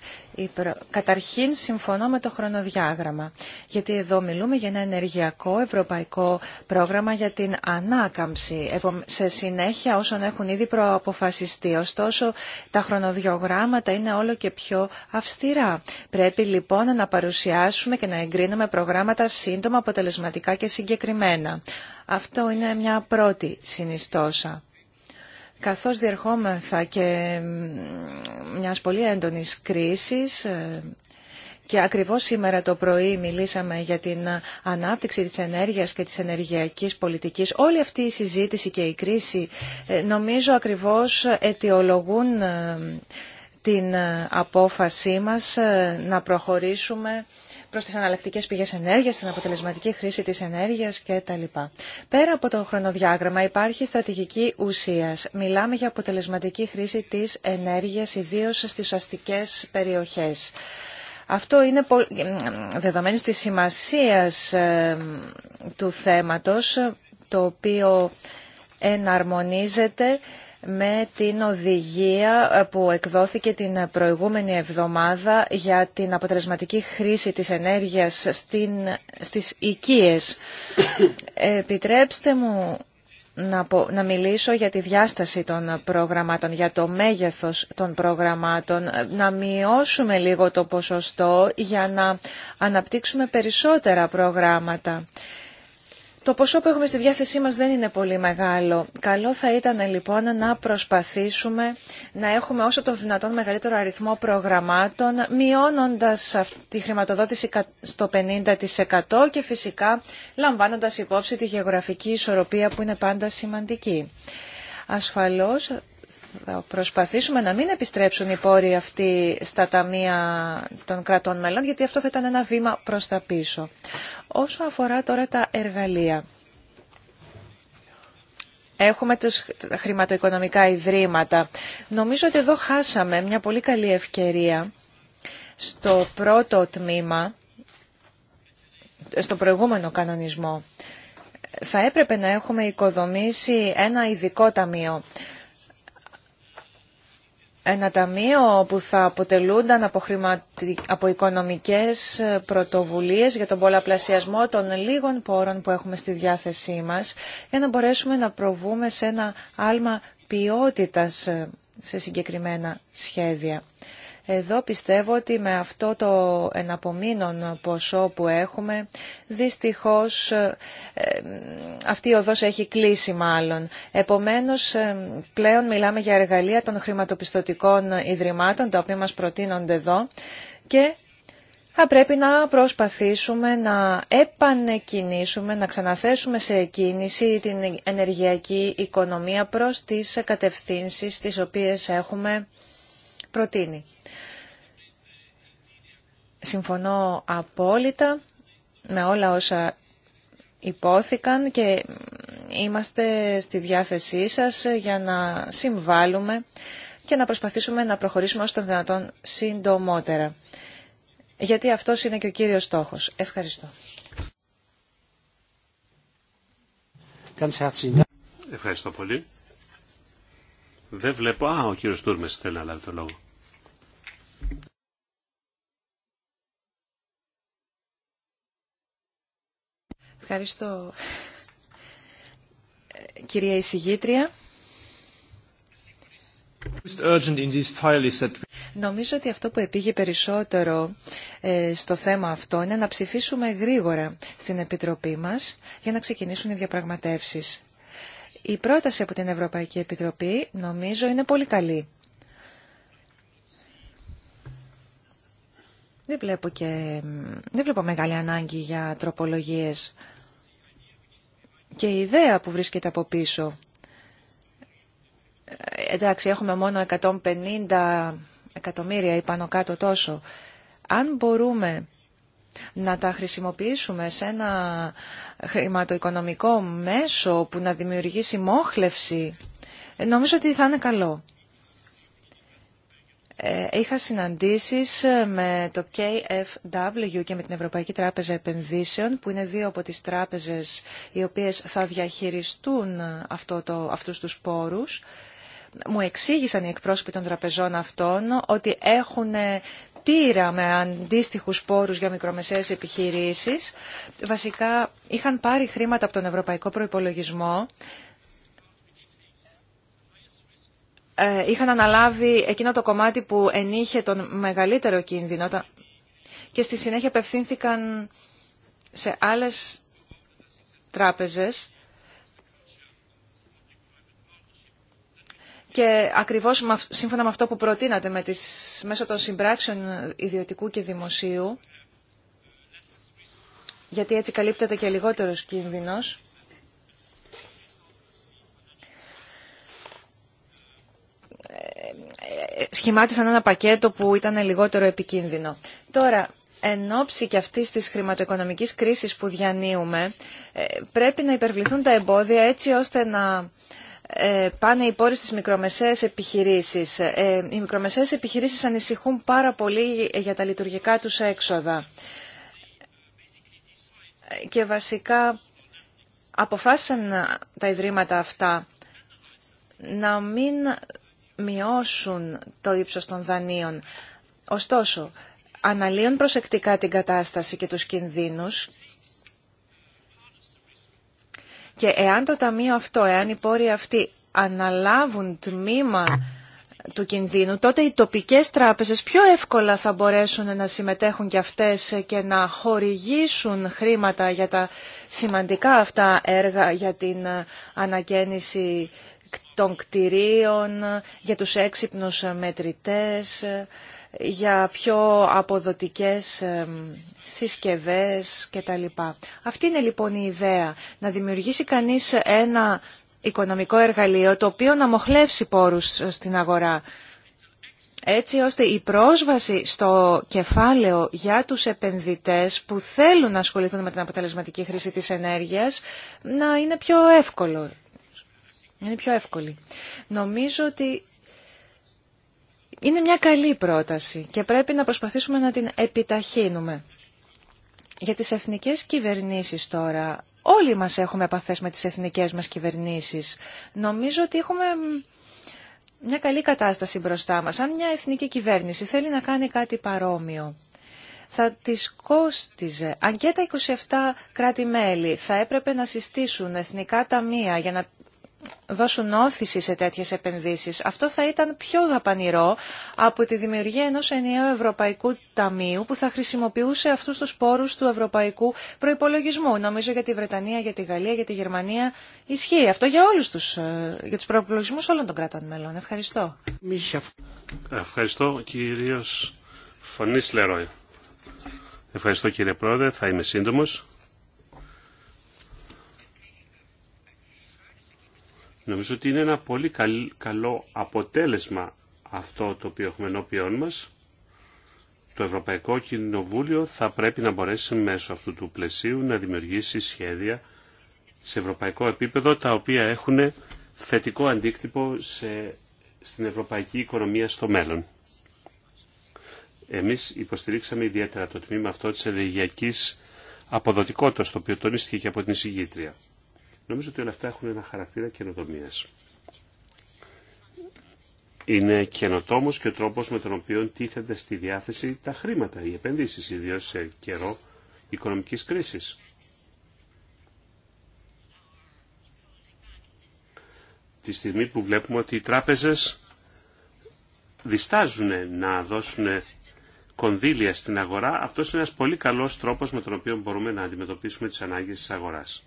Καταρχήν συμφωνώ με το χρονοδιάγραμμα, γιατί εδώ μιλούμε για ένα ενεργειακό ευρωπαϊκό πρόγραμμα για την ανάκαμψη, σε συνέχεια όσων έχουν ήδη προαποφασιστεί. Ωστόσο, τα χρονοδιογράμματα είναι όλο και πιο αυστηρά. Πρέπει λοιπόν να παρουσιάσουμε και να εγκρίνουμε προγράμματα σύντομα, αποτελεσματικά και συγκεκριμένα. Αυτό είναι μια πρώτη συνιστόσα. Καθώς διερχόμεθα και μιας πολύ έντονης κρίσης, ε, και ακριβώς σήμερα το πρωί μιλήσαμε για την ανάπτυξη της ενέργειας και της ενεργειακής πολιτικής. Όλη αυτή η συζήτηση και η κρίση ε, νομίζω ακριβώς αιτιολογούν ε, την απόφασή μας να προχωρήσουμε Προ τι αναλλακτικέ πηγές ενέργειας, την αποτελεσματική χρήση της ενέργειας κτλ. Πέρα από το χρονοδιάγραμμα υπάρχει στρατηγική ουσία. Μιλάμε για αποτελεσματική χρήση της ενέργειας, ιδίως στις αστικέ περιοχές. Αυτό είναι δεδομένη της σημασία ε, του θέματος, το οποίο εναρμονίζεται με την οδηγία ε, που εκδόθηκε την προηγούμενη εβδομάδα για την αποτελεσματική χρήση της ενέργειας στην, στις οικίες. Επιτρέψτε μου να, να μιλήσω για τη διάσταση των προγραμμάτων, για το μέγεθος των προγραμμάτων, ε, να μειώσουμε λίγο το ποσοστό για να αναπτύξουμε περισσότερα προγράμματα. Το ποσό που έχουμε στη διάθεσή μας δεν είναι πολύ μεγάλο. Καλό θα ήταν λοιπόν να προσπαθήσουμε να έχουμε όσο το δυνατόν μεγαλύτερο αριθμό προγραμμάτων, μειώνοντας τη χρηματοδότηση στο 50% και φυσικά λαμβάνοντας υπόψη τη γεωγραφική ισορροπία που είναι πάντα σημαντική. Ασφαλώς θα προσπαθήσουμε να μην επιστρέψουν οι πόροι αυτοί στα ταμεία των κρατών μελών, γιατί αυτό θα ήταν ένα βήμα προς τα πίσω. Όσο αφορά τώρα τα εργαλεία. Έχουμε τους χρηματοοικονομικά ιδρύματα. Νομίζω ότι εδώ χάσαμε μια πολύ καλή ευκαιρία στο πρώτο τμήμα, στο προηγούμενο κανονισμό. Θα έπρεπε να έχουμε οικοδομήσει ένα ειδικό ταμείο ένα ταμείο που θα αποτελούνταν από, χρηματι... από οικονομικές ε, πρωτοβουλίες για τον πολλαπλασιασμό των λίγων πόρων που έχουμε στη διάθεσή μας για να μπορέσουμε να προβούμε σε ένα άλμα ποιότητας ε, σε συγκεκριμένα σχέδια. Εδώ πιστεύω ότι με αυτό το εναπομείνον ποσό που έχουμε, δυστυχώς ε, ε, αυτή η οδός έχει κλείσει μάλλον. Επομένως, ε, πλέον μιλάμε για εργαλεία των χρηματοπιστωτικών ιδρυμάτων, τα οποία μας προτείνονται εδώ, και θα πρέπει να προσπαθήσουμε να επανεκκινήσουμε, να ξαναθέσουμε σε κίνηση την ενεργειακή οικονομία προς τις κατευθύνσεις τις οποίες έχουμε προτείνει. Συμφωνώ απόλυτα με όλα όσα υπόθηκαν και είμαστε στη διάθεσή σας για να συμβάλλουμε και να προσπαθήσουμε να προχωρήσουμε όσο το δυνατόν συντομότερα. Γιατί αυτό είναι και ο κύριος στόχος. Ευχαριστώ. Ευχαριστώ πολύ. Δεν βλέπω... Α, ο κύριος Τούρμες θέλει να λάβει το λόγο. Ευχαριστώ, κυρία εισηγήτρια. Νομίζω ότι αυτό που επήγε περισσότερο ε, στο θέμα αυτό είναι να ψηφίσουμε γρήγορα στην Επιτροπή μας για να ξεκινήσουν οι διαπραγματεύσεις. Η πρόταση από την Ευρωπαϊκή Επιτροπή νομίζω είναι πολύ καλή. Δεν βλέπω, και, δεν βλέπω μεγάλη ανάγκη για τροπολογίες. Και η ιδέα που βρίσκεται από πίσω. Ε, εντάξει, έχουμε μόνο 150 εκατομμύρια ή πάνω κάτω τόσο. Αν μπορούμε να τα χρησιμοποιήσουμε σε ένα χρηματοοικονομικό μέσο που να δημιουργήσει μόχλευση, ε, νομίζω ότι θα είναι καλό. Ε, είχα συναντήσεις ε, με το KFW και με την Ευρωπαϊκή Τράπεζα Επενδύσεων, που είναι δύο από τις τράπεζες οι οποίες θα διαχειριστούν αυτό το, αυτούς τους πόρους. Μου εξήγησαν οι εκπρόσωποι των τραπεζών αυτών ότι έχουν πείρα με αντίστοιχους πόρους για μικρομεσαίες επιχειρήσεις. Βασικά είχαν πάρει χρήματα από τον Ευρωπαϊκό Προϋπολογισμό Ε, είχαν αναλάβει εκείνο το κομμάτι που ενείχε τον μεγαλύτερο κίνδυνο και στη συνέχεια απευθύνθηκαν σε άλλες τράπεζες και ακριβώς σύμφωνα με αυτό που προτείνατε με τις, μέσω των συμπράξεων ιδιωτικού και δημοσίου γιατί έτσι καλύπτεται και λιγότερος κίνδυνος σχημάτισαν ένα πακέτο που ήταν λιγότερο επικίνδυνο. Τώρα, εν ώψη και αυτής της χρηματοοικονομικής κρίσης που διανύουμε, ε, πρέπει να υπερβληθούν τα εμπόδια έτσι ώστε να ε, πάνε οι πόροι στις μικρομεσαίες επιχειρήσεις. Ε, οι μικρομεσαίες επιχειρήσεις ανησυχούν πάρα πολύ για τα λειτουργικά τους έξοδα. Και βασικά αποφάσισαν τα ιδρύματα αυτά να μην μειώσουν το ύψος των δανείων. Ωστόσο, αναλύουν προσεκτικά την κατάσταση και τους κινδύνους και εάν το ταμείο αυτό, εάν οι πόροι αυτοί αναλάβουν τμήμα του κινδύνου, τότε οι τοπικές τράπεζες πιο εύκολα θα μπορέσουν να συμμετέχουν και αυτές και να χορηγήσουν χρήματα για τα σημαντικά αυτά έργα για την ανακαίνιση των κτηρίων, για τους έξυπνους μετρητές, για πιο αποδοτικές συσκευές κτλ. Αυτή είναι λοιπόν η ιδέα, να δημιουργήσει κανείς ένα οικονομικό εργαλείο το οποίο να μοχλεύσει πόρους στην αγορά έτσι ώστε η πρόσβαση στο κεφάλαιο για τους επενδυτές που θέλουν να ασχοληθούν με την αποτελεσματική χρήση της ενέργειας να είναι πιο εύκολο είναι πιο εύκολη. Νομίζω ότι είναι μια καλή πρόταση και πρέπει να προσπαθήσουμε να την επιταχύνουμε. Για τις εθνικές κυβερνήσεις τώρα, όλοι μας έχουμε επαφές με τις εθνικές μας κυβερνήσεις. Νομίζω ότι έχουμε μια καλή κατάσταση μπροστά μας. Αν μια εθνική κυβέρνηση θέλει να κάνει κάτι παρόμοιο, θα τις κόστιζε. Αν και τα 27 κράτη-μέλη θα έπρεπε να συστήσουν εθνικά ταμεία για να δώσουν όθηση σε τέτοιες επενδύσεις. Αυτό θα ήταν πιο δαπανηρό από τη δημιουργία ενός ενιαίου Ευρωπαϊκού Ταμείου που θα χρησιμοποιούσε αυτούς τους πόρους του Ευρωπαϊκού Προϋπολογισμού. Νομίζω για τη Βρετανία, για τη Γαλλία, για τη Γερμανία ισχύει. Αυτό για όλους τους, ε, για τους προϋπολογισμούς όλων των κράτων μελών. Ευχαριστώ. Ευχαριστώ Φωνής Ευχαριστώ κύριε Πρόεδρε, θα είμαι σύντομος. Νομίζω ότι είναι ένα πολύ καλό αποτέλεσμα αυτό το οποίο έχουμε ενώπιόν μας. Το Ευρωπαϊκό Κοινοβούλιο θα πρέπει να μπορέσει μέσω αυτού του πλαισίου να δημιουργήσει σχέδια σε ευρωπαϊκό επίπεδο τα οποία έχουν θετικό αντίκτυπο σε, στην ευρωπαϊκή οικονομία στο μέλλον. Εμείς υποστηρίξαμε ιδιαίτερα το τμήμα αυτό της ενεργειακής αποδοτικότητας, το οποίο τονίστηκε και από την εισηγήτρια. Νομίζω ότι όλα αυτά έχουν ένα χαρακτήρα καινοτομία. Είναι καινοτόμο και ο τρόπο με τον οποίο τίθενται στη διάθεση τα χρήματα, οι επενδύσει, ιδίω σε καιρό οικονομική κρίση. Τη στιγμή που βλέπουμε ότι οι τράπεζες διστάζουν να δώσουν κονδύλια στην αγορά, αυτό είναι ένας πολύ καλός τρόπος με τον οποίο μπορούμε να αντιμετωπίσουμε τις ανάγκες της αγοράς.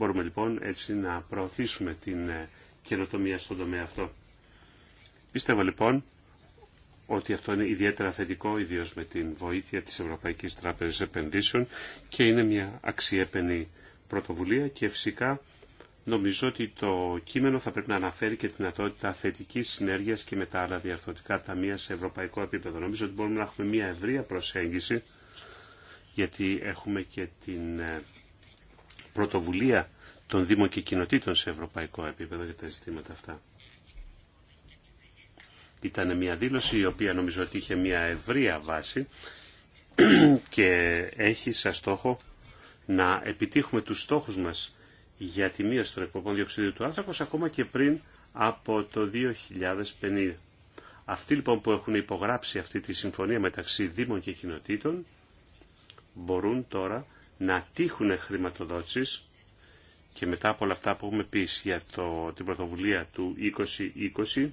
Μπορούμε λοιπόν έτσι να προωθήσουμε την ε, καινοτομία στον τομέα αυτό. Πιστεύω λοιπόν ότι αυτό είναι ιδιαίτερα θετικό, ιδίω με την βοήθεια της Ευρωπαϊκής Τράπεζας Επενδύσεων και είναι μια αξιέπαινη πρωτοβουλία και φυσικά νομίζω ότι το κείμενο θα πρέπει να αναφέρει και τη δυνατότητα θετικής συνέργειας και με τα άλλα διαρθρωτικά ταμεία σε ευρωπαϊκό επίπεδο. Νομίζω ότι μπορούμε να έχουμε μια ευρεία προσέγγιση γιατί έχουμε και την ε, πρωτοβουλία των Δήμων και Κοινοτήτων σε ευρωπαϊκό επίπεδο για τα ζητήματα αυτά. Ήταν μια δήλωση η οποία νομίζω ότι είχε μια ευρεία βάση και έχει σαν στόχο να επιτύχουμε τους στόχους μας για τη μείωση των εκπομπών διοξιδίου του άνθρακος ακόμα και πριν από το 2050. Αυτοί λοιπόν που έχουν υπογράψει αυτή τη συμφωνία μεταξύ Δήμων και Κοινοτήτων μπορούν τώρα να τύχουν χρηματοδότησης και μετά από όλα αυτά που έχουμε πει για το, την πρωτοβουλία του 2020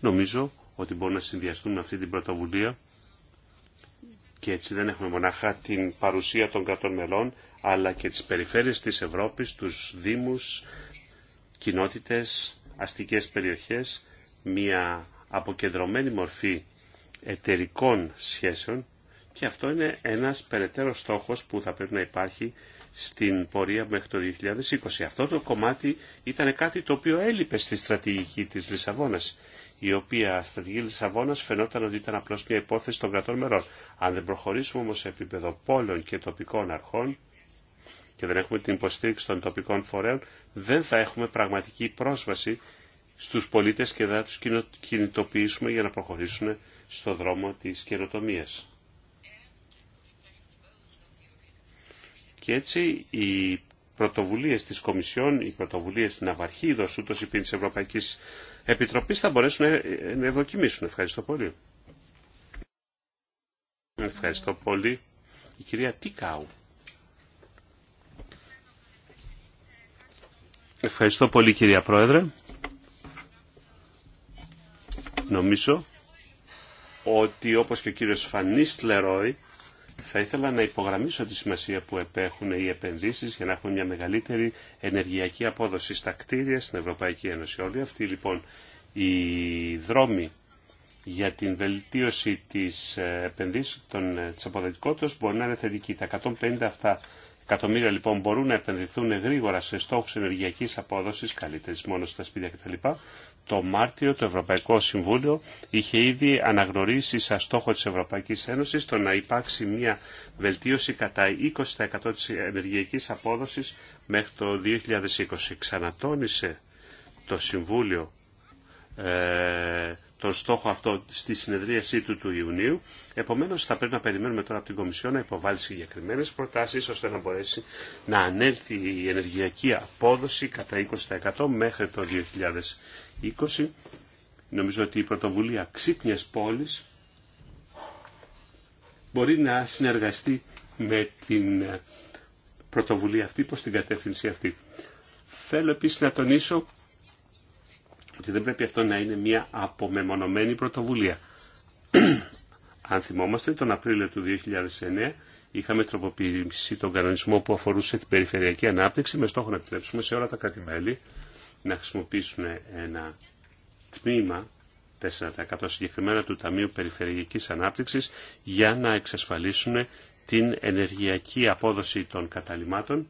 νομίζω ότι μπορούν να συνδυαστούν με αυτή την πρωτοβουλία και έτσι δεν έχουμε μονάχα την παρουσία των κρατών μελών αλλά και τις περιφέρειες της Ευρώπης, τους δήμους, κοινότητες, αστικές περιοχές, μια αποκεντρωμένη μορφή εταιρικών σχέσεων και αυτό είναι ένας περαιτέρω στόχος που θα πρέπει να υπάρχει στην πορεία μέχρι το 2020. Αυτό το κομμάτι ήταν κάτι το οποίο έλειπε στη στρατηγική της Λισαβόνας, η οποία στρατηγική Λισαβόνας φαινόταν ότι ήταν απλώς μια υπόθεση των κρατών μερών. Αν δεν προχωρήσουμε όμως σε επίπεδο πόλων και τοπικών αρχών, και δεν έχουμε την υποστήριξη των τοπικών φορέων, δεν θα έχουμε πραγματική πρόσβαση στους πολίτες και θα τους κινητοποιήσουμε για να προχωρήσουν στο δρόμο της καινοτομίας. και έτσι οι πρωτοβουλίε τη Κομισιόν, οι πρωτοβουλίε Ναυαρχίδο, ούτω ή τη Ευρωπαϊκή Επιτροπή θα μπορέσουν να ευδοκιμήσουν. Ευχαριστώ πολύ. Ευχαριστώ πολύ. Η κυρία Τίκαου. Ευχαριστώ πολύ κυρία Πρόεδρε. Νομίζω ότι όπως και ο κύριος Φανίστλεροι θα ήθελα να υπογραμμίσω τη σημασία που επέχουν οι επενδύσεις για να έχουμε μια μεγαλύτερη ενεργειακή απόδοση στα κτίρια στην Ευρωπαϊκή Ένωση. Όλοι αυτοί λοιπόν οι δρόμοι για την βελτίωση της ε, επενδύσης των, ε, της αποδοτικότητας μπορεί να είναι θετική. Τα 150 αυτά εκατομμύρια λοιπόν μπορούν να επενδυθούν γρήγορα σε στόχους ενεργειακής απόδοσης, καλύτερης μόνο στα σπίτια κτλ το Μάρτιο το Ευρωπαϊκό Συμβούλιο είχε ήδη αναγνωρίσει σαν στόχο της Ευρωπαϊκής Ένωσης το να υπάρξει μια βελτίωση κατά 20% της ενεργειακής απόδοσης μέχρι το 2020. Ξανατόνισε το Συμβούλιο ε, τον στόχο αυτό στη συνεδρίασή του του Ιουνίου. Επομένως θα πρέπει να περιμένουμε τώρα από την Κομισιό να υποβάλει συγκεκριμένε προτάσεις ώστε να μπορέσει να ανέλθει η ενεργειακή απόδοση κατά 20% μέχρι το 20, Νομίζω ότι η πρωτοβουλία ξύπνιας πόλης μπορεί να συνεργαστεί με την πρωτοβουλία αυτή προς την κατεύθυνση αυτή. Θέλω επίσης να τονίσω ότι δεν πρέπει αυτό να είναι μια απομεμονωμένη πρωτοβουλία. Αν θυμόμαστε, τον Απρίλιο του 2009 είχαμε τροποποιήσει τον κανονισμό που αφορούσε την περιφερειακή ανάπτυξη με στόχο να επιτρέψουμε σε όλα τα κράτη-μέλη να χρησιμοποιήσουν ένα τμήμα 4% συγκεκριμένα του Ταμείου Περιφερειακής Ανάπτυξης για να εξασφαλίσουν την ενεργειακή απόδοση των καταλημάτων,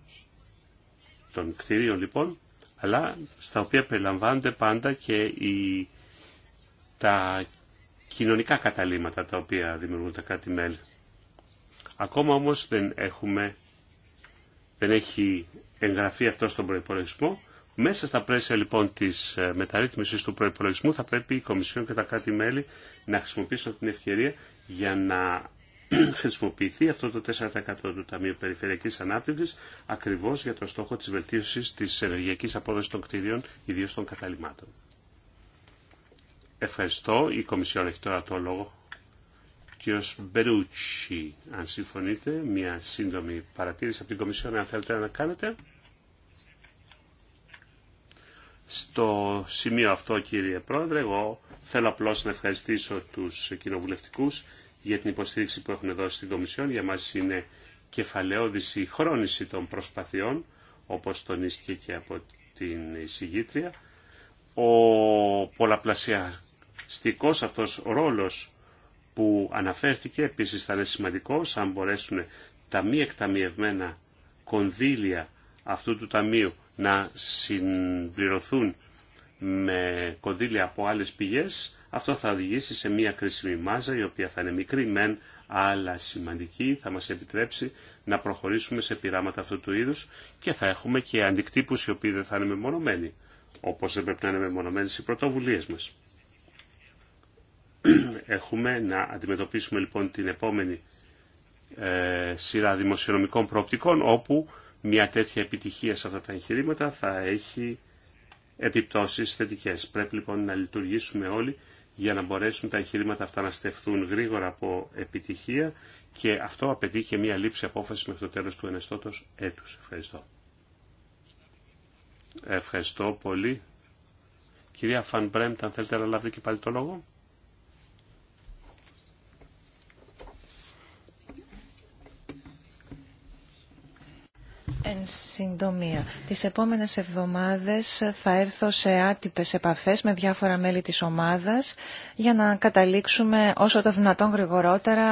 των κτίριων λοιπόν, αλλά στα οποία περιλαμβάνονται πάντα και οι, τα κοινωνικά καταλήμματα τα οποία δημιουργούν τα κράτη-μέλη. Ακόμα όμως δεν, έχουμε, δεν έχει εγγραφεί αυτό στον προϋπολογισμό, μέσα στα πλαίσια λοιπόν τη ε, μεταρρύθμιση του προπολογισμού θα πρέπει η Κομισιόν και τα κράτη-μέλη να χρησιμοποιήσουν την ευκαιρία για να χρησιμοποιηθεί αυτό το 4% του Ταμείου Περιφερειακής Ανάπτυξης ακριβώς για το στόχο της βελτίωσης της ενεργειακής απόδοσης των κτίριων, ιδίως των καταλήμματων. Ευχαριστώ. Η Κομισιόν έχει τώρα το λόγο. Κύριο Μπερούτσι, αν συμφωνείτε, μια σύντομη παρατήρηση από την Κομισιόν, αν θέλετε να κάνετε. Στο σημείο αυτό κύριε Πρόεδρε, εγώ θέλω απλώς να ευχαριστήσω τους κοινοβουλευτικούς για την υποστήριξη που έχουν δώσει στην Κομισιόν. Για μας είναι κεφαλαιόδηση η χρόνηση των προσπαθειών, όπως τονίστηκε και από την εισηγήτρια. Ο πολλαπλασιαστικός αυτός ρόλος που αναφέρθηκε επίσης θα είναι σημαντικός αν μπορέσουν τα μη εκταμιευμένα κονδύλια αυτού του ταμείου να συμπληρωθούν με κονδύλια από άλλες πηγές, αυτό θα οδηγήσει σε μια κρίσιμη μάζα η οποία θα είναι μικρή μεν, αλλά σημαντική, θα μας επιτρέψει να προχωρήσουμε σε πειράματα αυτού του είδους και θα έχουμε και αντικτύπους οι οποίοι δεν θα είναι μεμονωμένοι, όπως δεν πρέπει να είναι μεμονωμένες οι πρωτοβουλίες μας. έχουμε να αντιμετωπίσουμε λοιπόν την επόμενη ε, σειρά δημοσιονομικών προοπτικών όπου μια τέτοια επιτυχία σε αυτά τα εγχειρήματα θα έχει επιπτώσεις θετικές. Πρέπει λοιπόν να λειτουργήσουμε όλοι για να μπορέσουν τα εγχειρήματα αυτά να στεφθούν γρήγορα από επιτυχία και αυτό απαιτεί και μια λήψη απόφαση μέχρι το τέλος του ενεστώτος έτους. Ευχαριστώ. Ευχαριστώ πολύ. Κυρία Φαν αν θέλετε να λάβετε και πάλι το λόγο. Εν συντομία, τις επόμενες εβδομάδες θα έρθω σε άτυπες επαφές με διάφορα μέλη της ομάδας για να καταλήξουμε όσο το δυνατόν γρηγορότερα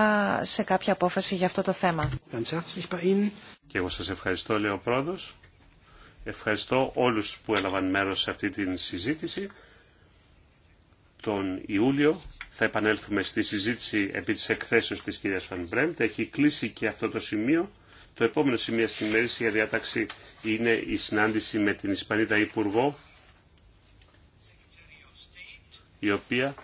σε κάποια απόφαση για αυτό το θέμα. Και εγώ σας ευχαριστώ, λέει ο Ευχαριστώ όλους που έλαβαν μέρος σε αυτή την συζήτηση. Τον Ιούλιο θα επανέλθουμε στη συζήτηση επί της εκθέσεως της κυρίας Φανμπρέμπτ. Έχει κλείσει και αυτό το σημείο. Το επόμενο σημείο στην ημερήσια διάταξη είναι η συνάντηση με την Ισπανίδα Υπουργό, η οποία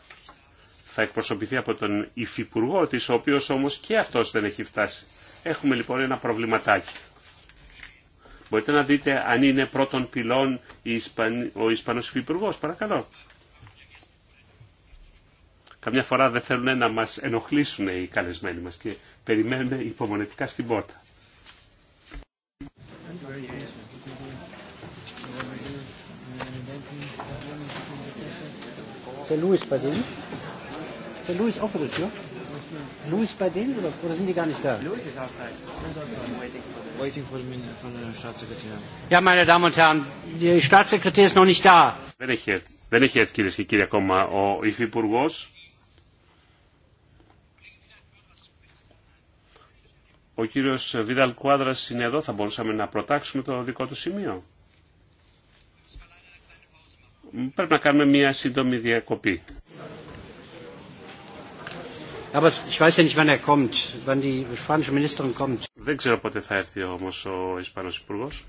θα εκπροσωπηθεί από τον Υφυπουργό της, ο οποίος όμως και αυτός δεν έχει φτάσει. Έχουμε λοιπόν ένα προβληματάκι. Μπορείτε να δείτε αν είναι πρώτον πυλών ο Ισπανός Υφυπουργός, παρακαλώ. Καμιά φορά δεν θέλουν να μας ενοχλήσουν οι καλεσμένοι μας και περιμένουν υπομονετικά στην πόρτα. der Louis bei denen? Ist der Louis auch vor der Tür? Louis bei denen oder, oder sind die gar nicht da? Louis ist outside. Waiting for the von der Staatssekretär. Ja, meine Damen und Herren, der Staatssekretär ist noch nicht da. Δεν έχει έρθει, δεν έχει έρθει κυρίες και κύριοι ακόμα ο Υφυπουργός. Ο κύριος Βίδαλ Κουάδρας είναι εδώ, θα μπορούσαμε να προτάξουμε το δικό του σημείο πρέπει να κάνουμε μια σύντομη διακοπή. Δεν ξέρω πότε θα έρθει όμως ο Ισπανός Υπουργός.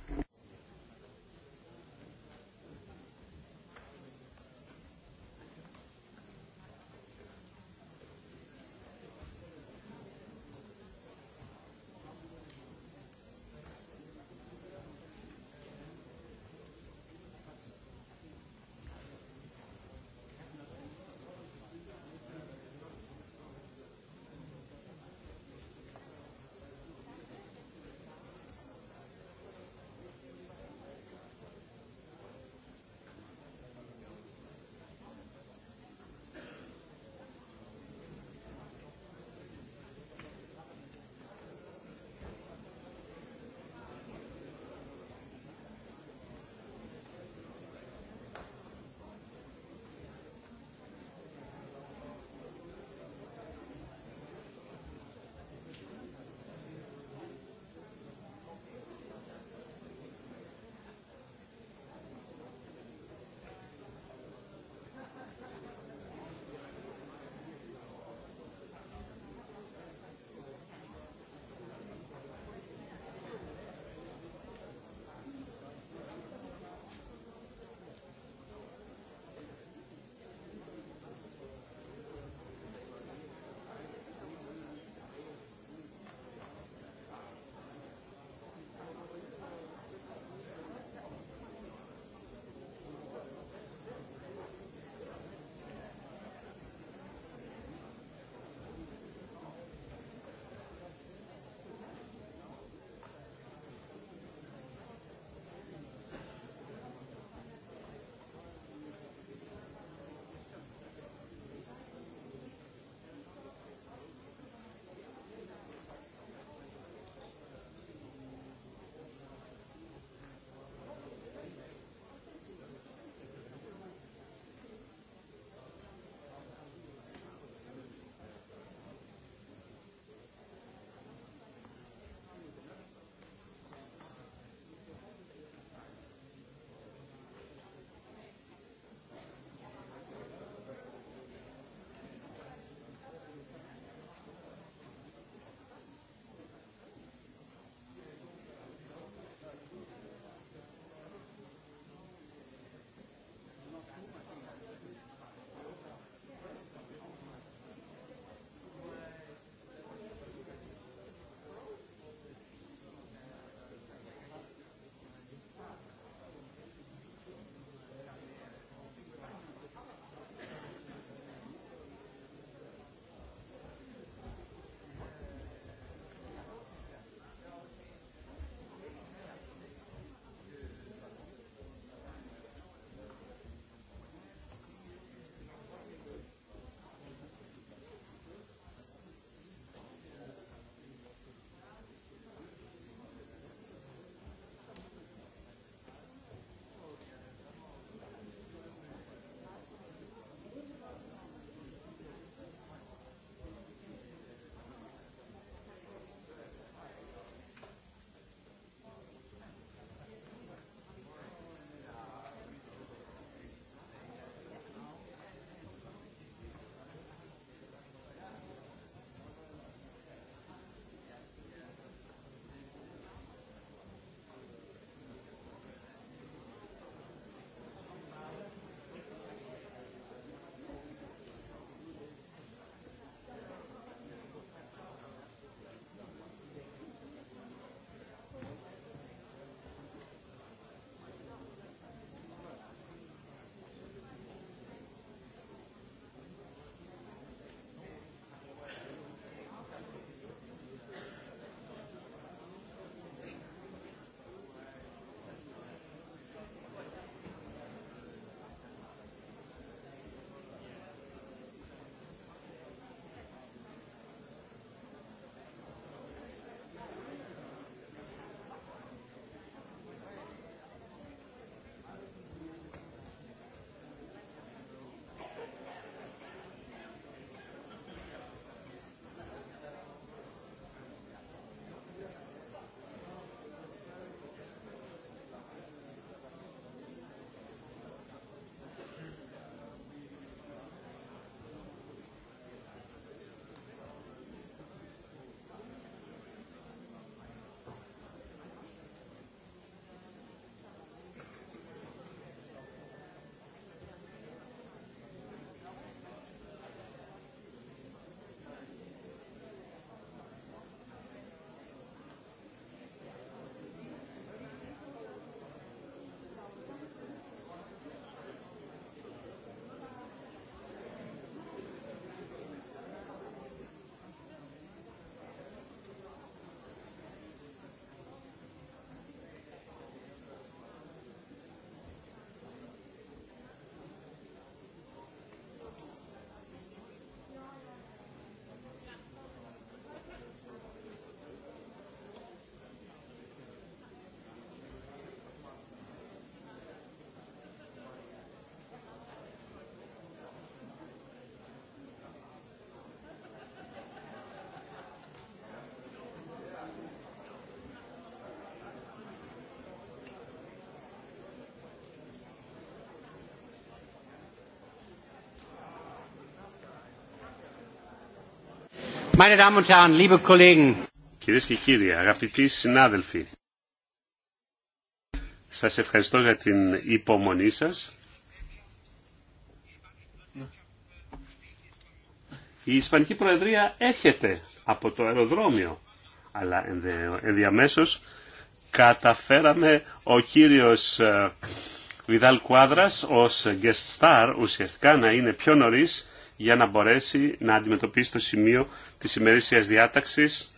Meine Damen und Herren, liebe Kollegen. Κυρίες και κύριοι, αγαπητοί συνάδελφοι, σας ευχαριστώ για την υπομονή σας. Η Ισπανική Προεδρία έρχεται από το αεροδρόμιο, αλλά ενδιαμέσως καταφέραμε ο κύριος ε, Βιδάλ Κουάδρας ως guest star ουσιαστικά να είναι πιο νωρίς για να μπορέσει να αντιμετωπίσει το σημείο της ημερήσιας διάταξης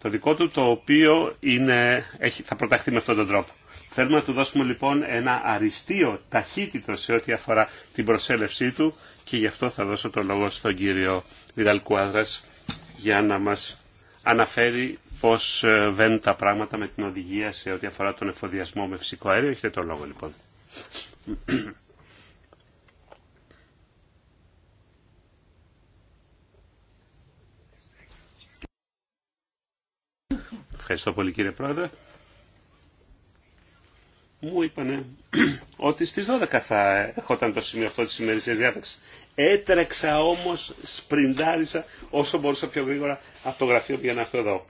το δικό του το οποίο είναι, έχει, θα προταχθεί με αυτόν τον τρόπο. Θέλουμε να του δώσουμε λοιπόν ένα αριστείο ταχύτητο σε ό,τι αφορά την προσέλευσή του και γι' αυτό θα δώσω το λόγο στον κύριο Βιδαλ Κουάδρας για να μας αναφέρει πώς ε, βαίνουν τα πράγματα με την οδηγία σε ό,τι αφορά τον εφοδιασμό με φυσικό αέριο. Έχετε το λόγο λοιπόν. Ευχαριστώ πολύ κύριε Πρόεδρε. Μου είπανε ότι στις 12 θα έρχονταν το σημείο αυτό της ημερησίας διάταξης. Έτρεξα όμως, σπριντάρισα όσο μπορούσα πιο γρήγορα από το γραφείο για να έρθω εδώ.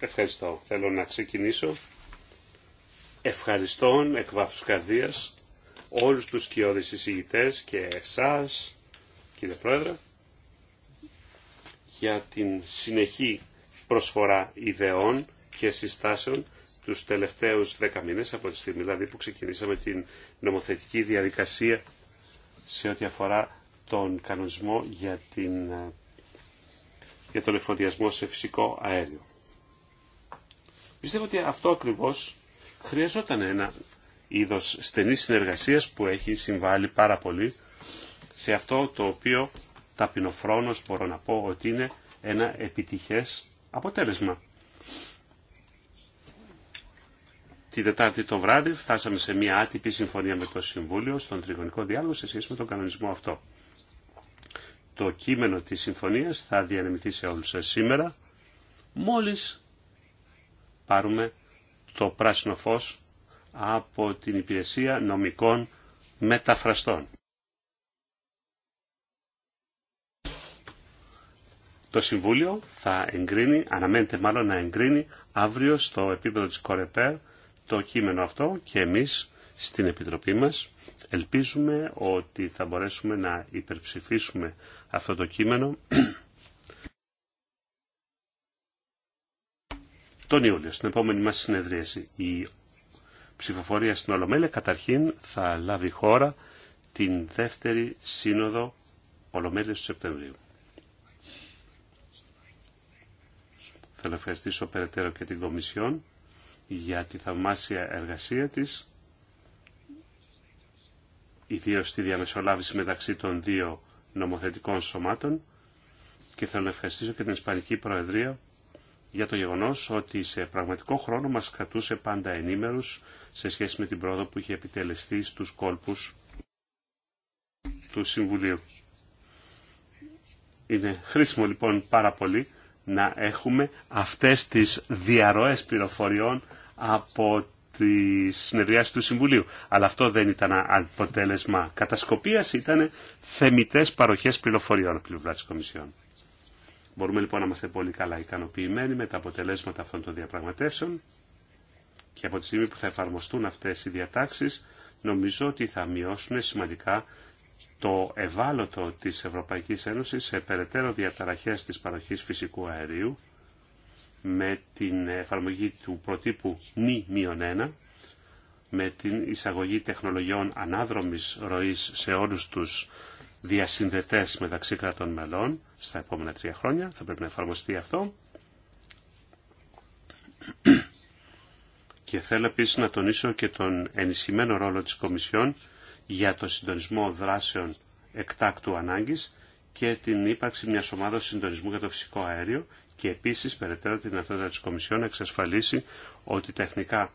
Ευχαριστώ. Θέλω να ξεκινήσω ευχαριστών εκ βάθους καρδίας όλους τους κοιόδης εισηγητές και εσάς, κύριε Πρόεδρε, για την συνεχή προσφορά ιδεών και συστάσεων τους τελευταίους δέκα μήνες, από τη στιγμή δηλαδή που ξεκινήσαμε την νομοθετική διαδικασία σε ό,τι αφορά τον κανονισμό για, την, για τον εφοδιασμό σε φυσικό αέριο. Πιστεύω ότι αυτό ακριβώς χρειαζόταν ένα είδος στενής συνεργασίας που έχει συμβάλει πάρα πολύ σε αυτό το οποίο ταπεινοφρόνος μπορώ να πω ότι είναι ένα επιτυχές αποτέλεσμα. Τη Δετάρτη το βράδυ φτάσαμε σε μια άτυπη συμφωνία με το Συμβούλιο στον τριγωνικό διάλογο σε σχέση με τον κανονισμό αυτό. Το κείμενο της συμφωνίας θα διανεμηθεί σε όλους σας σήμερα μόλις πάρουμε το πράσινο φως από την υπηρεσία νομικών μεταφραστών. Το Συμβούλιο θα εγκρίνει, αναμένεται μάλλον να εγκρίνει αύριο στο επίπεδο της Κορεπέρ το κείμενο αυτό και εμείς στην Επιτροπή μας ελπίζουμε ότι θα μπορέσουμε να υπερψηφίσουμε αυτό το κείμενο τον Ιούλιο, στην επόμενη μας συνεδρίαση. Η ψηφοφορία στην Ολομέλεια καταρχήν θα λάβει χώρα την δεύτερη σύνοδο Ολομέλειας του Σεπτεμβρίου. Θέλω να ευχαριστήσω περαιτέρω και την Κομισιόν για τη θαυμάσια εργασία της, ιδίω στη διαμεσολάβηση μεταξύ των δύο νομοθετικών σωμάτων και θέλω να ευχαριστήσω και την Ισπανική Προεδρία για το γεγονός ότι σε πραγματικό χρόνο μας κρατούσε πάντα ενήμερους σε σχέση με την πρόοδο που είχε επιτελεστεί στους κόλπους του Συμβουλίου. Είναι χρήσιμο λοιπόν πάρα πολύ να έχουμε αυτές τις διαρροές πληροφοριών από τη συνεδριάση του Συμβουλίου. Αλλά αυτό δεν ήταν αποτέλεσμα κατασκοπίας, ήταν θεμητές παροχές πληροφοριών από πλευρά της Κομισιόν. Μπορούμε λοιπόν να είμαστε πολύ καλά ικανοποιημένοι με τα αποτελέσματα αυτών των διαπραγματεύσεων και από τη στιγμή που θα εφαρμοστούν αυτές οι διατάξεις νομίζω ότι θα μειώσουν σημαντικά το ευάλωτο της Ευρωπαϊκής Ένωσης σε περαιτέρω διαταραχές της παροχής φυσικού αερίου με την εφαρμογή του προτύπου νη 1, με την εισαγωγή τεχνολογιών ανάδρομης ροής σε όλους τους διασυνδετές μεταξύ κρατών μελών στα επόμενα τρία χρόνια. Θα πρέπει να εφαρμοστεί αυτό. Και θέλω επίσης να τονίσω και τον ενισχυμένο ρόλο της Κομισιόν για το συντονισμό δράσεων εκτάκτου ανάγκης και την ύπαρξη μιας ομάδας συντονισμού για το φυσικό αέριο και επίσης περαιτέρω τη δυνατότητα της Κομισιόν να εξασφαλίσει ότι τα εθνικά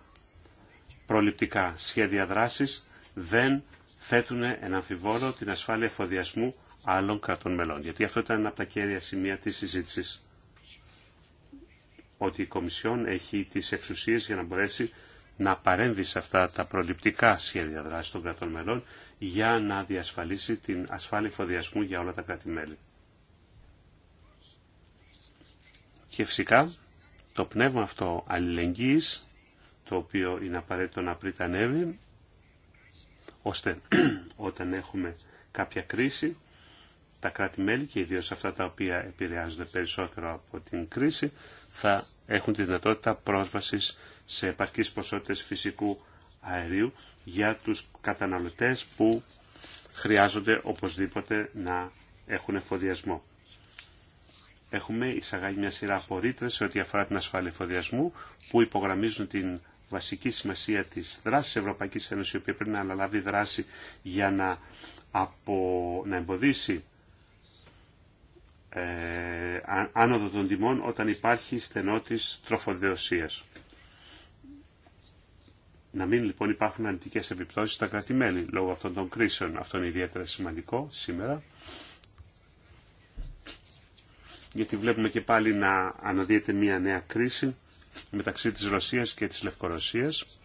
προληπτικά σχέδια δράσης δεν θέτουν εν αμφιβόλο την ασφάλεια εφοδιασμού άλλων κρατών μελών. Γιατί αυτό ήταν ένα από τα κέρια σημεία της συζήτησης. Ότι η Κομισιόν έχει τις εξουσίες για να μπορέσει να παρέμβει σε αυτά τα προληπτικά σχέδια δράση των κρατών μελών για να διασφαλίσει την ασφάλεια φοδιασμού για όλα τα κράτη-μέλη. Και φυσικά το πνεύμα αυτό αλληλεγγύης, το οποίο είναι απαραίτητο να πριτανεύει, ώστε όταν έχουμε κάποια κρίση, τα κράτη-μέλη και ιδίως αυτά τα οποία επηρεάζονται περισσότερο από την κρίση, θα έχουν τη δυνατότητα πρόσβασης σε επαρκείς ποσότητες φυσικού αερίου για τους καταναλωτές που χρειάζονται οπωσδήποτε να έχουν εφοδιασμό. Έχουμε εισαγάγει μια σειρά απορρίτρες σε ό,τι αφορά την ασφάλεια εφοδιασμού που υπογραμμίζουν την βασική σημασία της δράσης Ευρωπαϊκής Ένωσης η οποία πρέπει να αναλάβει δράση για να, απο... να εμποδίσει ε, άνοδο των τιμών όταν υπάρχει στενότης τροφοδεωσίας. Να μην λοιπόν υπάρχουν αρνητικές επιπτώσεις στα κρατημένη λόγω αυτών των κρίσεων. Αυτό είναι ιδιαίτερα σημαντικό σήμερα. Γιατί βλέπουμε και πάλι να αναδύεται μια νέα κρίση μεταξύ της Ρωσίας και της Λευκορωσίας.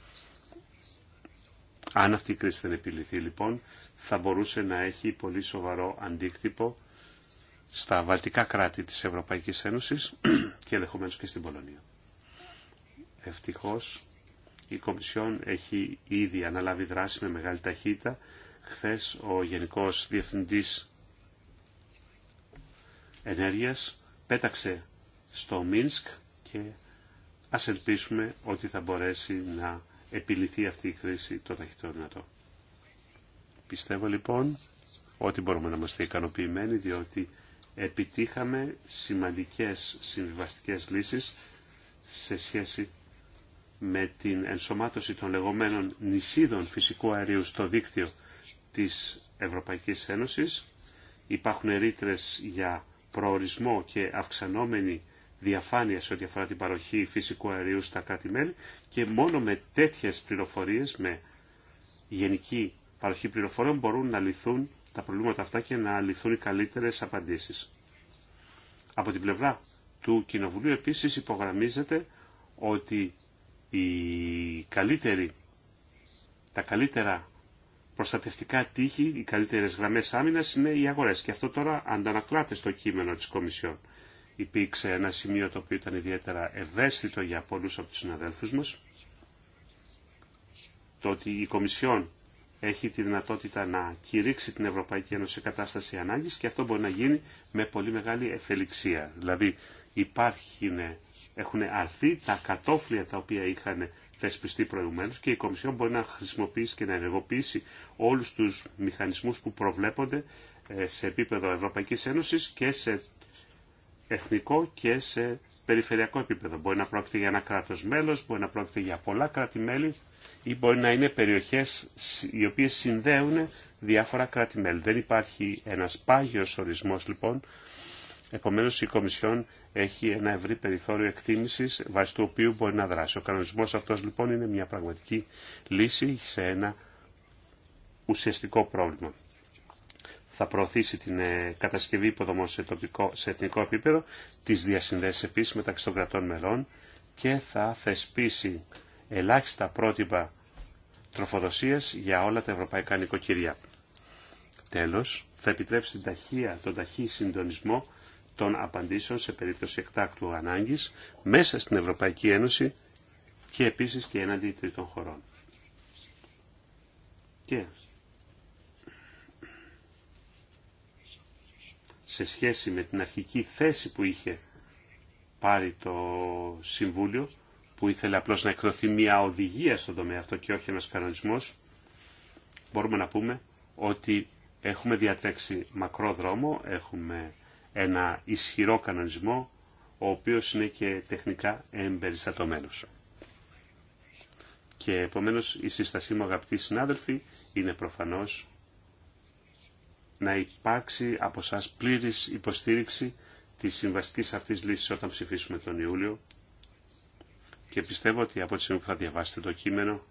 Αν αυτή η κρίση δεν επιληθεί λοιπόν, θα μπορούσε να έχει πολύ σοβαρό αντίκτυπο στα βαλτικά κράτη της Ευρωπαϊκής Ένωσης και ενδεχομένω και στην Πολωνία. Ευτυχώς η Κομισιόν έχει ήδη αναλάβει δράση με μεγάλη ταχύτητα. Χθες ο Γενικός Διευθυντής Ενέργειας πέταξε στο Μίνσκ και ας ελπίσουμε ότι θα μπορέσει να επιληθεί αυτή η κρίση το ταχύτερο δυνατό. Πιστεύω λοιπόν ότι μπορούμε να είμαστε ικανοποιημένοι διότι επιτύχαμε σημαντικές συμβιβαστικές λύσεις σε σχέση με την ενσωμάτωση των λεγόμενων νησίδων φυσικού αερίου στο δίκτυο της Ευρωπαϊκής Ένωσης. Υπάρχουν ρήτρε για προορισμό και αυξανόμενη διαφάνεια σε ό,τι αφορά την παροχή φυσικού αερίου στα κράτη-μέλη και μόνο με τέτοιες πληροφορίες, με γενική παροχή πληροφοριών μπορούν να λυθούν τα προβλήματα αυτά και να λυθούν οι καλύτερες απαντήσεις. Από την πλευρά του Κοινοβουλίου επίσης υπογραμμίζεται ότι η καλύτερη, τα καλύτερα προστατευτικά τείχη, οι καλύτερες γραμμές άμυνας είναι οι αγορέ. Και αυτό τώρα αντανακλάται στο κείμενο της Κομισιόν. Υπήρξε ένα σημείο το οποίο ήταν ιδιαίτερα ευαίσθητο για πολλούς από του συναδέλφου μα, Το ότι η Κομισιόν έχει τη δυνατότητα να κηρύξει την Ευρωπαϊκή Ένωση σε κατάσταση ανάγκη και αυτό μπορεί να γίνει με πολύ μεγάλη ευελιξία. Δηλαδή υπάρχουν έχουν αρθεί τα κατόφλια τα οποία είχαν θεσπιστεί προηγουμένως και η Κομισιόν μπορεί να χρησιμοποιήσει και να ενεργοποιήσει όλους τους μηχανισμούς που προβλέπονται ε, σε επίπεδο Ευρωπαϊκής Ένωσης και σε εθνικό και σε περιφερειακό επίπεδο. Μπορεί να πρόκειται για ένα κράτος μέλος, μπορεί να πρόκειται για πολλά κράτη-μέλη ή μπορεί να είναι περιοχές οι οποίες συνδέουν διάφορα κράτη-μέλη. Δεν υπάρχει ένας πάγιος ορισμός λοιπόν, επομένως η Κομισιόν έχει ένα ευρύ περιθώριο εκτίμησης βάσει του οποίου μπορεί να δράσει. Ο κανονισμός αυτός λοιπόν είναι μια πραγματική λύση σε ένα ουσιαστικό πρόβλημα. Θα προωθήσει την ε, κατασκευή υποδομών σε, τοπικό, σε εθνικό επίπεδο, τις διασυνδέσεις επίση μεταξύ των κρατών μελών και θα θεσπίσει ελάχιστα πρότυπα τροφοδοσίας για όλα τα ευρωπαϊκά νοικοκυριά. Τέλος, θα επιτρέψει την ταχεία, τον ταχύ συντονισμό των απαντήσεων σε περίπτωση εκτάκτου ανάγκης μέσα στην Ευρωπαϊκή Ένωση και επίσης και έναντι τρίτων χωρών. Και σε σχέση με την αρχική θέση που είχε πάρει το Συμβούλιο, που ήθελε απλώς να εκδοθεί μια οδηγία στον τομέα αυτό και όχι ένας κανονισμός, μπορούμε να πούμε ότι έχουμε διατρέξει μακρό δρόμο, έχουμε ένα ισχυρό κανονισμό, ο οποίος είναι και τεχνικά εμπεριστατωμένος. Και επομένως η συστασή μου αγαπητοί συνάδελφοι είναι προφανώς να υπάρξει από σας πλήρης υποστήριξη της συμβαστικής αυτής λύσης όταν ψηφίσουμε τον Ιούλιο και πιστεύω ότι από τη στιγμή που θα διαβάσετε το κείμενο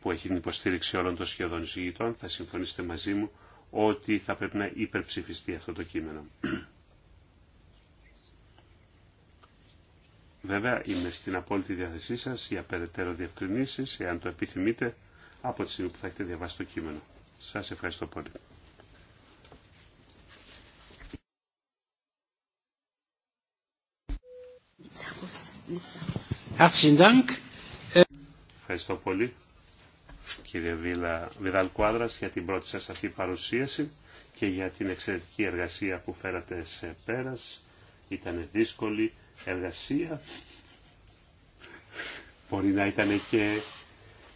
που έχει την υποστήριξη όλων των σχεδόν εισηγητών θα συμφωνήσετε μαζί μου ότι θα πρέπει να υπερψηφιστεί αυτό το κείμενο. Βέβαια είμαι στην απόλυτη διάθεσή σας για περαιτέρω διευκρινήσεις, εάν το επιθυμείτε, από τη στιγμή που θα έχετε διαβάσει το κείμενο. Σας ευχαριστώ πολύ. Ευχαριστώ πολύ κύριε Βίλα Βιδάλ Κουάδρας για την πρώτη σας αυτή παρουσίαση και για την εξαιρετική εργασία που φέρατε σε πέρας. Ήταν δύσκολη εργασία. Μπορεί να ήταν και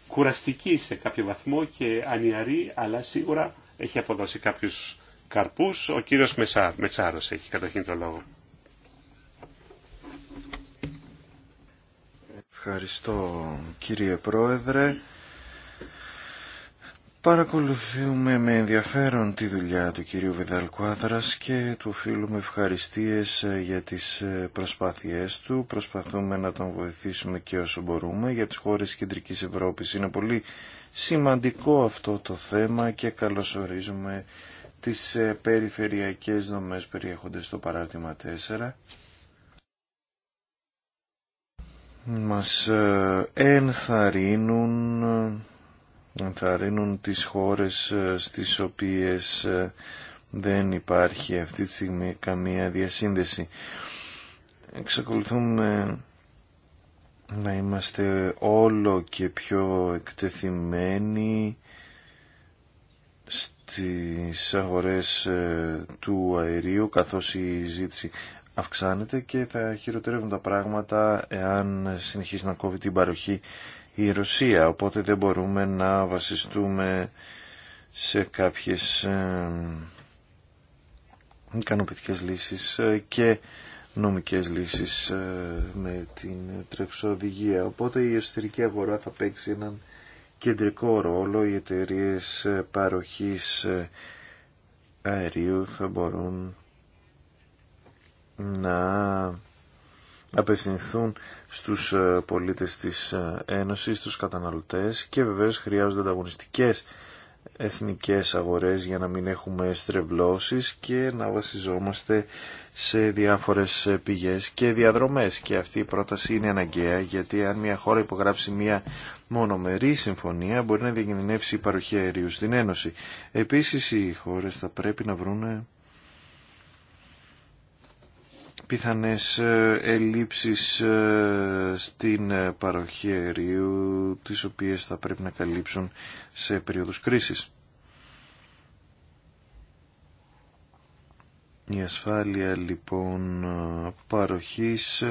κουραστική σε κάποιο βαθμό και ανιαρή, αλλά σίγουρα έχει αποδώσει κάποιους καρπούς. Ο κύριος Μετσάρος έχει καταρχήν το λόγο. Ευχαριστώ κύριε Πρόεδρε. Παρακολουθούμε με ενδιαφέρον τη δουλειά του κυρίου Βιδαλκουάδρας και του οφείλουμε ευχαριστίες ε, για τις ε, προσπάθειές του. Προσπαθούμε να τον βοηθήσουμε και όσο μπορούμε. Για τις χώρες Κεντρικής Ευρώπης είναι πολύ σημαντικό αυτό το θέμα και καλωσορίζουμε τις ε, περιφερειακές δομές περιέχοντες στο παράρτημα 4. Μας ενθαρρύνουν ενθαρρύνουν τις χώρες ε, στις οποίες ε, δεν υπάρχει αυτή τη στιγμή καμία διασύνδεση. Εξακολουθούμε να είμαστε όλο και πιο εκτεθειμένοι στις αγορές ε, του αερίου καθώς η ζήτηση αυξάνεται και θα χειροτερεύουν τα πράγματα εάν συνεχίσει να κόβει την παροχή η Ρωσία, οπότε δεν μπορούμε να βασιστούμε σε κάποιες ε, ικανοποιητικές λύσεις ε, και νομικές λύσεις ε, με την τρευσοδηγία. Οπότε η εσωτερική αγορά θα παίξει έναν κεντρικό ρόλο. Οι εταιρείε παροχής αερίου θα μπορούν να απευθυνθούν στους ε, πολίτες της ε, Ένωσης, στους καταναλωτές και βεβαίως χρειάζονται ανταγωνιστικές εθνικές αγορές για να μην έχουμε στρεβλώσεις και να βασιζόμαστε σε διάφορες πηγές και διαδρομές και αυτή η πρόταση είναι αναγκαία γιατί αν μια χώρα υπογράψει μια μονομερή συμφωνία μπορεί να διακινδυνεύσει η παροχή αερίου στην Ένωση. Επίσης οι χώρες θα πρέπει να βρουν πιθανές ε, ελλείψεις ε, στην ε, παροχή αερίου τις οποίες θα πρέπει να καλύψουν σε περίοδους κρίσης. Η ασφάλεια λοιπόν παροχής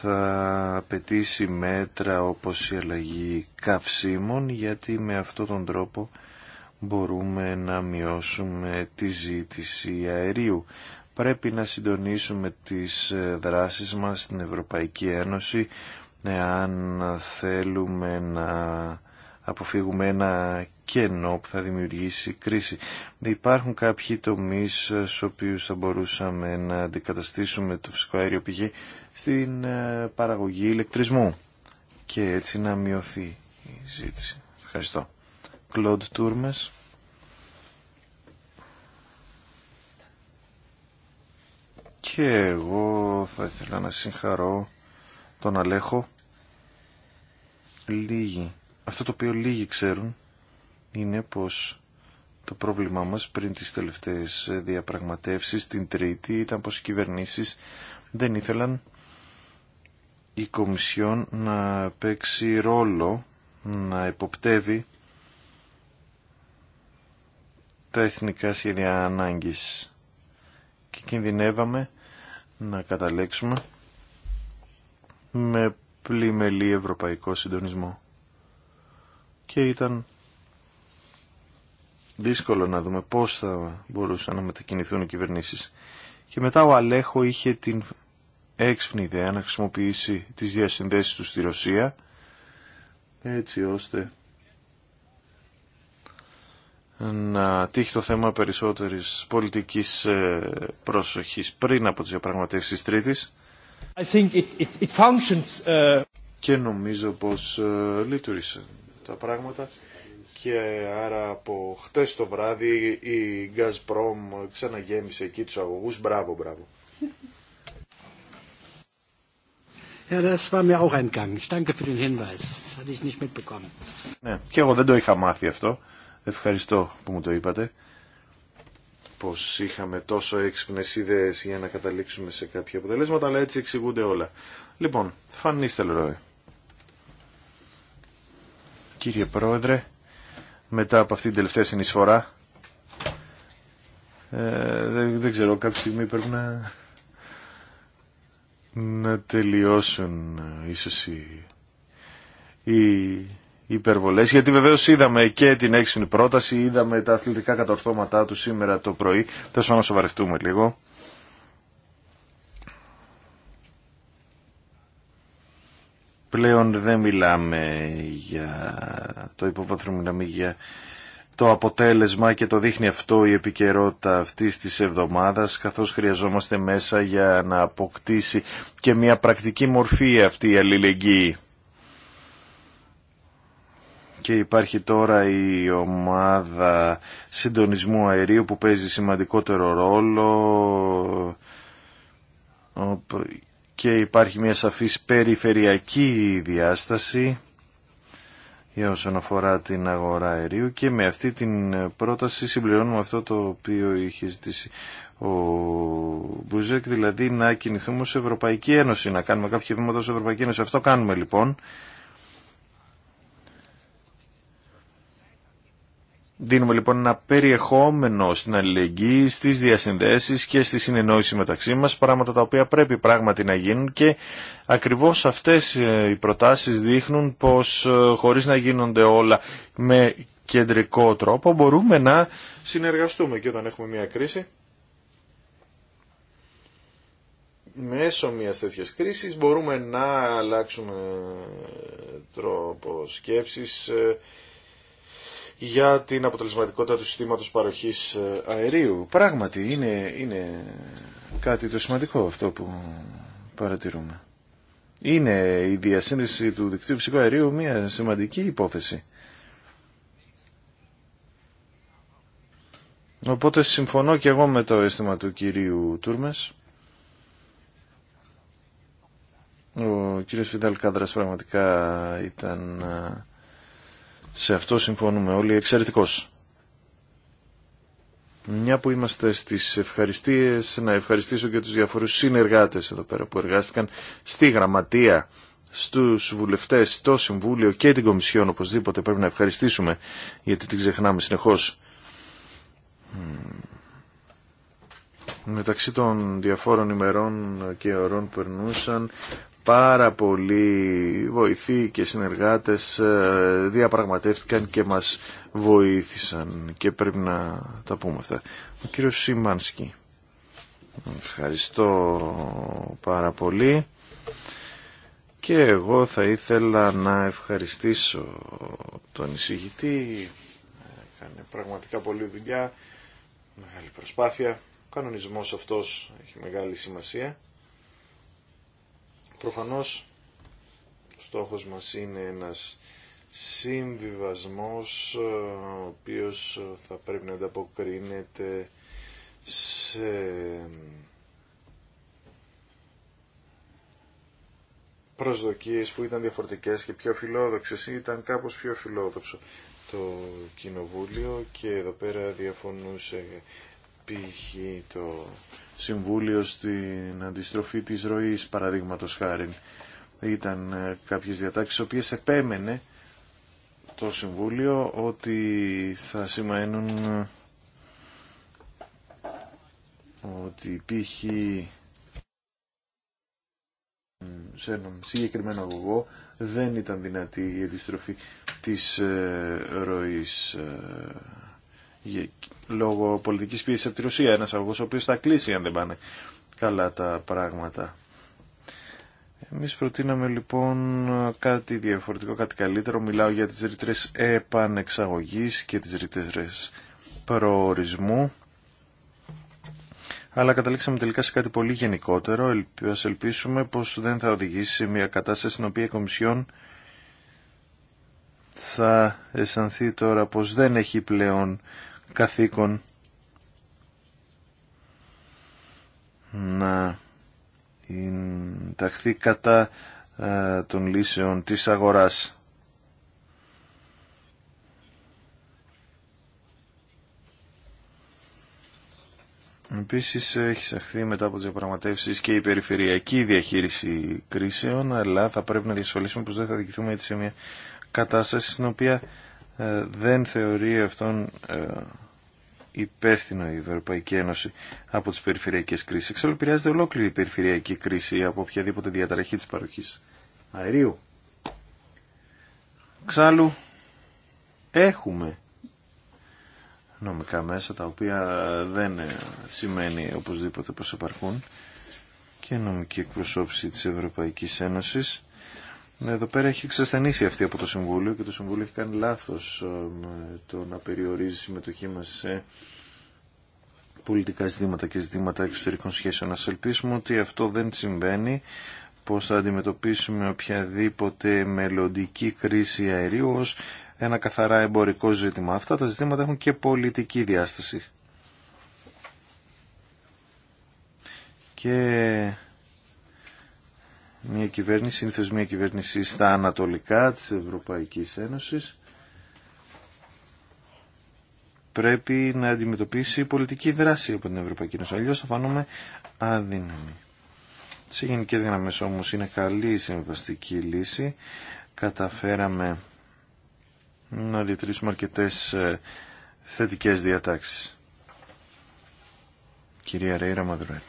θα απαιτήσει μέτρα όπως η αλλαγή καυσίμων γιατί με αυτόν τον τρόπο μπορούμε να μειώσουμε τη ζήτηση αερίου πρέπει να συντονίσουμε τις ε, δράσεις μας στην Ευρωπαϊκή Ένωση εάν θέλουμε να αποφύγουμε ένα κενό που θα δημιουργήσει κρίση. Υπάρχουν κάποιοι τομείς ε, στους οποίους θα μπορούσαμε να αντικαταστήσουμε το φυσικό αέριο πηγή στην ε, παραγωγή ηλεκτρισμού και έτσι να μειωθεί η ζήτηση. Ευχαριστώ. Κλοντ Τούρμες. Και εγώ θα ήθελα να συγχαρώ τον Αλέχο. Λίγοι. Αυτό το οποίο λίγοι ξέρουν είναι πως το πρόβλημά μας πριν τις τελευταίες διαπραγματεύσεις την Τρίτη ήταν πως οι κυβερνήσεις δεν ήθελαν η Κομισιόν να παίξει ρόλο να εποπτεύει τα εθνικά σχέδια ανάγκης και κινδυνεύαμε να καταλέξουμε με πλημελή ευρωπαϊκό συντονισμό. Και ήταν δύσκολο να δούμε πώς θα μπορούσαν να μετακινηθούν οι κυβερνήσεις. Και μετά ο Αλέχο είχε την έξυπνη ιδέα να χρησιμοποιήσει τις διασυνδέσεις του στη Ρωσία έτσι ώστε να τύχει το θέμα περισσότερης πολιτικής ε, προσοχής πριν από τις διαπραγματεύσεις Τρίτης. I ε, Και νομίζω πως ε, λειτουργήσαν τα πράγματα και άρα από χτες το βράδυ η Gazprom ξαναγέμισε εκεί τους αγωγούς. Μπράβο, μπράβο. Ja, das war mir auch Ich danke für den Hinweis. Das hatte ich nicht mitbekommen. Ναι, και εγώ δεν το είχα μάθει αυτό. Ευχαριστώ που μου το είπατε πως είχαμε τόσο έξυπνες ιδέες για να καταλήξουμε σε κάποια αποτελέσματα, αλλά έτσι εξηγούνται όλα. Λοιπόν, φανίστε Ρόι. Κύριε Πρόεδρε, μετά από αυτήν την τελευταία συνεισφορά, ε, δεν, ξέρω, κάποια στιγμή πρέπει να, να τελειώσουν ε, ίσως οι, οι υπερβολές, γιατί βεβαίω είδαμε και την έξυπνη πρόταση, είδαμε τα αθλητικά κατορθώματά του σήμερα το πρωί. Θέλω να σοβαρευτούμε λίγο. Πλέον δεν μιλάμε για το υπόβαθρο, μιλάμε για το αποτέλεσμα και το δείχνει αυτό η επικαιρότητα αυτή τη εβδομάδα. καθώς χρειαζόμαστε μέσα για να αποκτήσει και μια πρακτική μορφή αυτή η αλληλεγγύη και υπάρχει τώρα η ομάδα συντονισμού αερίου που παίζει σημαντικότερο ρόλο και υπάρχει μια σαφής περιφερειακή διάσταση για όσον αφορά την αγορά αερίου και με αυτή την πρόταση συμπληρώνουμε αυτό το οποίο είχε ζητήσει ο Μπουζέκ, δηλαδή να κινηθούμε σε Ευρωπαϊκή Ένωση, να κάνουμε κάποια βήματα σε Ευρωπαϊκή Ένωση. Αυτό κάνουμε λοιπόν Δίνουμε λοιπόν ένα περιεχόμενο στην αλληλεγγύη, στι διασυνδέσεις και στη συνεννόηση μεταξύ μας, πράγματα τα οποία πρέπει πράγματι να γίνουν και ακριβώς αυτές ε, οι προτάσεις δείχνουν πως ε, χωρίς να γίνονται όλα με κεντρικό τρόπο μπορούμε να συνεργαστούμε και όταν έχουμε μια κρίση. Μέσω μιας τέτοιας κρίσης μπορούμε να αλλάξουμε τρόπο σκέψης, ε, για την αποτελεσματικότητα του συστήματος παροχής ε, αερίου. Πράγματι είναι, είναι κάτι το σημαντικό αυτό που παρατηρούμε. Είναι η διασύνδεση του δικτύου φυσικού αερίου μια σημαντική υπόθεση. Οπότε συμφωνώ και εγώ με το αίσθημα του κυρίου Τούρμες. Ο κύριος Φιντάλ Κάντρας πραγματικά ήταν ε, σε αυτό συμφωνούμε όλοι, εξαιρετικός. Μια που είμαστε στις ευχαριστίες, να ευχαριστήσω και τους διαφορούς συνεργάτες εδώ πέρα που εργάστηκαν στη γραμματεία, στους βουλευτές, το Συμβούλιο και την Κομισιόν οπωσδήποτε πρέπει να ευχαριστήσουμε γιατί την ξεχνάμε συνεχώς. Μεταξύ των διαφόρων ημερών και ωρών που περνούσαν πάρα πολλοί βοηθοί και συνεργάτες ε, διαπραγματεύτηκαν και μας βοήθησαν και πρέπει να τα πούμε αυτά. Ο κύριος Σιμάνσκι. Ευχαριστώ πάρα πολύ. Και εγώ θα ήθελα να ευχαριστήσω τον εισηγητή. Έκανε πραγματικά πολλή δουλειά, μεγάλη προσπάθεια. Ο κανονισμός αυτός έχει μεγάλη σημασία Προφανώς στόχος μας είναι ένας συμβιβασμός ο οποίος θα πρέπει να ανταποκρίνεται σε προσδοκίες που ήταν διαφορετικές και πιο φιλόδοξες ήταν κάπως πιο φιλόδοξο το κοινοβούλιο και εδώ πέρα διαφωνούσε π.χ. το Συμβούλιο στην αντιστροφή της ροής, παραδείγματος χάρη. Ήταν ε, κάποιες διατάξεις, οποίες επέμενε το Συμβούλιο ότι θα σημαίνουν ε, ότι υπήρχε σε έναν συγκεκριμένο αγωγό δεν ήταν δυνατή η αντιστροφή της ε, ροής λόγω πολιτικής πίεσης από τη Ρωσία. Ένας αγωγός ο οποίος θα κλείσει αν δεν πάνε καλά τα πράγματα. Εμείς προτείναμε λοιπόν κάτι διαφορετικό, κάτι καλύτερο. Μιλάω για τις ρήτρες επανεξαγωγής και τις ρήτρες προορισμού. Αλλά καταλήξαμε τελικά σε κάτι πολύ γενικότερο. Ας ελπίσουμε πως δεν θα οδηγήσει σε μια κατάσταση στην οποία η Κομισιόν θα αισθανθεί τώρα πως δεν έχει πλέον καθήκον να ταχθεί κατά ε, των λύσεων της αγοράς. Επίσης έχει σαχθεί μετά από τις διαπραγματεύσει και η περιφερειακή διαχείριση κρίσεων, αλλά θα πρέπει να διασφαλίσουμε πως δεν θα δικηθούμε έτσι σε μια κατάσταση στην οποία ε, δεν θεωρεί αυτόν ε, υπεύθυνο η Ευρωπαϊκή Ένωση από τις περιφερειακές κρίσεις. Εξάλλου επηρεάζεται ολόκληρη η περιφερειακή κρίση από οποιαδήποτε διαταραχή της παροχής αερίου. Εξάλλου έχουμε νομικά μέσα τα οποία δεν ε, σημαίνει οπωσδήποτε πως υπαρχούν, και νομική εκπροσώπηση της Ευρωπαϊκής Ένωσης εδώ πέρα έχει εξασθενήσει αυτή από το Συμβούλιο και το Συμβούλιο έχει κάνει λάθος ε, το να περιορίζει συμμετοχή μας σε πολιτικά ζητήματα και ζητήματα εξωτερικών σχέσεων. Ας ελπίσουμε ότι αυτό δεν συμβαίνει, πως θα αντιμετωπίσουμε οποιαδήποτε μελλοντική κρίση αερίου ως ένα καθαρά εμπορικό ζήτημα. Αυτά τα ζητήματα έχουν και πολιτική διάσταση. Και μια κυβέρνηση, συνήθως μια κυβέρνηση στα ανατολικά της Ευρωπαϊκής Ένωσης πρέπει να αντιμετωπίσει πολιτική δράση από την Ευρωπαϊκή Ένωση. Αλλιώ, θα φανούμε αδύναμοι. Σε γενικέ γραμμέ όμως είναι καλή η συμβαστική λύση. Καταφέραμε να διατηρήσουμε αρκετές ε, θετικές διατάξεις. Κυρία Ρέιρα Μαδρουέλη.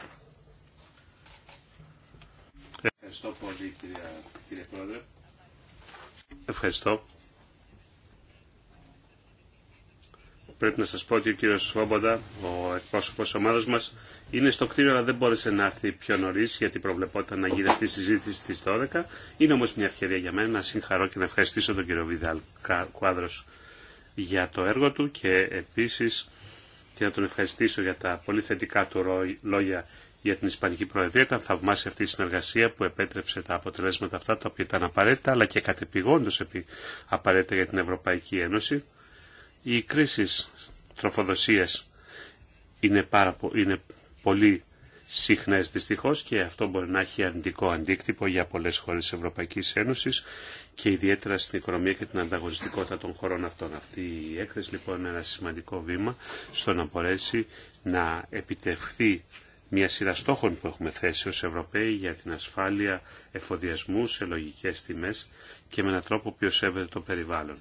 Ευχαριστώ πολύ κυρία, κύριε Πρόεδρε. Ευχαριστώ. Πρέπει να σας πω ότι ο κύριος Σφόμποντα, ο εκπρόσωπος ομάδας μας, είναι στο κτίριο αλλά δεν μπόρεσε να έρθει πιο νωρίς γιατί προβλεπόταν να γίνει αυτή η συζήτηση στις 12. Είναι όμως μια ευκαιρία για μένα να συγχαρώ και να ευχαριστήσω τον κύριο Βιδάλ Κουάδρος για το έργο του και επίσης και να τον ευχαριστήσω για τα πολύ θετικά του λόγια για την Ισπανική Προεδρία. Ήταν θαυμάσια αυτή η συνεργασία που επέτρεψε τα αποτελέσματα αυτά, τα οποία ήταν απαραίτητα, αλλά και κατεπηγόντως απαραίτητα για την Ευρωπαϊκή Ένωση. Οι κρίσει τροφοδοσία είναι, είναι πολύ συχνέ δυστυχώ και αυτό μπορεί να έχει αρνητικό αντίκτυπο για πολλέ χώρε τη Ευρωπαϊκή Ένωση και ιδιαίτερα στην οικονομία και την ανταγωνιστικότητα των χωρών αυτών. Αυτή η έκθεση λοιπόν είναι ένα σημαντικό βήμα στο να μπορέσει να επιτευχθεί μια σειρά στόχων που έχουμε θέσει ως Ευρωπαίοι για την ασφάλεια εφοδιασμού σε λογικές τιμές και με έναν τρόπο που σέβεται το περιβάλλον.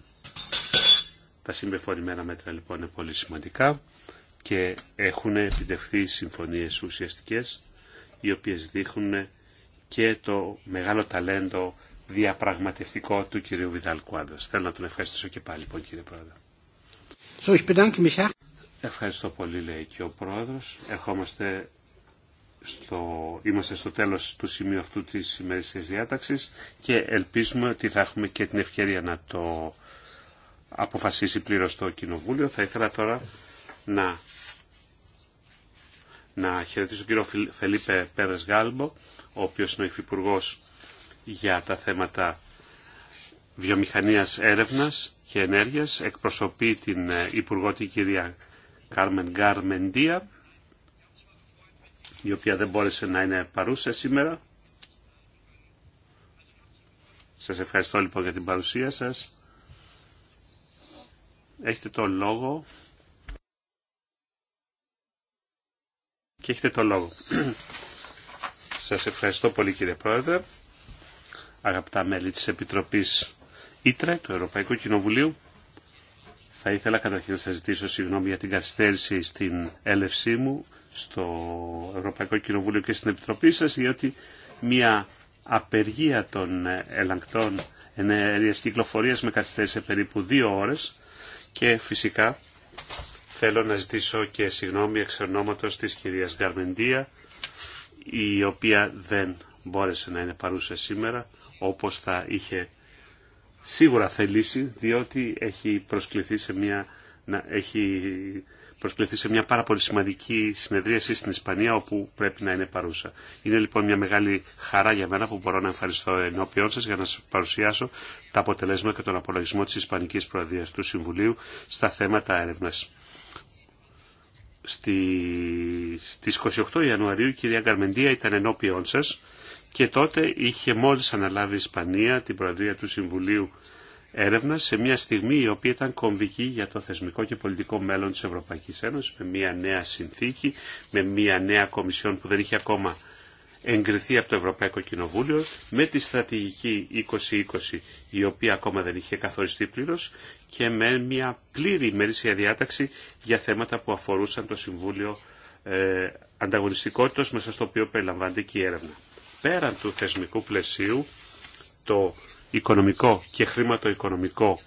Τα συμπεφωνημένα μέτρα λοιπόν είναι πολύ σημαντικά και έχουν επιτευχθεί συμφωνίες ουσιαστικές οι οποίες δείχνουν και το μεγάλο ταλέντο διαπραγματευτικό του κ. Βιδάλ Κουάντας. Θέλω να τον ευχαριστήσω και πάλι λοιπόν κύριε Πρόεδρε. Ευχαριστώ πολύ λέει και ο Πρόεδρος. Ερχόμαστε είμαστε στο τέλος του σημείου αυτού της ημέρησης διάταξης και ελπίζουμε ότι θα έχουμε και την ευκαιρία να το αποφασίσει πλήρως το Κοινοβούλιο. Θα ήθελα τώρα να, να χαιρετήσω τον κύριο Φελίπε Πέδρες Γάλμπο, ο οποίος είναι ο υφυπουργό για τα θέματα βιομηχανίας έρευνας και ενέργειας, εκπροσωπεί την ε, Υπουργό κυρία Κάρμεν Γκάρμεντία η οποία δεν μπόρεσε να είναι παρούσα σήμερα. Σας ευχαριστώ λοιπόν για την παρουσία σας. Έχετε το λόγο. Και έχετε το λόγο. Σας ευχαριστώ πολύ κύριε Πρόεδρε, αγαπητά μέλη της Επιτροπής Ήτρε του Ευρωπαϊκού Κοινοβουλίου. Θα ήθελα καταρχήν να σας ζητήσω συγγνώμη για την καθυστέρηση στην έλευσή μου στο Ευρωπαϊκό Κοινοβούλιο και στην Επιτροπή σας, διότι μια απεργία των ελαγκτών ενέργειας κυκλοφορίας με καθυστέρησε περίπου δύο ώρες και φυσικά θέλω να ζητήσω και συγγνώμη εξ ονόματος της κυρίας Γκαρμεντία, η οποία δεν μπόρεσε να είναι παρούσα σήμερα, όπως θα είχε σίγουρα θελήσει, διότι έχει προσκληθεί σε μια, έχει προσκληθεί σε μια πάρα πολύ σημαντική συνεδρίαση στην Ισπανία όπου πρέπει να είναι παρούσα. Είναι λοιπόν μια μεγάλη χαρά για μένα που μπορώ να ευχαριστώ ενώπιόν σα για να σα παρουσιάσω τα αποτελέσματα και τον απολογισμό τη Ισπανική Προεδρία του Συμβουλίου στα θέματα έρευνας. Στις 28 Ιανουαρίου η κυρία Καρμεντία ήταν ενώπιόν σα και τότε είχε μόλις αναλάβει η Ισπανία την Προεδρία του Συμβουλίου έρευνα σε μια στιγμή η οποία ήταν κομβική για το θεσμικό και πολιτικό μέλλον της Ευρωπαϊκής Ένωσης με μια νέα συνθήκη, με μια νέα κομισιόν που δεν είχε ακόμα εγκριθεί από το Ευρωπαϊκό Κοινοβούλιο με τη στρατηγική 2020 η οποία ακόμα δεν είχε καθοριστεί πλήρως και με μια πλήρη ημερήσια διάταξη για θέματα που αφορούσαν το Συμβούλιο ε, Ανταγωνιστικότητας μέσα στο οποίο περιλαμβάνεται και η έρευνα. Πέραν του θεσμικού πλαισίου το οικονομικό και χρηματοοικονομικό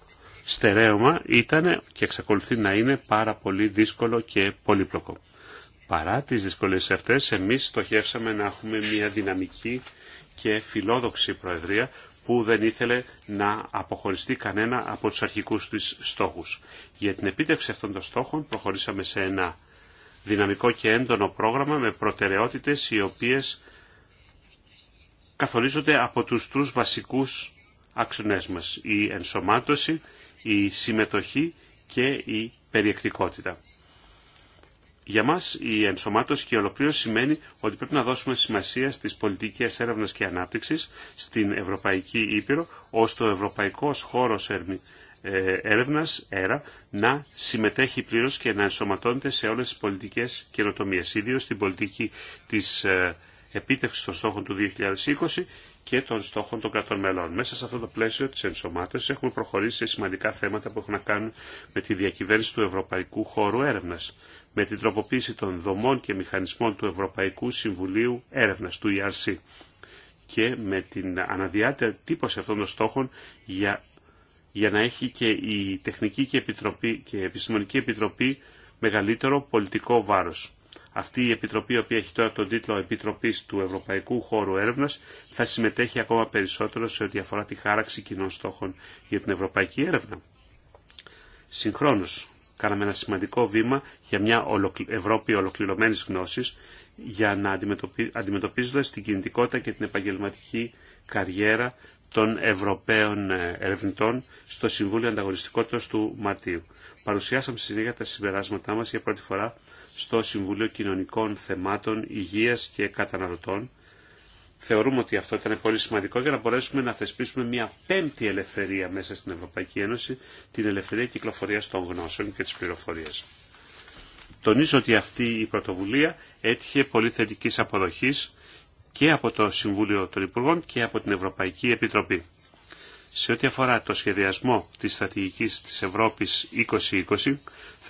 στερέωμα ήταν και εξακολουθεί να είναι πάρα πολύ δύσκολο και πολύπλοκο. Παρά τις δυσκολίες αυτές, εμείς στοχεύσαμε να έχουμε μια δυναμική και φιλόδοξη Προεδρία που δεν ήθελε να αποχωριστεί κανένα από τους αρχικούς της στόχους. Για την επίτευξη αυτών των στόχων προχωρήσαμε σε ένα δυναμικό και έντονο πρόγραμμα με προτεραιότητες οι οποίες καθορίζονται από τους τρεις βασικούς άξονές μας, η ενσωμάτωση, η συμμετοχή και η περιεκτικότητα. Για μας η ενσωμάτωση και η ολοκλήρωση σημαίνει ότι πρέπει να δώσουμε σημασία στις πολιτικές έρευνας και ανάπτυξης στην Ευρωπαϊκή Ήπειρο, ώστε ο Ευρωπαϊκός χώρος ε, έρευνας, ΕΡΑ, να συμμετέχει πλήρως και να ενσωματώνεται σε όλες τις πολιτικές καινοτομίες, ιδίως στην πολιτική της ε, επίτευξης των στόχων του 2020 και των στόχων των κρατών μελών. Μέσα σε αυτό το πλαίσιο τη ενσωμάτωση έχουμε προχωρήσει σε σημαντικά θέματα που έχουν να κάνουν με τη διακυβέρνηση του Ευρωπαϊκού Χώρου Έρευνα, με την τροποποίηση των δομών και μηχανισμών του Ευρωπαϊκού Συμβουλίου Έρευνα, του ERC, και με την τύποση αυτών των στόχων για, για να έχει και η Τεχνική και, και Επιστημονική Επιτροπή μεγαλύτερο πολιτικό βάρος αυτή η επιτροπή, η οποία έχει τώρα τον τίτλο Επιτροπή του Ευρωπαϊκού Χώρου Έρευνα, θα συμμετέχει ακόμα περισσότερο σε ό,τι αφορά τη χάραξη κοινών στόχων για την ευρωπαϊκή έρευνα. Συγχρόνω, κάναμε ένα σημαντικό βήμα για μια Ευρώπη ολοκληρωμένη γνώση, για να αντιμετωπίζοντα την κινητικότητα και την επαγγελματική καριέρα των Ευρωπαίων ε, ερευνητών στο Συμβούλιο Ανταγωνιστικότητα του Μαρτίου. Παρουσιάσαμε συνέχεια τα συμπεράσματά μα για πρώτη φορά στο Συμβουλίο Κοινωνικών Θεμάτων Υγείας και Καταναλωτών. Θεωρούμε ότι αυτό ήταν πολύ σημαντικό για να μπορέσουμε να θεσπίσουμε μια πέμπτη ελευθερία μέσα στην Ευρωπαϊκή Ένωση, την ελευθερία κυκλοφορίας των γνώσεων και της πληροφορίας. Τονίζω ότι αυτή η πρωτοβουλία έτυχε πολύ θετική αποδοχή και από το Συμβούλιο των Υπουργών και από την Ευρωπαϊκή Επιτροπή. Σε ό,τι αφορά το σχεδιασμό της στρατηγικής της Ευρώπης 2020,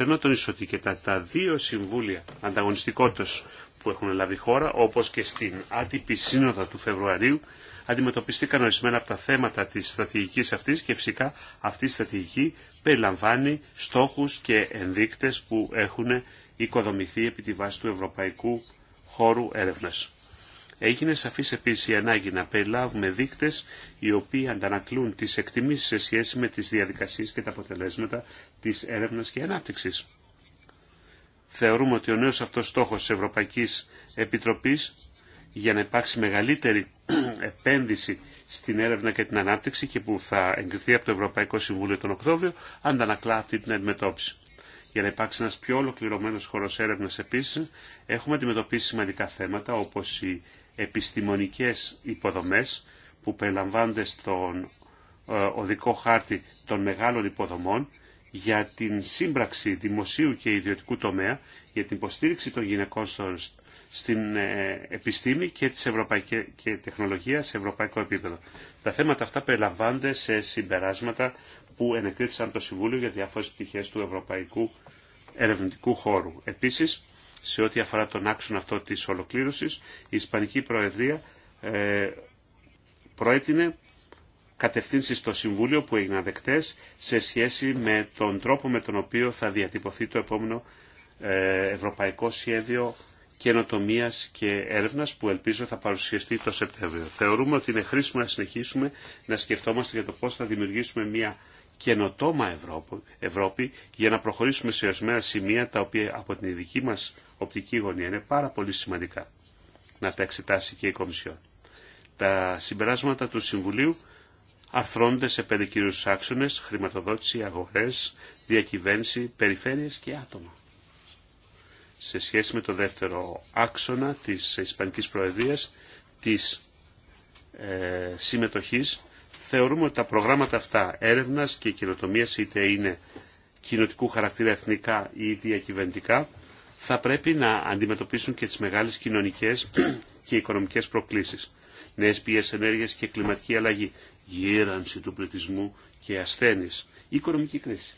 Θέλω να τονίσω ότι και τα, τα δύο συμβούλια ανταγωνιστικότητας που έχουν λάβει χώρα, όπως και στην άτυπη σύνοδα του Φεβρουαρίου, αντιμετωπιστήκαν ορισμένα από τα θέματα της στρατηγικής αυτής και φυσικά αυτή η στρατηγική περιλαμβάνει στόχους και ενδείκτες που έχουν οικοδομηθεί επί τη βάση του ευρωπαϊκού χώρου έρευνας. Έγινε σαφής επίσης η ανάγκη να περιλάβουμε δείκτες οι οποίοι αντανακλούν τις εκτιμήσεις σε σχέση με τις διαδικασίες και τα αποτελέσματα της έρευνας και ανάπτυξης. Θεωρούμε ότι ο νέος αυτός στόχος της Ευρωπαϊκής Επιτροπής για να υπάρξει μεγαλύτερη επένδυση στην έρευνα και την ανάπτυξη και που θα εγκριθεί από το Ευρωπαϊκό Συμβούλιο τον Οκτώβριο, αντανακλά αυτή την αντιμετώπιση. Για να υπάρξει ένα πιο ολοκληρωμένο χώρο έρευνα επίση, έχουμε αντιμετωπίσει σημαντικά θέματα όπω η επιστημονικές υποδομές που περιλαμβάνονται στον ε, οδικό χάρτη των μεγάλων υποδομών για την σύμπραξη δημοσίου και ιδιωτικού τομέα, για την υποστήριξη των γυναικών στην ε, επιστήμη και, της ευρωπαϊκή, και τεχνολογία σε ευρωπαϊκό επίπεδο. Τα θέματα αυτά περιλαμβάνονται σε συμπεράσματα που ενεκρίθησαν το Συμβούλιο για διάφορες πτυχές του ευρωπαϊκού ερευνητικού χώρου. Επίσης, σε ό,τι αφορά τον άξονα αυτό της ολοκλήρωσης, η Ισπανική Προεδρία ε, προέτεινε κατευθύνσει στο Συμβούλιο που έγιναν δεκτές σε σχέση με τον τρόπο με τον οποίο θα διατυπωθεί το επόμενο ε, Ευρωπαϊκό Σχέδιο καινοτομία και έρευνα που ελπίζω θα παρουσιαστεί το Σεπτέμβριο. Θεωρούμε ότι είναι χρήσιμο να συνεχίσουμε να σκεφτόμαστε για το πώ θα δημιουργήσουμε μια καινοτόμα Ευρώπη, Ευρώπη για να προχωρήσουμε σε ορισμένα σημεία τα οποία από την ειδική μας οπτική γωνία είναι πάρα πολύ σημαντικά να τα εξετάσει και η Κομισιόν. Τα συμπεράσματα του Συμβουλίου αρθρώνονται σε πέντε κύριους άξονες, χρηματοδότηση, αγορές, διακυβέρνηση, περιφέρειες και άτομα. Σε σχέση με το δεύτερο άξονα της Ισπανικής Προεδρίας, της ε, συμμετοχής, θεωρούμε ότι τα προγράμματα αυτά έρευνας και κοινοτομίας, είτε είναι κοινοτικού χαρακτήρα εθνικά ή διακυβερνητικά, θα πρέπει να αντιμετωπίσουν και τις μεγάλες κοινωνικές και οικονομικές προκλήσεις. Νέες πηγές ενέργειας και κλιματική αλλαγή, γύρανση του πληθυσμού και ασθένειες, οικονομική κρίση.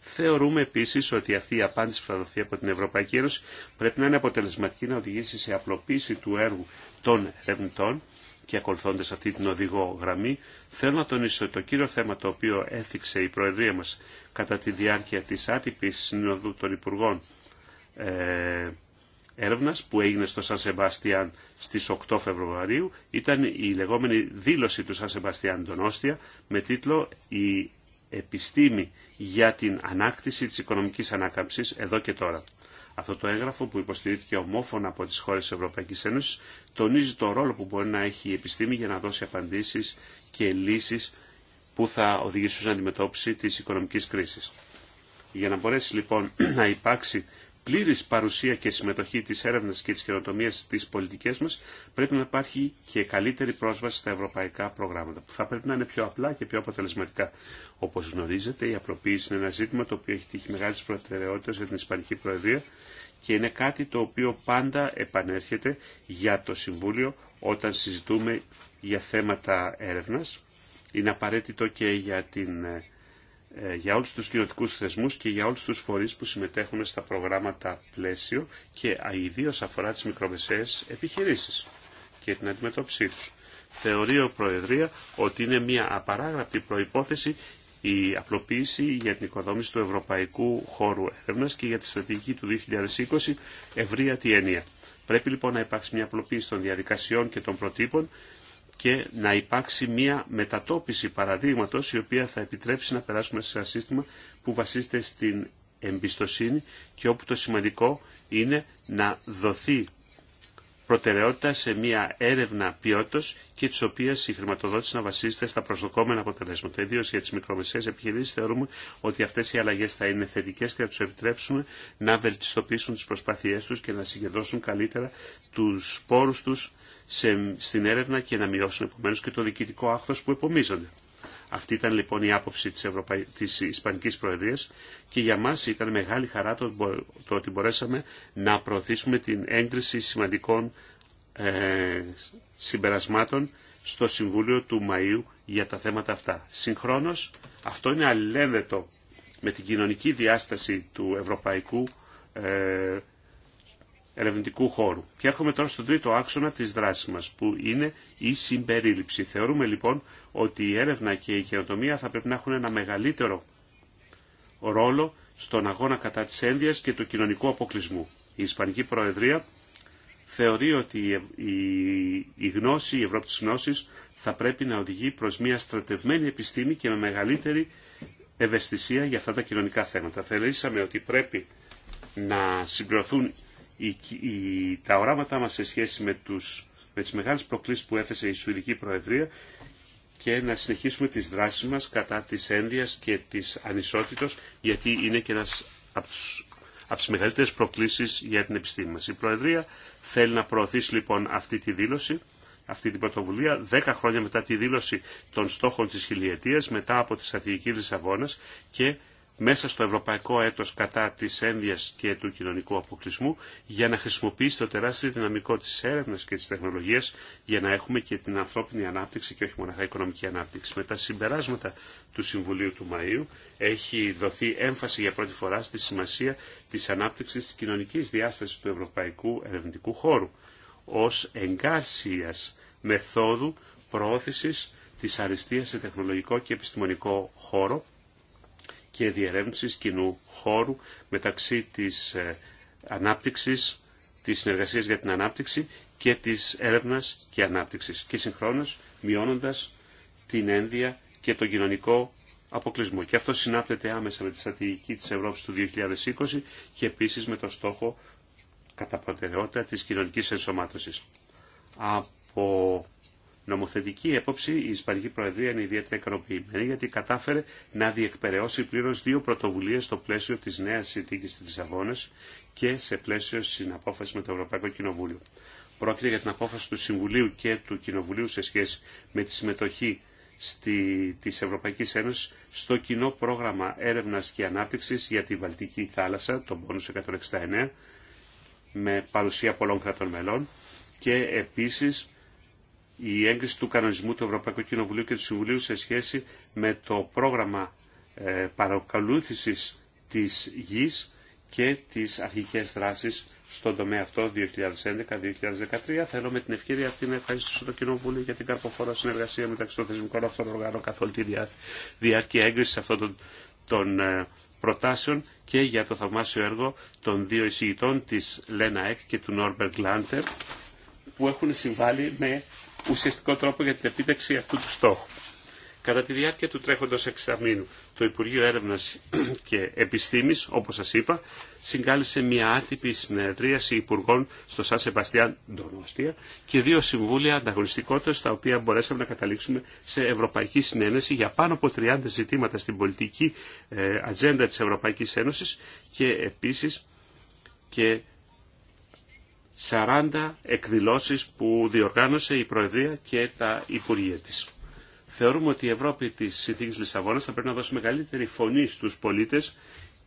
Θεωρούμε επίση ότι αυτή η απάντηση που θα δοθεί από την Ευρωπαϊκή Ένωση πρέπει να είναι αποτελεσματική να οδηγήσει σε απλοποίηση του έργου των ερευνητών και ακολουθώντα αυτή την οδηγό γραμμή. Θέλω να τονίσω ότι το κύριο θέμα το οποίο έθιξε η Προεδρία μα κατά τη διάρκεια τη άτυπη Συνοδού των Υπουργών ε, έρευνας που έγινε στο Σαν Σεμπάστιαν στις 8 Φεβρουαρίου ήταν η λεγόμενη δήλωση του Σαν Σεμπάστιαν τον Όστια με τίτλο «Η επιστήμη για την ανάκτηση της οικονομικής ανάκαμψης εδώ και τώρα». Αυτό το έγγραφο που υποστηρίχθηκε ομόφωνα από τις χώρες της Ευρωπαϊκής Ένωσης τονίζει το ρόλο που μπορεί να έχει η επιστήμη για να δώσει απαντήσεις και λύσεις που θα οδηγήσουν στην αντιμετώπιση της οικονομικής κρίσης. Για να μπορέσει λοιπόν να υπάρξει πλήρης παρουσία και συμμετοχή της έρευνας και της καινοτομία στις πολιτικές μας, πρέπει να υπάρχει και καλύτερη πρόσβαση στα ευρωπαϊκά προγράμματα, που θα πρέπει να είναι πιο απλά και πιο αποτελεσματικά. Όπως γνωρίζετε, η απλοποίηση είναι ένα ζήτημα το οποίο έχει τύχει μεγάλη προτεραιότητα για την Ισπανική Προεδρία και είναι κάτι το οποίο πάντα επανέρχεται για το Συμβούλιο όταν συζητούμε για θέματα έρευνας. Είναι απαραίτητο και για την ε, ε, για όλους τους κοινωτικούς θεσμούς και για όλους τους φορείς που συμμετέχουν στα προγράμματα πλαίσιο και ιδίω αφορά τις μικρομεσαίες επιχειρήσεις και την αντιμετώπιση τους. Θεωρεί ο Προεδρία ότι είναι μια απαράγραπτη προϋπόθεση η απλοποίηση για την οικοδόμηση του Ευρωπαϊκού Χώρου Έρευνα και για τη στρατηγική του 2020 ευρεία τη έννοια. Πρέπει λοιπόν να υπάρξει μια απλοποίηση των διαδικασιών και των προτύπων και να υπάρξει μια μετατόπιση παραδείγματος η οποία θα επιτρέψει να περάσουμε σε ένα σύστημα που βασίζεται στην εμπιστοσύνη και όπου το σημαντικό είναι να δοθεί προτεραιότητα σε μια έρευνα ποιότητα και τη οποία η χρηματοδότηση να βασίζεται στα προσδοκόμενα αποτελέσματα. Ιδίω για τι μικρομεσαίε επιχειρήσει θεωρούμε ότι αυτέ οι αλλαγέ θα είναι θετικέ και θα του επιτρέψουμε να βελτιστοποιήσουν τι προσπάθειέ του και να συγκεντρώσουν καλύτερα του πόρου του στην έρευνα και να μειώσουν επομένω και το διοικητικό άκθο που επομίζονται. Αυτή ήταν λοιπόν η άποψη της, Ισπανική της Ισπανικής Προεδρίας και για μας ήταν μεγάλη χαρά το, ότι μπορέσαμε να προωθήσουμε την έγκριση σημαντικών ε, συμπερασμάτων στο Συμβούλιο του Μαΐου για τα θέματα αυτά. Συγχρόνως, αυτό είναι αλληλένδετο με την κοινωνική διάσταση του ευρωπαϊκού ε, ερευνητικού χώρου. Και έρχομαι τώρα στον τρίτο άξονα της δράσης μας, που είναι η συμπερίληψη. Θεωρούμε λοιπόν ότι η έρευνα και η καινοτομία θα πρέπει να έχουν ένα μεγαλύτερο ρόλο στον αγώνα κατά της ένδυας και του κοινωνικού αποκλεισμού. Η Ισπανική Προεδρία θεωρεί ότι η γνώση, η Ευρώπη της γνώσης θα πρέπει να οδηγεί προς μια στρατευμένη επιστήμη και με μεγαλύτερη ευαισθησία για αυτά τα κοινωνικά θέματα. Θεωρήσαμε ότι πρέπει να συμπληρωθούν τα οράματά μας σε σχέση με, τους, με τις μεγάλες προκλήσεις που έθεσε η Σουηδική Προεδρία και να συνεχίσουμε τις δράσεις μας κατά της ένδυας και της ανισότητος γιατί είναι και ένας από, τους, από τις μεγαλύτερες προκλήσεις για την επιστήμη μας. Η Προεδρία θέλει να προωθήσει λοιπόν αυτή τη δήλωση αυτή την πρωτοβουλία, δέκα χρόνια μετά τη δήλωση των στόχων της χιλιετίας, μετά από τη στρατηγική Λισαβόνας και μέσα στο ευρωπαϊκό έτος κατά της ένδυας και του κοινωνικού αποκλεισμού για να χρησιμοποιήσει το τεράστιο δυναμικό της έρευνας και της τεχνολογίας για να έχουμε και την ανθρώπινη ανάπτυξη και όχι μόνο η οικονομική ανάπτυξη. Με τα συμπεράσματα του Συμβουλίου του Μαΐου έχει δοθεί έμφαση για πρώτη φορά στη σημασία της ανάπτυξης της κοινωνικής διάστασης του ευρωπαϊκού ερευνητικού χώρου ως εγκάσιας μεθόδου προώθησης της αριστείας σε τεχνολογικό και επιστημονικό χώρο και διερεύνησης κοινού χώρου μεταξύ της ε, ανάπτυξης, της συνεργασίας για την ανάπτυξη και της έρευνας και ανάπτυξης και συγχρόνως μειώνοντας την ένδια και τον κοινωνικό αποκλεισμό. Και αυτό συνάπτεται άμεσα με τη στρατηγική της Ευρώπης του 2020 και επίσης με το στόχο κατά προτεραιότητα της κοινωνικής ενσωμάτωσης. Από νομοθετική έποψη η Ισπανική Προεδρία είναι ιδιαίτερα ικανοποιημένη γιατί κατάφερε να διεκπαιρεώσει πλήρω δύο πρωτοβουλίε στο πλαίσιο τη Νέα συνθήκη τη Λισαβόνα και σε πλαίσιο συναπόφαση με το Ευρωπαϊκό Κοινοβούλιο. Πρόκειται για την απόφαση του Συμβουλίου και του Κοινοβουλίου σε σχέση με τη συμμετοχή τη της Ευρωπαϊκής στο κοινό πρόγραμμα έρευνας και ανάπτυξης για τη Βαλτική θάλασσα, τον Πόνου 169, με παρουσία πολλών κρατών μελών και επίσης η έγκριση του κανονισμού του Ευρωπαϊκού Κοινοβουλίου και του Συμβουλίου σε σχέση με το πρόγραμμα ε, παρακολούθησης της γης και τις αρχικές δράσεις στον τομέα αυτό 2011-2013. Θέλω με την ευκαιρία αυτή να ευχαριστήσω το Κοινοβούλιο για την καρποφόρα συνεργασία μεταξύ των θεσμικών αυτών οργάνων καθ' όλη τη διάρκεια έγκριση αυτών των, των ε, προτάσεων και για το θαυμάσιο έργο των δύο εισηγητών της Λένα Εκ και του Νόρμπερ Γκλάντερ που έχουν συμβάλει με ουσιαστικό τρόπο για την επίτευξη αυτού του στόχου. Κατά τη διάρκεια του τρέχοντος εξαμήνου, το Υπουργείο Έρευνας και Επιστήμης, όπως σας είπα, συγκάλεσε μια άτυπη συνεδρίαση υπουργών στο Σαν Σεμπαστιάν Ντονοστία και δύο συμβούλια ανταγωνιστικότητας, τα οποία μπορέσαμε να καταλήξουμε σε ευρωπαϊκή συνένεση για πάνω από 30 ζητήματα στην πολιτική ε, ατζέντα της Ευρωπαϊκής Ένωσης και επίσης και 40 εκδηλώσεις που διοργάνωσε η Προεδρία και τα Υπουργεία της. Θεωρούμε ότι η Ευρώπη της Συνθήκης Λισαβόνας θα πρέπει να δώσει μεγαλύτερη φωνή στους πολίτες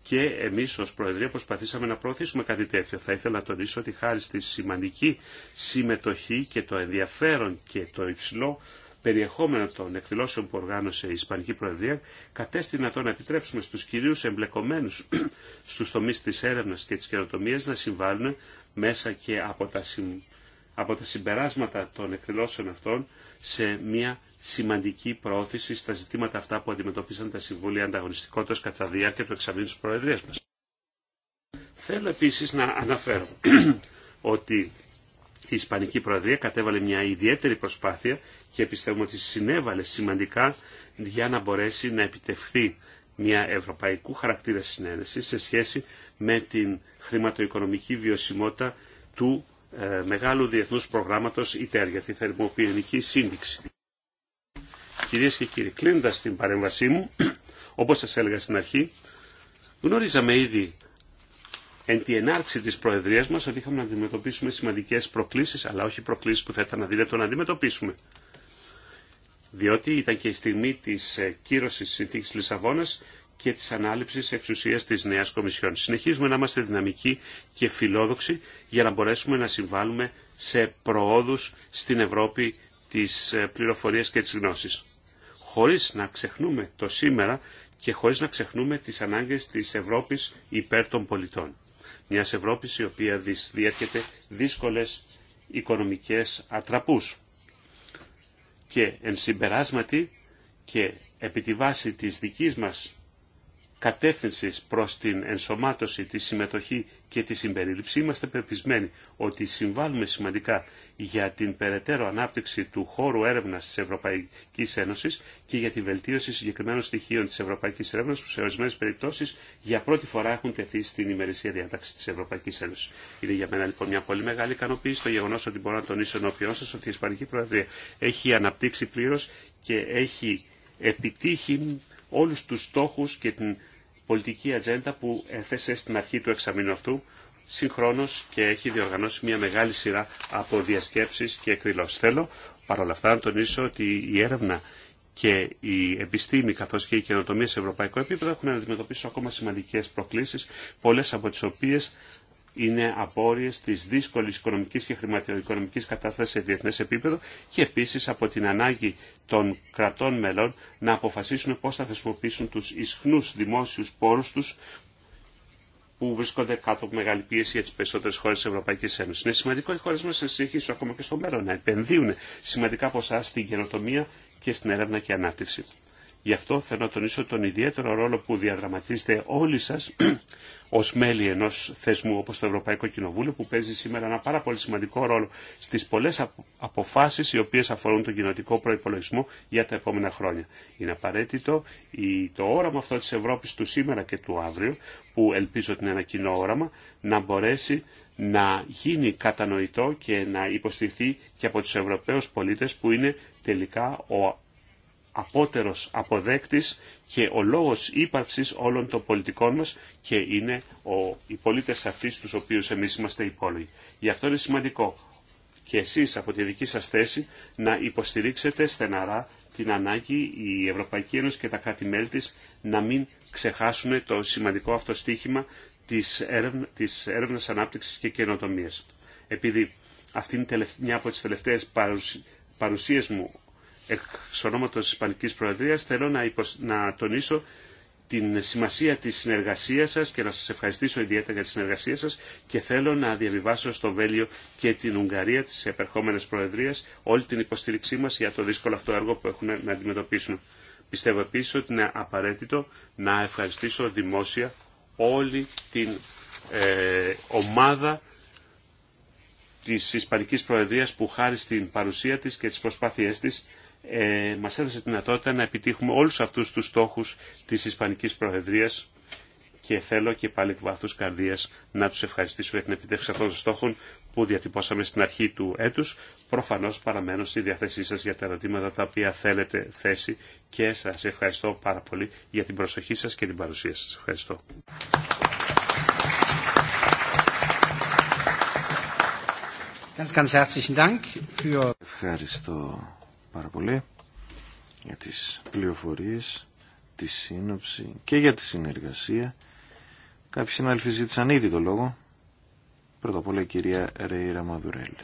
και εμείς ως Προεδρία προσπαθήσαμε να προωθήσουμε κάτι τέτοιο. Θα ήθελα να τονίσω ότι χάρη στη σημαντική συμμετοχή και το ενδιαφέρον και το υψηλό περιεχόμενο των εκδηλώσεων που οργάνωσε η Ισπανική Προεδρία κατέστη να τον επιτρέψουμε στους κυρίους εμπλεκομένους στους τομείς της έρευνας και της καινοτομία να συμβάλλουν μέσα και από τα, από τα συμπεράσματα των εκδηλώσεων αυτών σε μια σημαντική προώθηση στα ζητήματα αυτά που αντιμετωπίσαν τα Συμβούλια ανταγωνιστικότητα κατά διάρκεια του εξαμήνου τη Προεδρία μα. Θέλω επίση να αναφέρω ότι η Ισπανική Προεδρία κατέβαλε μια ιδιαίτερη προσπάθεια και πιστεύουμε ότι συνέβαλε σημαντικά για να μπορέσει να επιτευχθεί μια ευρωπαϊκού χαρακτήρα συνένεση σε σχέση με την χρηματοοικονομική βιωσιμότητα του ε, μεγάλου διεθνούς προγράμματος ΙΤΕΡ για τη θερμοπυρηνική σύνδεξη. Κυρίες και κύριοι, κλείνοντας την παρέμβασή μου, όπως σας έλεγα στην αρχή, γνωρίζαμε ήδη εν τη ενάρξη της Προεδρίας μας ότι είχαμε να αντιμετωπίσουμε σημαντικές προκλήσεις, αλλά όχι προκλήσεις που θα ήταν αδύνατο να αντιμετωπίσουμε. Διότι ήταν και η στιγμή της ε, κύρωσης της συνθήκης Λισαβόνας και της ανάληψης εξουσίας της νέας Κομισιόν. Συνεχίζουμε να είμαστε δυναμικοί και φιλόδοξοι για να μπορέσουμε να συμβάλλουμε σε προόδους στην Ευρώπη της ε, πληροφορίας και της γνώσης. Χωρίς να ξεχνούμε το σήμερα και χωρίς να ξεχνούμε τις ανάγκες της Ευρώπης υπέρ των πολιτών μιας Ευρώπης η οποία διέρχεται δύσκολες οικονομικές ατραπούς. Και εν συμπεράσματι και επί τη βάση της δικής μας Κατεύθυνση προς την ενσωμάτωση, τη συμμετοχή και τη συμπερίληψη, είμαστε πεπισμένοι ότι συμβάλλουμε σημαντικά για την περαιτέρω ανάπτυξη του χώρου έρευνας της Ευρωπαϊκή Ένωση και για τη βελτίωση συγκεκριμένων στοιχείων της Ευρωπαϊκής Έρευνας που σε ορισμένε περιπτώσεις για πρώτη φορά έχουν τεθεί στην ημερησία διάταξη της Ευρωπαϊκή Ένωση. Είναι για μένα λοιπόν μια πολύ μεγάλη ικανοποίηση το γεγονός ότι μπορώ να τονίσω ενώπιόν σας ότι η Ισπανική Προεδρία έχει αναπτύξει πλήρως και έχει επιτύχει όλους τους στόχους και την πολιτική ατζέντα που έθεσε στην αρχή του εξαμήνου αυτού συγχρόνως και έχει διοργανώσει μια μεγάλη σειρά από διασκέψεις και εκδηλώσεις. Θέλω παρόλα αυτά να τονίσω ότι η έρευνα και η επιστήμη καθώς και η καινοτομία σε ευρωπαϊκό επίπεδο έχουν να αντιμετωπίσουν ακόμα σημαντικές προκλήσεις, πολλές από τις οποίες είναι απόρριε τη δύσκολη οικονομική και χρηματοοικονομική κατάσταση σε διεθνέ επίπεδο και επίση από την ανάγκη των κρατών μελών να αποφασίσουν πώ θα χρησιμοποιήσουν του ισχνού δημόσιου πόρου του που βρίσκονται κάτω από μεγάλη πίεση για τι περισσότερε χώρε τη Ευρωπαϊκή Ένωση. Είναι σημαντικό οι χώρε μα να συνεχίσουν ακόμα και στο μέλλον να επενδύουν σημαντικά ποσά στην καινοτομία και στην έρευνα και ανάπτυξη. Γι' αυτό θέλω να τονίσω τον ιδιαίτερο ρόλο που διαδραματίζετε όλοι σας ως μέλη ενός θεσμού όπως το Ευρωπαϊκό Κοινοβούλιο που παίζει σήμερα ένα πάρα πολύ σημαντικό ρόλο στις πολλές αποφάσεις οι οποίες αφορούν τον κοινοτικό προϋπολογισμό για τα επόμενα χρόνια. Είναι απαραίτητο το όραμα αυτό της Ευρώπης του σήμερα και του αύριο που ελπίζω ότι είναι ένα κοινό όραμα να μπορέσει να γίνει κατανοητό και να υποστηθεί και από τους Ευρωπαίους πολίτες που είναι τελικά ο απότερος αποδέκτης και ο λόγος ύπαρξης όλων των πολιτικών μας και είναι ο, οι πολίτες αυτοί στους οποίους εμείς είμαστε υπόλογοι. Γι' αυτό είναι σημαντικό και εσείς από τη δική σας θέση να υποστηρίξετε στεναρά την ανάγκη η Ευρωπαϊκή Ένωση και τα κράτη-μέλη της να μην ξεχάσουν το σημαντικό αυτό στίχημα της, έρευνα, της έρευνας ανάπτυξης και καινοτομίας. Επειδή αυτή είναι μια από τις τελευταίες παρουσίες μου Εκ ονόματος τη Ισπανικής Προεδρίας θέλω να, να τονίσω την σημασία της συνεργασίας σας και να σας ευχαριστήσω ιδιαίτερα για τη συνεργασία σας και θέλω να διαβιβάσω στο Βέλιο και την Ουγγαρία της επερχόμενης προεδρίας όλη την υποστήριξή μας για το δύσκολο αυτό έργο που έχουν να αντιμετωπίσουν. Πιστεύω επίση ότι είναι απαραίτητο να ευχαριστήσω δημόσια όλη την ε, ομάδα της Ισπανικής Προεδρίας που χάρη στην παρουσία της και τις προσπάθειές της ε, μας έδωσε τη δυνατότητα να επιτύχουμε όλους αυτούς τους στόχους της Ισπανικής Προεδρίας και θέλω και πάλι εκ βάθους καρδίας να τους ευχαριστήσω για την επιτεύξη αυτών των στόχων που διατυπώσαμε στην αρχή του έτους. Προφανώς παραμένω στη διάθεσή σας για τα ερωτήματα τα οποία θέλετε θέση και σας ευχαριστώ πάρα πολύ για την προσοχή σας και την παρουσία σας. Ευχαριστώ πάρα πολύ για τις πληροφορίες, τη σύνοψη και για τη συνεργασία. Κάποιοι συνάδελφοι ζήτησαν ήδη το λόγο. Πρώτα απ' όλα η κυρία Ρέιρα Μαδουρέλη.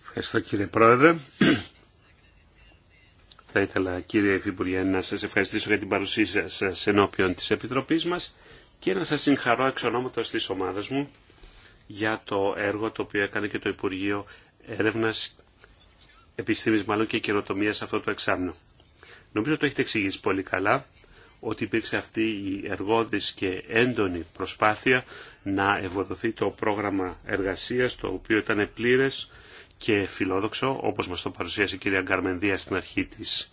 Ευχαριστώ κύριε Πρόεδρε. Θα ήθελα κύριε Υφυπουργέ να σας ευχαριστήσω για την παρουσία σας ενώπιον της Επιτροπής μας και να σας συγχαρώ εξ ονόματος της ομάδας μου για το έργο το οποίο έκανε και το Υπουργείο Έρευνας Επιστήμης μάλλον και καινοτομία σε αυτό το εξάμεινο. Νομίζω το έχετε εξηγήσει πολύ καλά ότι υπήρξε αυτή η εργόδης και έντονη προσπάθεια να ευοδοθεί το πρόγραμμα εργασίας το οποίο ήταν πλήρες και φιλόδοξο όπως μας το παρουσίασε η κυρία Γκαρμενδία στην αρχή της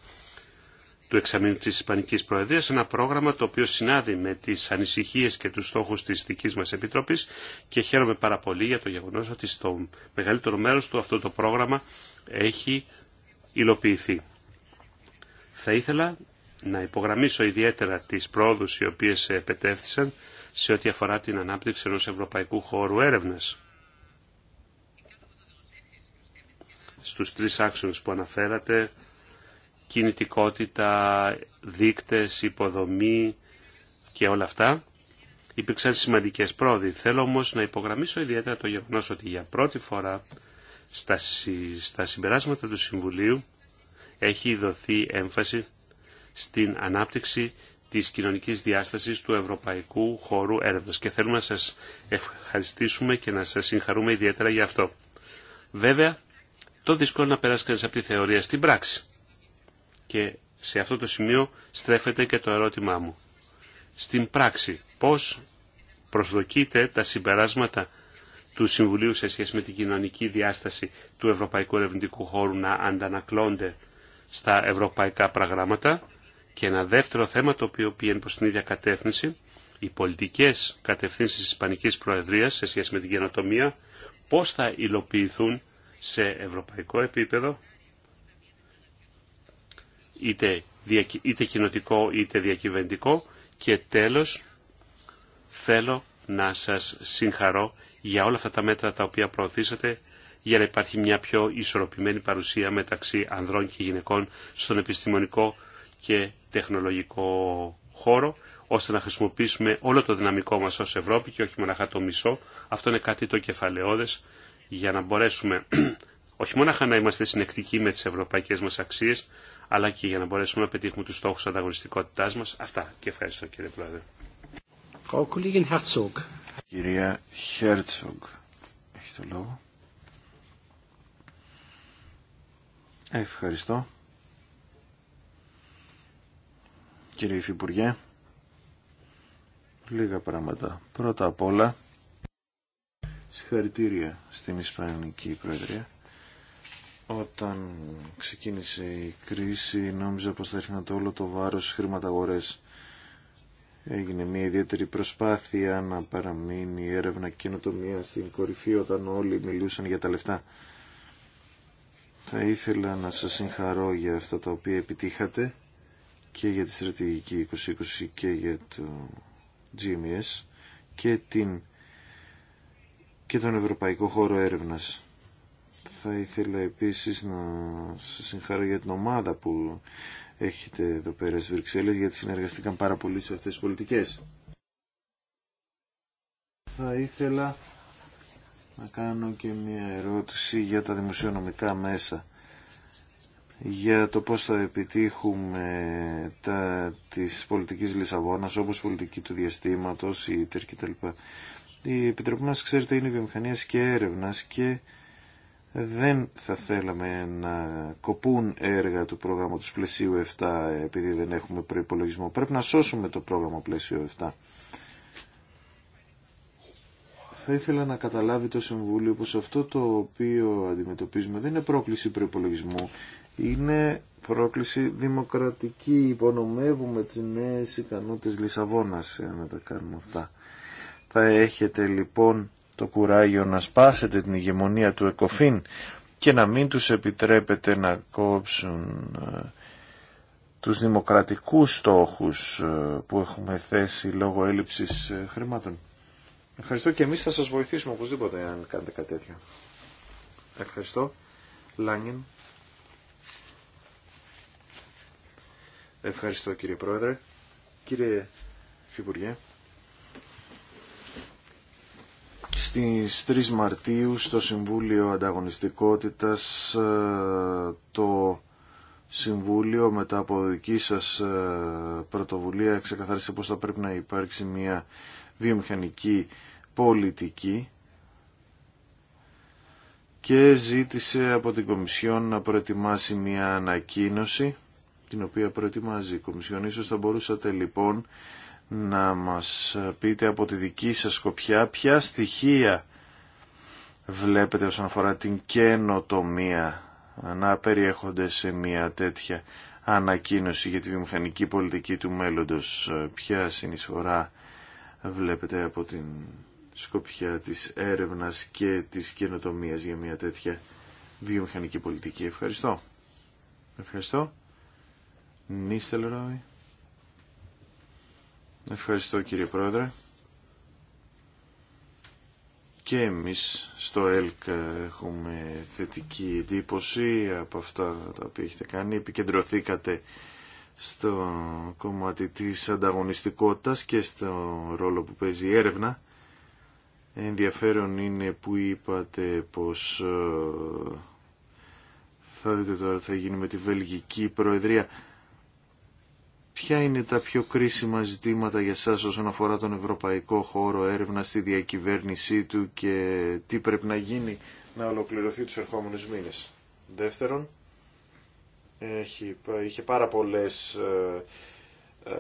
του εξαμήνου της Ισπανικής Προεδρίας, ένα πρόγραμμα το οποίο συνάδει με τις ανησυχίες και τους στόχους της δικής μας Επιτροπής και χαίρομαι πάρα πολύ για το γεγονός ότι στο μεγαλύτερο μέρος του αυτό το πρόγραμμα έχει υλοποιηθεί. Θα ήθελα να υπογραμμίσω ιδιαίτερα τις πρόοδους οι οποίες επετέφθησαν σε ό,τι αφορά την ανάπτυξη ενός ευρωπαϊκού χώρου έρευνα. Στους τρεις άξονες που αναφέρατε, κινητικότητα, δείκτες, υποδομή και όλα αυτά. Υπήρξαν σημαντικές πρόοδοι. Θέλω όμως να υπογραμμίσω ιδιαίτερα το γεγονός ότι για πρώτη φορά στα, στα συμπεράσματα του Συμβουλίου έχει δοθεί έμφαση στην ανάπτυξη της κοινωνικής διάστασης του Ευρωπαϊκού Χώρου Έρευνας και θέλουμε να σας ευχαριστήσουμε και να σας συγχαρούμε ιδιαίτερα για αυτό. Βέβαια, το δύσκολο να περάσει κανείς από τη θεωρία στην πράξη. Και σε αυτό το σημείο στρέφεται και το ερώτημά μου. Στην πράξη, πώς προσδοκείτε τα συμπεράσματα του Συμβουλίου σε σχέση με την κοινωνική διάσταση του Ευρωπαϊκού Ερευνητικού Χώρου να αντανακλώνται στα ευρωπαϊκά προγράμματα. Και ένα δεύτερο θέμα το οποίο πηγαίνει προς την ίδια κατεύθυνση, οι πολιτικές κατευθύνσεις της Ισπανικής Προεδρίας σε σχέση με την καινοτομία, πώς θα υλοποιηθούν σε ευρωπαϊκό επίπεδο είτε, είτε κοινοτικό είτε διακυβερνητικό και τέλος θέλω να σας συγχαρώ για όλα αυτά τα μέτρα τα οποία προωθήσατε για να υπάρχει μια πιο ισορροπημένη παρουσία μεταξύ ανδρών και γυναικών στον επιστημονικό και τεχνολογικό χώρο, ώστε να χρησιμοποιήσουμε όλο το δυναμικό μας ως Ευρώπη και όχι μοναχά το μισό. Αυτό είναι κάτι το κεφαλαιόδες για να μπορέσουμε όχι μόνο να είμαστε συνεκτικοί με τις ευρωπαϊκές μας αξίες, αλλά και για να μπορέσουμε να πετύχουμε τους στόχους ανταγωνιστικότητάς μας. Αυτά και ευχαριστώ κύριε Πρόεδρε. Κυρία Χέρτσογκ, έχει το λόγο. Ευχαριστώ. Κύριε Υφυπουργέ, λίγα πράγματα. Πρώτα απ' όλα, συγχαρητήρια στην Ισπανική Προεδρία όταν ξεκίνησε η κρίση νόμιζα πως θα έρχεται όλο το βάρος στις χρηματαγορές. Έγινε μια ιδιαίτερη προσπάθεια να παραμείνει η έρευνα καινοτομία στην κορυφή όταν όλοι μιλούσαν για τα λεφτά. Θα ήθελα να σας συγχαρώ για αυτά τα οποία επιτύχατε και για τη στρατηγική 2020 και για το GMS και, την... και τον Ευρωπαϊκό Χώρο Έρευνας. Θα ήθελα επίσης να σας συγχαρώ για την ομάδα που έχετε εδώ πέρα στις Βρυξέλλες γιατί συνεργαστήκαν πάρα πολύ σε αυτές τις πολιτικές. Θα ήθελα να κάνω και μια ερώτηση για τα δημοσιονομικά μέσα για το πώς θα επιτύχουμε τα, της πολιτικής Λισαβόνας όπως πολιτική του διαστήματος, η ΤΕΡ κτλ. Η Επιτροπή μας, ξέρετε, είναι βιομηχανίας και έρευνας και δεν θα θέλαμε να κοπούν έργα του πρόγραμματος πλαισίου 7 επειδή δεν έχουμε προϋπολογισμό. Πρέπει να σώσουμε το πρόγραμμα πλαισίου 7. Θα ήθελα να καταλάβει το Συμβούλιο πως αυτό το οποίο αντιμετωπίζουμε δεν είναι πρόκληση προϋπολογισμού, είναι πρόκληση δημοκρατική. Υπονομεύουμε τις νέες ικανότητες Λισαβόνας να τα κάνουμε αυτά. Θα έχετε λοιπόν το κουράγιο να σπάσετε την ηγεμονία του ΕΚΟΦΗΝ και να μην τους επιτρέπετε να κόψουν ε, τους δημοκρατικούς στόχους ε, που έχουμε θέσει λόγω έλλειψης ε, χρημάτων. Ευχαριστώ και εμείς θα σας βοηθήσουμε οπωσδήποτε αν κάνετε κάτι τέτοιο. Ευχαριστώ. Λάγιν. Ευχαριστώ κύριε Πρόεδρε. Κύριε Φιβουργέ. στις 3 Μαρτίου στο Συμβούλιο Ανταγωνιστικότητας ε, το Συμβούλιο μετά από δική σας ε, πρωτοβουλία ξεκαθάρισε πως θα πρέπει να υπάρξει μια βιομηχανική πολιτική και ζήτησε από την Κομισιόν να προετοιμάσει μια ανακοίνωση την οποία προετοιμάζει η Κομισιόν. Ίσως θα μπορούσατε λοιπόν να μας πείτε από τη δική σας σκοπιά ποια στοιχεία βλέπετε όσον αφορά την καινοτομία να περιέχονται σε μια τέτοια ανακοίνωση για τη βιομηχανική πολιτική του μέλλοντος. Ποια συνεισφορά βλέπετε από την σκοπιά της έρευνας και της καινοτομίας για μια τέτοια βιομηχανική πολιτική. Ευχαριστώ. Ευχαριστώ. Νίστελ Ρόι. Ευχαριστώ κύριε Πρόεδρε. Και εμείς στο ΕΛΚ έχουμε θετική εντύπωση από αυτά τα οποία έχετε κάνει. Επικεντρωθήκατε στο κομμάτι της ανταγωνιστικότητας και στο ρόλο που παίζει η έρευνα. Ενδιαφέρον είναι που είπατε πως ε, θα δείτε τώρα θα γίνει με τη Βελγική Προεδρία Ποια είναι τα πιο κρίσιμα ζητήματα για σας όσον αφορά τον ευρωπαϊκό χώρο έρευνα στη διακυβέρνησή του και τι πρέπει να γίνει να ολοκληρωθεί τους ερχόμενους μήνες. Δεύτερον, είχε πάρα πολλές ε, ε,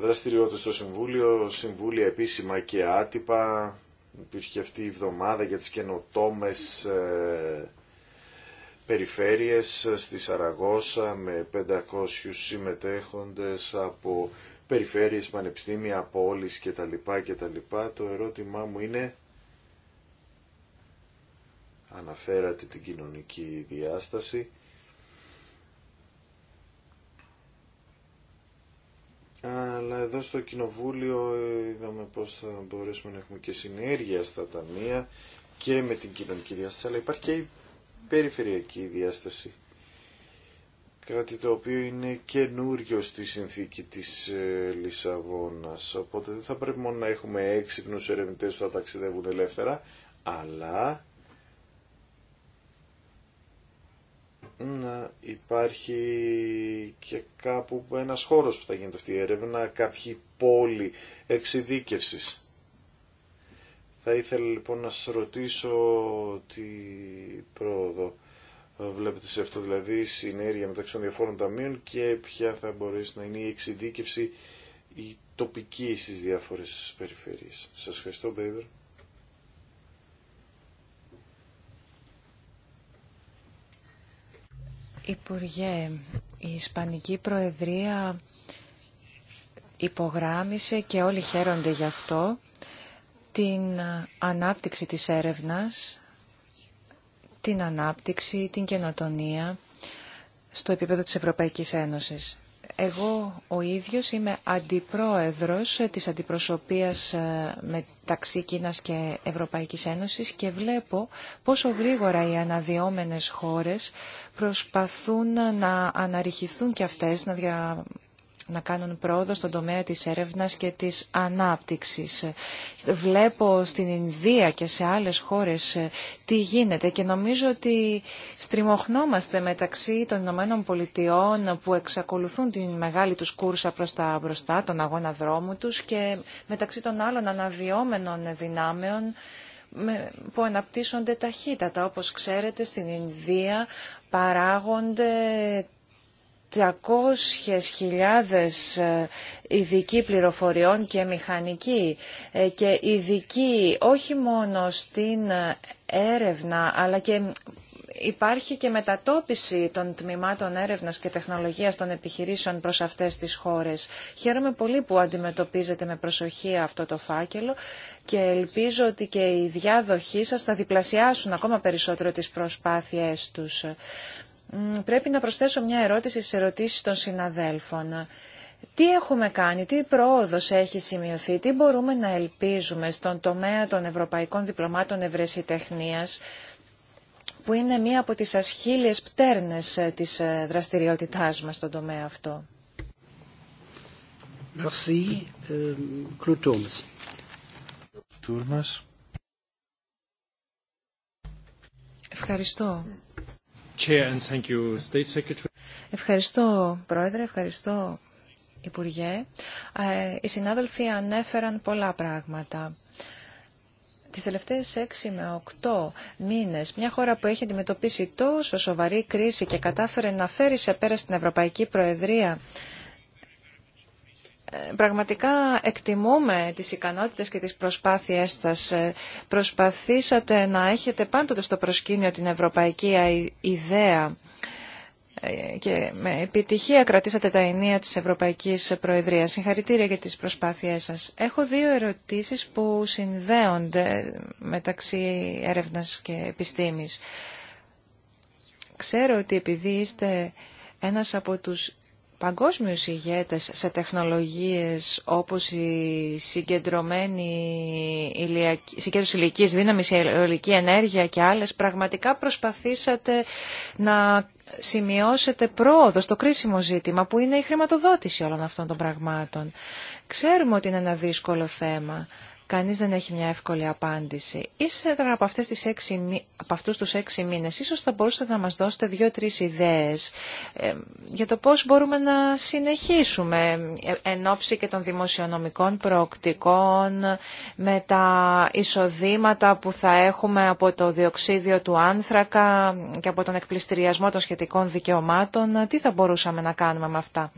δραστηριότητες στο Συμβούλιο, Συμβούλια επίσημα και άτυπα. Υπήρχε αυτή η εβδομάδα για τις καινοτόμες ε, περιφέρειες ε, στη Σαραγώσα με 500 συμμετέχοντες από περιφέρειες, πανεπιστήμια, πόλεις κτλ. Το ερώτημά μου είναι, αναφέρατε την κοινωνική διάσταση, Αλλά εδώ στο Κοινοβούλιο ε, είδαμε πώς θα μπορέσουμε να έχουμε και συνέργεια στα ταμεία και με την κοινωνική διάσταση. Αλλά υπάρχει περιφερειακή διάσταση. Κάτι το οποίο είναι καινούριο στη συνθήκη της ε, Λισαβόνας. Οπότε δεν θα πρέπει μόνο να έχουμε έξυπνους ερευνητές που θα ταξιδεύουν ελεύθερα, αλλά να υπάρχει και κάπου ένας χώρος που θα γίνεται αυτή η έρευνα, κάποιοι πόλη εξειδίκευσης. Θα ήθελα λοιπόν να σας ρωτήσω τι πρόοδο βλέπετε σε αυτό, δηλαδή η συνέργεια μεταξύ των διαφόρων ταμείων και ποια θα μπορέσει να είναι η εξειδίκευση η τοπική στις διάφορες περιφέρειες. Σας ευχαριστώ, Μπέιβερ. Υπουργέ, η Ισπανική Προεδρία υπογράμμισε και όλοι χαίρονται γι' αυτό την ανάπτυξη της έρευνας, την ανάπτυξη, την καινοτονία στο επίπεδο της Ευρωπαϊκής Ένωσης. Εγώ ο ίδιος είμαι αντιπρόεδρος της αντιπροσωπείας ε, μεταξύ Κίνας και Ευρωπαϊκής Ένωσης και βλέπω πόσο γρήγορα οι αναδυόμενες χώρες προσπαθούν να αναρριχηθούν και αυτές, να δια να κάνουν πρόοδο στον τομέα της έρευνας και της ανάπτυξης. Βλέπω στην Ινδία και σε άλλες χώρες ε, τι γίνεται και νομίζω ότι στριμωχνόμαστε μεταξύ των Ηνωμένων Πολιτειών που εξακολουθούν την μεγάλη τους κούρσα προς τα μπροστά, τον αγώνα δρόμου τους και μεταξύ των άλλων αναδυόμενων δυνάμεων που αναπτύσσονται ταχύτατα. Όπως ξέρετε, στην Ινδία παράγονται 300.000 ε, ειδικοί πληροφοριών και μηχανικοί ε, και ειδικοί όχι μόνο στην ε, έρευνα αλλά και υπάρχει και μετατόπιση των τμήματων έρευνας και τεχνολογίας των επιχειρήσεων προς αυτές τις χώρες. Χαίρομαι πολύ που αντιμετωπίζετε με προσοχή αυτό το φάκελο και ελπίζω ότι και οι διάδοχοί σας θα διπλασιάσουν ακόμα περισσότερο τις προσπάθειές τους πρέπει να προσθέσω μια ερώτηση στις ερωτήσεις των συναδέλφων. Τι έχουμε κάνει, τι πρόοδος έχει σημειωθεί, τι μπορούμε να ελπίζουμε στον τομέα των Ευρωπαϊκών Διπλωμάτων Ευρεσιτεχνίας, που είναι μία από τις ασχήλιες πτέρνες ε, της ε, δραστηριότητάς μας στον τομέα αυτό. Ε, Ευχαριστώ. Ευχαριστώ, Πρόεδρε, ευχαριστώ, Υπουργέ. Ε, οι συνάδελφοι ανέφεραν πολλά πράγματα. Τις τελευταίες 6 με 8 μήνες, μια χώρα που έχει αντιμετωπίσει τόσο σοβαρή κρίση και κατάφερε να φέρει σε πέρα στην Ευρωπαϊκή Προεδρία ε, πραγματικά εκτιμούμε τις ικανότητες και τις προσπάθειές σας. Ε, προσπαθήσατε να έχετε πάντοτε στο προσκήνιο την ευρωπαϊκή ιδέα ε, και με επιτυχία κρατήσατε τα ενία της Ευρωπαϊκής Προεδρίας. Συγχαρητήρια για τις προσπάθειές σας. Έχω δύο ερωτήσεις που συνδέονται μεταξύ έρευνας και επιστήμης. Ξέρω ότι επειδή είστε ένας από τους παγκόσμιους ηγέτες σε τεχνολογίες όπως η συγκεντρωμένη ηλιακή, συγκέντρωση ηλικής δύναμης, η αιωλική ενέργεια και άλλες, πραγματικά προσπαθήσατε να σημειώσετε πρόοδο στο κρίσιμο ζήτημα που είναι η χρηματοδότηση όλων αυτών των πραγμάτων. Ξέρουμε ότι είναι ένα δύσκολο θέμα. Κανείς δεν έχει μια εύκολη απάντηση. Ύστερα από, αυτές τις έξι, από αυτούς τους έξι μήνες, ίσως θα μπορούσατε να μας δώσετε δύο-τρεις ιδέες ε, για το πώς μπορούμε να συνεχίσουμε ε, εν ώψη και των δημοσιονομικών προοκτικών, με τα εισοδήματα που θα έχουμε από το διοξίδιο του άνθρακα και από τον εκπληστηριασμό των σχετικών δικαιωμάτων. Τι θα μπορούσαμε να κάνουμε με αυτά.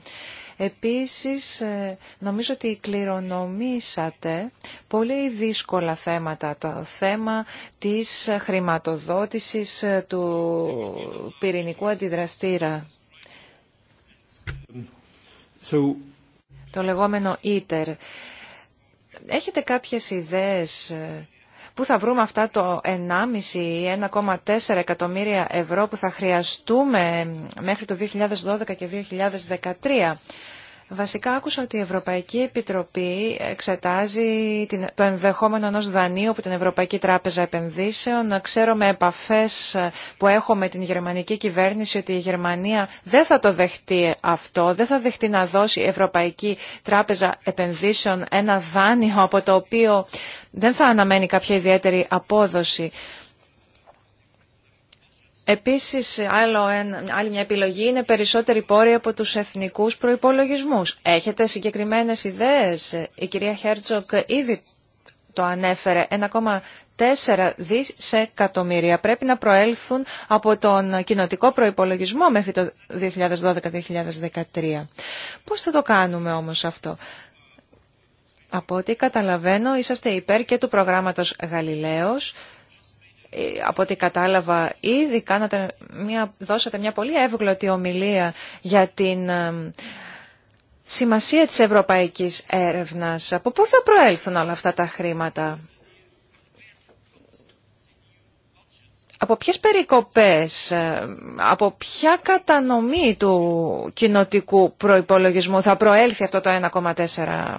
Επίσης, ε, νομίζω ότι κληρονομήσατε πολύ δύσκολα θέματα. Το θέμα της χρηματοδότησης ε, του πυρηνικού αντιδραστήρα. Το λεγόμενο ITER. Έχετε κάποιες ιδέες ε, Πού θα βρούμε αυτά το 1,5 ή 1,4 εκατομμύρια ευρώ που θα χρειαστούμε μέχρι το 2012 και 2013. Βασικά άκουσα ότι η Ευρωπαϊκή Επιτροπή εξετάζει το ενδεχόμενο ενός δανείου από την Ευρωπαϊκή Τράπεζα Επενδύσεων. Ξέρω με επαφές που έχω με την γερμανική κυβέρνηση ότι η Γερμανία δεν θα το δεχτεί αυτό, δεν θα δεχτεί να δώσει η Ευρωπαϊκή Τράπεζα Επενδύσεων ένα δάνειο από το οποίο δεν θα αναμένει κάποια ιδιαίτερη απόδοση. Επίσης, άλλο άλλη μια επιλογή είναι περισσότεροι πόροι από τους εθνικούς προϋπολογισμούς. Έχετε συγκεκριμένες ιδέες. Η κυρία Χέρτσοκ ήδη το ανέφερε. 1,4 δισεκατομμύρια πρέπει να προέλθουν από τον κοινοτικό προϋπολογισμό μέχρι το 2012-2013. Πώς θα το κάνουμε όμως αυτό. Από ό,τι καταλαβαίνω, είσαστε υπέρ και του προγράμματος Γαλιλαίος ε, από ό,τι κατάλαβα, ήδη κάνατε μια, δώσατε μια πολύ εύγλωτη ομιλία για την ε, σημασία της ευρωπαϊκής έρευνας. Από πού θα προέλθουν όλα αυτά τα χρήματα. Από ποιες περικοπές, ε, από ποια κατανομή του κοινοτικού προϋπολογισμού θα προέλθει αυτό το 1,4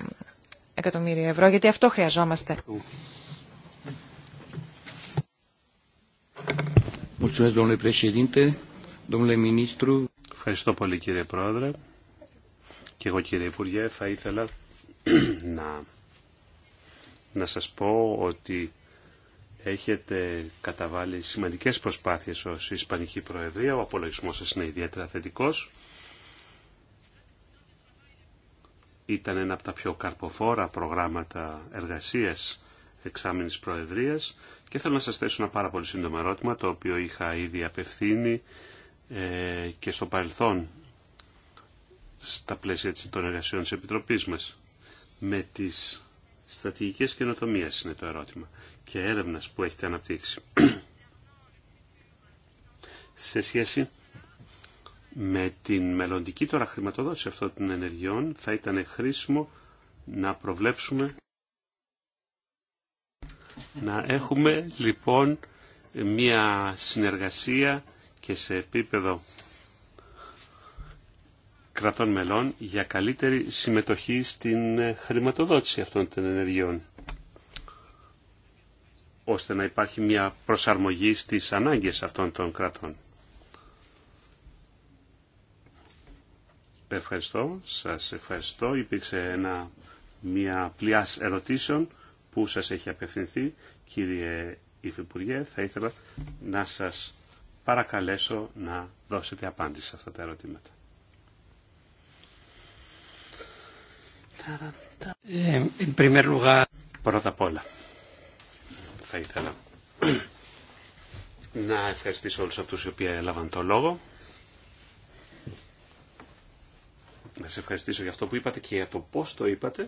εκατομμύριο ευρώ, γιατί αυτό χρειαζόμαστε. Ευχαριστώ πολύ κύριε Πρόεδρε. Και εγώ κύριε Υπουργέ θα ήθελα να, να σας πω ότι έχετε καταβάλει σημαντικές προσπάθειες ως Ισπανική Προεδρία. Ο απολογισμός σας είναι ιδιαίτερα θετικός. Ήταν ένα από τα πιο καρποφόρα προγράμματα εργασίας εξάμενης προεδρίας και θέλω να σας θέσω ένα πάρα πολύ σύντομο ερώτημα το οποίο είχα ήδη απευθύνει ε, και στο παρελθόν στα πλαίσια των εργασιών της Επιτροπής μας με τις στρατηγικέ καινοτομίε. είναι το ερώτημα και έρευνας που έχετε αναπτύξει σε σχέση με την μελλοντική τώρα χρηματοδότηση αυτών των ενεργειών θα ήταν χρήσιμο να προβλέψουμε να έχουμε λοιπόν μια συνεργασία και σε επίπεδο κρατών μελών για καλύτερη συμμετοχή στην ε, χρηματοδότηση αυτών των ενεργειών ώστε να υπάρχει μια προσαρμογή στις ανάγκες αυτών των κρατών. Ευχαριστώ, σας ευχαριστώ. Υπήρξε ένα, μια πλειάς ερωτήσεων που σας έχει απευθυνθεί, κύριε Υφυπουργέ, θα ήθελα να σας παρακαλέσω να δώσετε απάντηση σε αυτά τα ερωτήματα. Ε, lugar... Πρώτα απ' όλα, θα ήθελα να ευχαριστήσω όλους αυτούς οι οποίοι έλαβαν το λόγο. Να σε ευχαριστήσω για αυτό που είπατε και για το πώς το είπατε.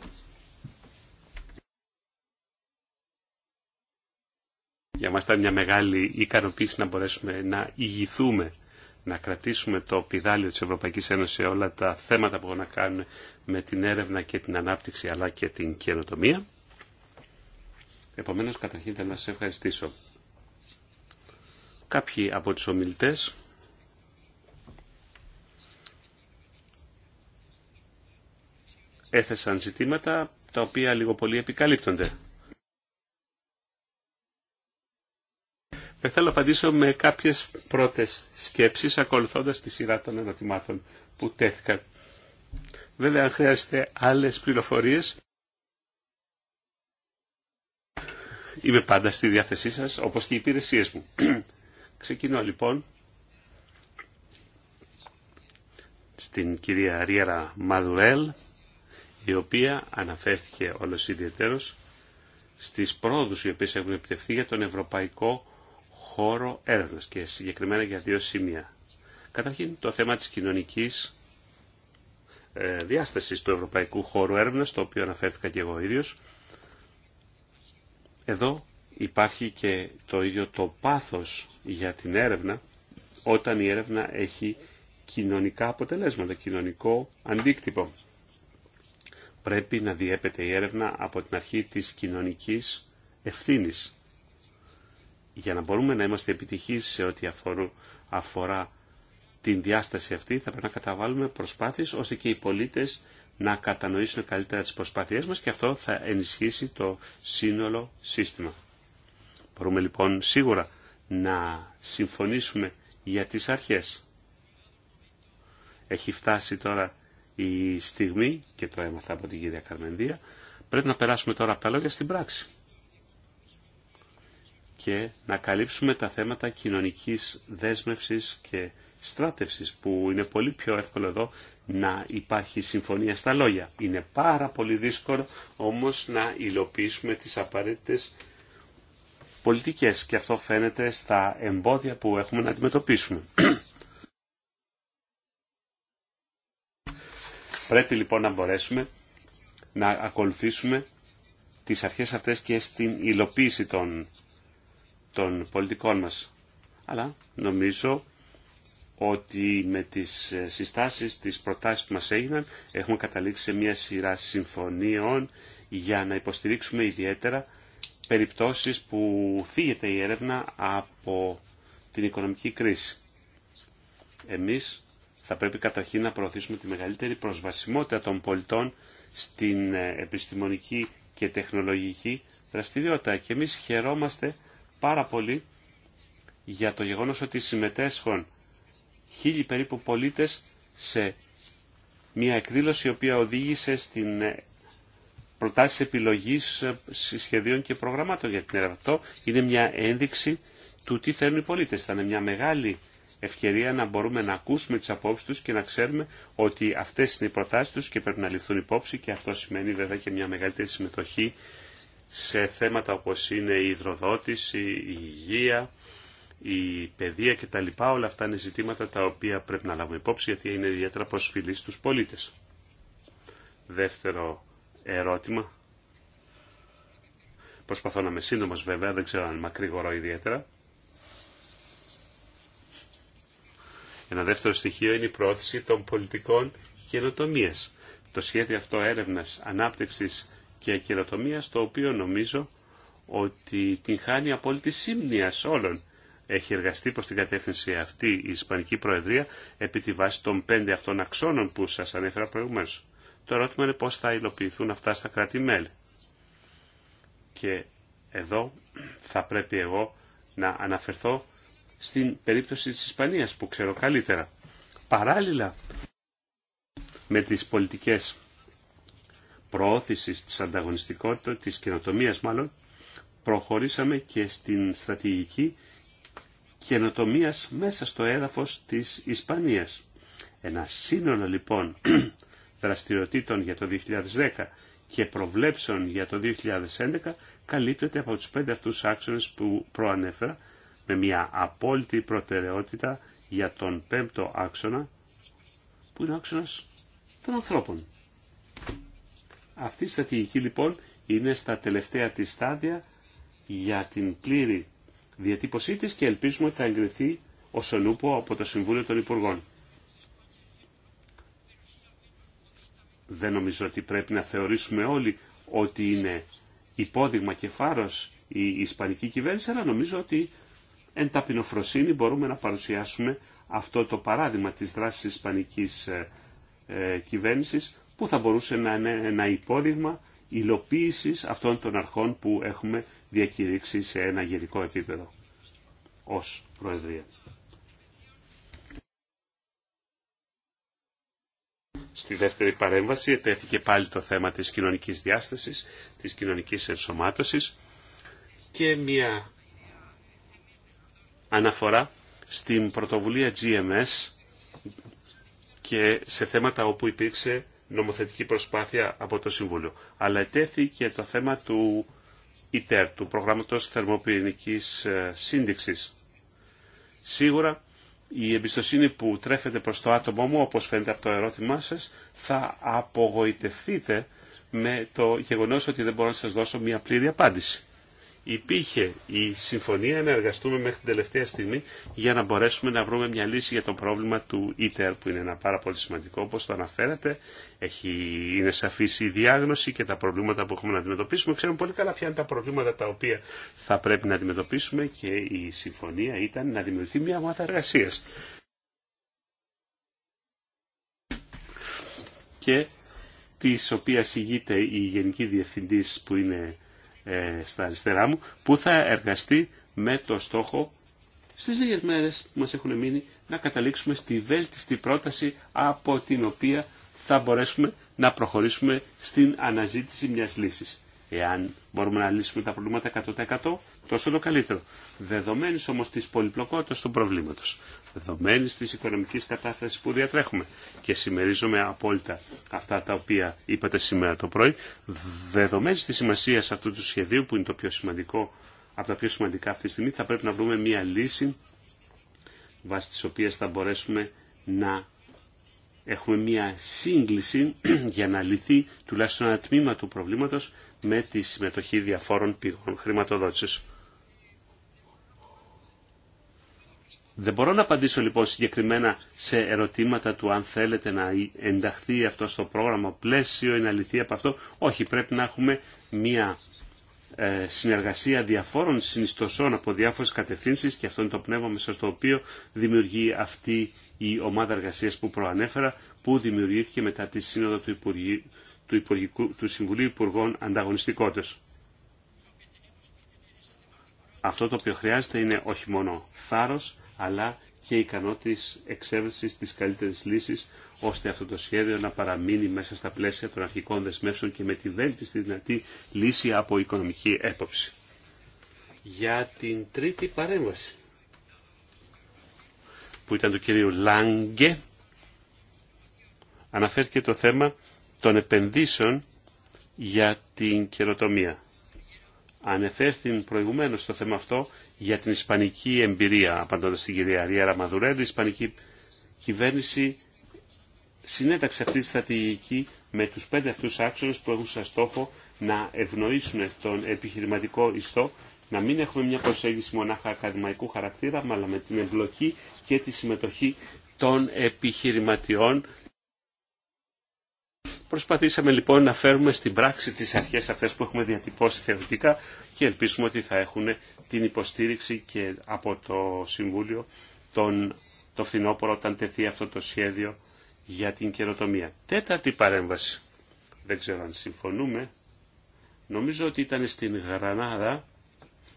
Για μας ήταν μια μεγάλη ικανοποίηση να μπορέσουμε να ηγηθούμε, να κρατήσουμε το πιδάλιο της Ευρωπαϊκής Ένωσης σε όλα τα θέματα που έχουν να κάνουν με την έρευνα και την ανάπτυξη αλλά και την καινοτομία. Επομένως, καταρχήν θέλω να σας ευχαριστήσω. Κάποιοι από τους ομιλητές έθεσαν ζητήματα τα οποία λίγο πολύ επικαλύπτονται. Ε, θέλω να απαντήσω με κάποιες πρώτες σκέψεις ακολουθώντας τη σειρά των ερωτημάτων που τέθηκαν. Βέβαια, αν χρειάζεται άλλες πληροφορίες, είμαι πάντα στη διάθεσή σας, όπως και οι υπηρεσίες μου. Ξεκινώ λοιπόν στην κυρία Ρίαρα Μαδουέλ, η οποία αναφέρθηκε όλος ιδιαίτερος στις πρόοδους οι οποίες έχουν επιτευχθεί για τον ευρωπαϊκό χώρο έρευνα και συγκεκριμένα για δύο σημεία. Καταρχήν το θέμα της κοινωνικής ε, διάστασης του ευρωπαϊκού χώρου έρευνας, το οποίο αναφέρθηκα και εγώ ίδιος. Εδώ υπάρχει και το ίδιο το πάθος για την έρευνα, όταν η έρευνα έχει κοινωνικά αποτελέσματα, κοινωνικό αντίκτυπο. Πρέπει να διέπεται η έρευνα από την αρχή της κοινωνικής ευθύνης για να μπορούμε να είμαστε επιτυχείς σε ό,τι αφορά την διάσταση αυτή θα πρέπει να καταβάλουμε προσπάθειες ώστε και οι πολίτες να κατανοήσουν καλύτερα τις προσπάθειές μας και αυτό θα ενισχύσει το σύνολο σύστημα. Μπορούμε λοιπόν σίγουρα να συμφωνήσουμε για τις αρχές. Έχει φτάσει τώρα η στιγμή, και το έμαθα από την κυρία Καρμενδία, πρέπει να περάσουμε τώρα από τα λόγια στην πράξη και να καλύψουμε τα θέματα κοινωνικής δέσμευσης και στράτευσης που είναι πολύ πιο εύκολο εδώ να υπάρχει συμφωνία στα λόγια. Είναι πάρα πολύ δύσκολο όμως να υλοποιήσουμε τις απαραίτητες πολιτικές και αυτό φαίνεται στα εμπόδια που έχουμε να αντιμετωπίσουμε. Πρέπει λοιπόν να μπορέσουμε να ακολουθήσουμε τις αρχές αυτές και στην υλοποίηση των των πολιτικών μας. Αλλά νομίζω ότι με τις ε, συστάσεις, τις προτάσεις που μας έγιναν, έχουμε καταλήξει σε μια σειρά συμφωνίων για να υποστηρίξουμε ιδιαίτερα περιπτώσεις που θίγεται η έρευνα από την οικονομική κρίση. Εμείς θα πρέπει καταρχήν να προωθήσουμε τη μεγαλύτερη προσβασιμότητα των πολιτών στην ε, επιστημονική και τεχνολογική δραστηριότητα. Και εμείς χαιρόμαστε πάρα πολύ για το γεγονός ότι συμμετέσχουν χίλιοι περίπου πολίτες σε μια εκδήλωση η οποία οδήγησε στην ε, προτάσεις επιλογής ε, σχεδίων και προγραμμάτων για την έρευνα. είναι μια ένδειξη του τι θέλουν οι πολίτες. Θα είναι μια μεγάλη ευκαιρία να μπορούμε να ακούσουμε τις απόψεις τους και να ξέρουμε ότι αυτές είναι οι προτάσεις τους και πρέπει να ληφθούν υπόψη και αυτό σημαίνει βέβαια και μια μεγαλύτερη συμμετοχή σε θέματα όπως είναι η υδροδότηση, η υγεία, η παιδεία κτλ. Όλα αυτά είναι ζητήματα τα οποία πρέπει να λάβουμε υπόψη γιατί είναι ιδιαίτερα προσφυλή στους πολίτες. Δεύτερο ερώτημα. Προσπαθώ να είμαι σύντομος βέβαια, δεν ξέρω αν μακρύγορο ιδιαίτερα. Ένα δεύτερο στοιχείο είναι η πρόθεση των πολιτικών καινοτομία. Το σχέδιο αυτό έρευνας, ανάπτυξης και καινοτομία, το οποίο νομίζω ότι την χάνει απόλυτη σύμνοια όλων. Έχει εργαστεί προς την κατεύθυνση αυτή η Ισπανική Προεδρία επί τη βάση των πέντε αυτών αξώνων που σας ανέφερα προηγουμένως. Το ερώτημα είναι πώς θα υλοποιηθούν αυτά στα κράτη-μέλη. Και εδώ θα πρέπει εγώ να αναφερθώ στην περίπτωση της Ισπανίας που ξέρω καλύτερα. Παράλληλα με τις πολιτικές προώθησης της ανταγωνιστικότητας, της καινοτομίας μάλλον, προχωρήσαμε και στην στρατηγική καινοτομία μέσα στο έδαφος της Ισπανίας. Ένα σύνολο λοιπόν δραστηριοτήτων για το 2010 και προβλέψεων για το 2011 καλύπτεται από τους πέντε αυτούς άξονες που προανέφερα με μια απόλυτη προτεραιότητα για τον πέμπτο άξονα που είναι ο άξονας των ανθρώπων. Αυτή η στρατηγική λοιπόν είναι στα τελευταία της στάδια για την πλήρη διατύπωσή της και ελπίζουμε ότι θα εγκριθεί ως ενούπο από το Συμβούλιο των Υπουργών. Δεν νομίζω ότι πρέπει να θεωρήσουμε όλοι ότι είναι υπόδειγμα και φάρος η Ισπανική κυβέρνηση, αλλά νομίζω ότι εν ταπεινοφροσύνη μπορούμε να παρουσιάσουμε αυτό το παράδειγμα της δράσης της Ισπανικής ε, ε, που θα μπορούσε να είναι ένα υπόδειγμα υλοποίησης αυτών των αρχών που έχουμε διακηρύξει σε ένα γενικό επίπεδο ως Προεδρία. Στη δεύτερη παρέμβαση ετέθηκε πάλι το θέμα της κοινωνικής διάστασης, της κοινωνικής ενσωμάτωσης και μια αναφορά στην πρωτοβουλία GMS και σε θέματα όπου υπήρξε νομοθετική προσπάθεια από το Συμβούλιο. Αλλά ετέθη και το θέμα του ΙΤΕΡ, του Προγράμματος Θερμοπυρηνικής ε, Σύνδεξης. Σίγουρα η εμπιστοσύνη που τρέφεται προς το άτομό μου, όπως φαίνεται από το ερώτημά σας, θα απογοητευτείτε με το γεγονός ότι δεν μπορώ να σας δώσω μια πλήρη απάντηση υπήρχε η συμφωνία να εργαστούμε μέχρι την τελευταία στιγμή για να μπορέσουμε να βρούμε μια λύση για το πρόβλημα του ΙΤΕΡ που είναι ένα πάρα πολύ σημαντικό όπως το αναφέρατε. Έχει, είναι σαφής η διάγνωση και τα προβλήματα που έχουμε να αντιμετωπίσουμε. Ξέρουμε πολύ καλά ποια είναι τα προβλήματα τα οποία θα πρέπει να αντιμετωπίσουμε και η συμφωνία ήταν να δημιουργηθεί μια ομάδα εργασία. Και της οποίας ηγείται η Γενική Διευθυντής που είναι ε, στα αριστερά μου, που θα εργαστεί με το στόχο στις λίγες μέρες που μας έχουν μείνει να καταλήξουμε στη βέλτιστη πρόταση από την οποία θα μπορέσουμε να προχωρήσουμε στην αναζήτηση μιας λύσης. Εάν μπορούμε να λύσουμε τα προβλήματα 100% τόσο το καλύτερο. Δεδομένης όμως της πολυπλοκότητας του προβλήματος δεδομένης της οικονομικής κατάστασης που διατρέχουμε. Και συμμερίζομαι απόλυτα αυτά τα οποία είπατε σήμερα το πρωί, δεδομένης της σημασίας αυτού του σχεδίου που είναι το πιο σημαντικό από τα πιο σημαντικά αυτή τη στιγμή, θα πρέπει να βρούμε μια λύση βάσει της οποίας θα μπορέσουμε να έχουμε μια σύγκληση για να λυθεί τουλάχιστον ένα τμήμα του προβλήματος με τη συμμετοχή διαφόρων πηγών χρηματοδότησης. Δεν μπορώ να απαντήσω λοιπόν συγκεκριμένα σε ερωτήματα του αν θέλετε να ενταχθεί αυτό στο πρόγραμμα πλαίσιο, ομάδα από αυτό. Όχι, πρέπει να έχουμε μία ε, συνεργασία διαφόρων συνιστοσών από διάφορες κατευθύνσεις και αυτό είναι το πνεύμα μέσα στο οποίο δημιουργεί αυτή η ομάδα εργασίας που προανέφερα που δημιουργήθηκε μετά τη σύνοδο του, του, Υπουργικού, του Συμβουλίου Υπουργών Ανταγωνιστικότητας. Αυτό το οποίο χρειάζεται είναι όχι μόνο θάρρος, αλλά και ικανότητες εξέβρεση τη καλύτερη λύση, ώστε αυτό το σχέδιο να παραμείνει μέσα στα πλαίσια των αρχικών δεσμεύσεων και με τη βέλτιστη δυνατή λύση από οικονομική έποψη. Για την τρίτη παρέμβαση, που ήταν του κυρίου Λάγκε, αναφέρθηκε το θέμα των επενδύσεων για την καινοτομία ανεφέρθην προηγουμένως στο θέμα αυτό για την ισπανική εμπειρία, απαντώντας στην κυρία Ριέρα Μαδουρέντου, η ισπανική κυβέρνηση συνέταξε αυτή τη στρατηγική με τους πέντε αυτούς άξονες που έχουν σαν στόχο να ευνοήσουν τον επιχειρηματικό ιστό, να μην έχουμε μια προσέγγιση μονάχα ακαδημαϊκού χαρακτήρα, αλλά με την εμπλοκή και τη συμμετοχή των επιχειρηματιών Προσπαθήσαμε λοιπόν να φέρουμε στην πράξη τις αρχές αυτές που έχουμε διατυπώσει θεωρητικά και ελπίσουμε ότι θα έχουν την υποστήριξη και από το Συμβούλιο τον, το φθινόπωρο όταν τεθεί αυτό το σχέδιο για την καιροτομία. Τέταρτη παρέμβαση. Δεν ξέρω αν συμφωνούμε. Νομίζω ότι ήταν στην Γρανάδα,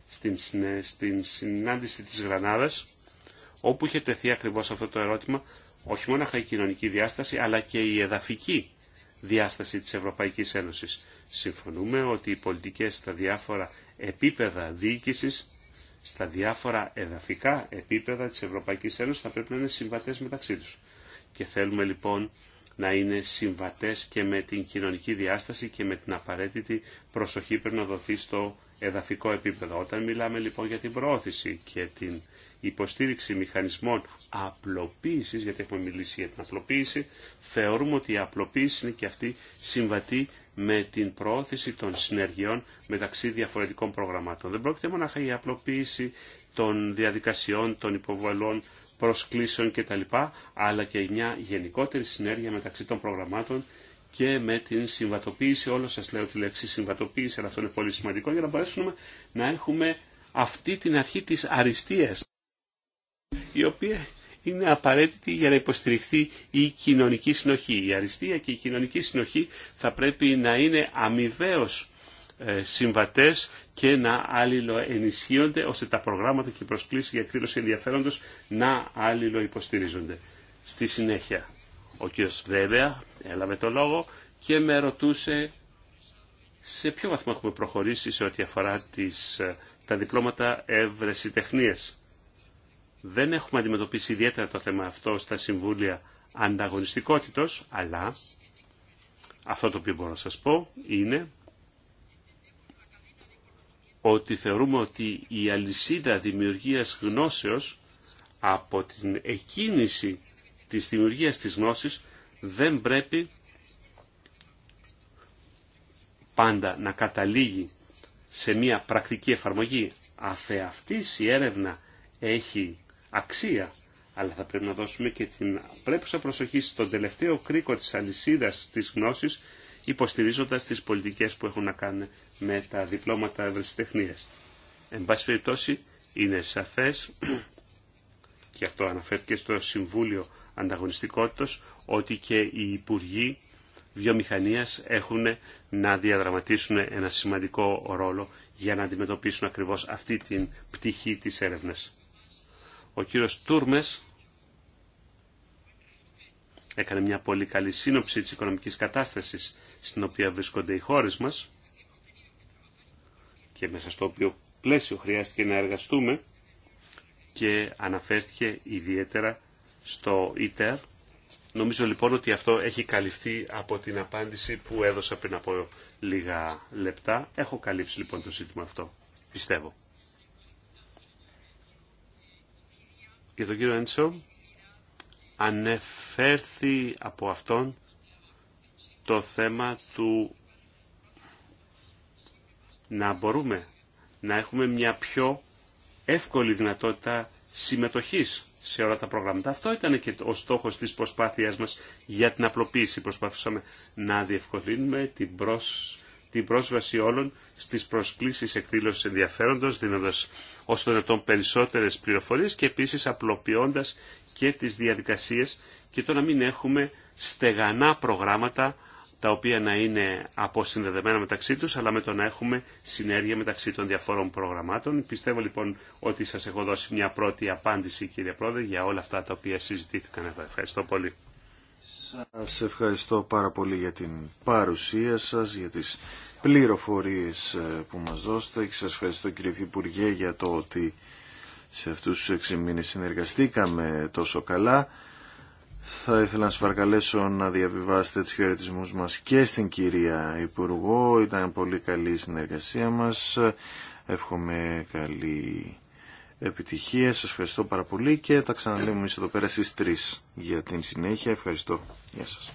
στην, στην συνάντηση της Γρανάδας, όπου είχε τεθεί ακριβώς αυτό το ερώτημα, όχι μόνο η κοινωνική διάσταση, αλλά και η εδαφική διάσταση της Ευρωπαϊκής Ένωσης. Συμφωνούμε ότι οι πολιτικές στα διάφορα επίπεδα διοίκησης, στα διάφορα εδαφικά επίπεδα της Ευρωπαϊκής Ένωσης θα πρέπει να είναι συμβατές μεταξύ τους. Και θέλουμε λοιπόν να είναι συμβατές και με την κοινωνική διάσταση και με την απαραίτητη προσοχή πρέπει να δοθεί στο εδαφικό επίπεδο. Όταν μιλάμε λοιπόν για την προώθηση και την υποστήριξη μηχανισμών απλοποίησης, γιατί έχουμε μιλήσει για την απλοποίηση, θεωρούμε ότι η απλοποίηση είναι και αυτή συμβατή με την προώθηση των συνεργειών μεταξύ διαφορετικών προγραμμάτων. Δεν πρόκειται μόνο για απλοποίηση των διαδικασιών, των υποβολών, προσκλήσεων κτλ. αλλά και μια γενικότερη συνέργεια μεταξύ των προγραμμάτων και με την συμβατοποίηση, όλο σα λέω τη λέξη συμβατοποίηση, αλλά αυτό είναι πολύ σημαντικό για να μπορέσουμε να έχουμε αυτή την αρχή της αριστείας, η οποία είναι απαραίτητη για να υποστηριχθεί η κοινωνική συνοχή. Η αριστεία και η κοινωνική συνοχή θα πρέπει να είναι αμοιβαίως ε, συμβατές και να αλληλοενισχύονται ώστε τα προγράμματα και προσκλήσεις για εκδήλωση ενδιαφέροντος να αλληλοϊποστηρίζονται. Στη συνέχεια. Ο κύριος Βέβαια έλαβε το λόγο και με ρωτούσε σε ποιο βαθμό έχουμε προχωρήσει σε ό,τι αφορά τις, τα διπλώματα τεχνίες. Δεν έχουμε αντιμετωπίσει ιδιαίτερα το θέμα αυτό στα Συμβούλια Ανταγωνιστικότητος, αλλά αυτό το οποίο μπορώ να σας πω είναι ότι θεωρούμε ότι η αλυσίδα δημιουργίας γνώσεως από την εκκίνηση της δημιουργίας της γνώσης δεν πρέπει πάντα να καταλήγει σε μια πρακτική εφαρμογή. Αφ' αυτής η έρευνα έχει αξία, αλλά θα πρέπει να δώσουμε και την πρέπουσα προσοχή στον τελευταίο κρίκο της αλυσίδας της γνώσης, υποστηρίζοντας τις πολιτικές που έχουν να κάνουν με τα διπλώματα ευρεσιτεχνίας. Εν πάση περιπτώσει, είναι σαφές, και αυτό αναφέρθηκε στο Συμβούλιο ανταγωνιστικότητος ότι και οι υπουργοί βιομηχανίας έχουν να διαδραματίσουν ένα σημαντικό ρόλο για να αντιμετωπίσουν ακριβώς αυτή την πτυχή της έρευνας. Ο κύριος Τούρμες έκανε μια πολύ καλή σύνοψη της οικονομικής κατάστασης στην οποία βρίσκονται οι χώρες μας και μέσα στο οποίο πλαίσιο χρειάστηκε να εργαστούμε και αναφέρθηκε ιδιαίτερα στο ΙΤΕΡ. Νομίζω λοιπόν ότι αυτό έχει καλυφθεί από την απάντηση που έδωσα πριν από λίγα λεπτά. Έχω καλύψει λοιπόν το ζήτημα αυτό, πιστεύω. Για τον κύριο Έντσο, ανεφέρθη από αυτόν το θέμα του να μπορούμε να έχουμε μια πιο εύκολη δυνατότητα συμμετοχής σε όλα τα προγράμματα. Αυτό ήταν και ο στόχος της προσπάθειας μας για την απλοποίηση. Προσπαθούσαμε να διευκολύνουμε την, την πρόσβαση όλων στις προσκλήσεις εκδήλωσης ενδιαφέροντος, δίνοντας ως το δυνατόν περισσότερες πληροφορίες και επίσης απλοποιώντας και τις διαδικασίες και το να μην έχουμε στεγανά προγράμματα τα οποία να είναι αποσυνδεδεμένα μεταξύ τους, αλλά με το να έχουμε συνέργεια μεταξύ των διαφόρων προγραμμάτων. Πιστεύω λοιπόν ότι σας έχω δώσει μια πρώτη απάντηση, κύριε Πρόεδρε, για όλα αυτά τα οποία συζητήθηκαν εδώ. Ευχαριστώ πολύ. Σας ευχαριστώ πάρα πολύ για την παρουσία σας, για τις πληροφορίες ε, που μας δώσετε και σας ευχαριστώ κύριε Υπουργέ για το ότι σε αυτούς τους έξι μήνες συνεργαστήκαμε τόσο καλά. Θα ήθελα να σας παρακαλέσω να διαβιβάσετε του χαιρετισμού μας και στην κυρία Υπουργό. Ήταν πολύ καλή η συνεργασία μας. Εύχομαι καλή επιτυχία. Σας ευχαριστώ πάρα πολύ και τα ξαναλέμε εμείς εδώ πέρα στις 3 για την συνέχεια. Ευχαριστώ. Γεια σας.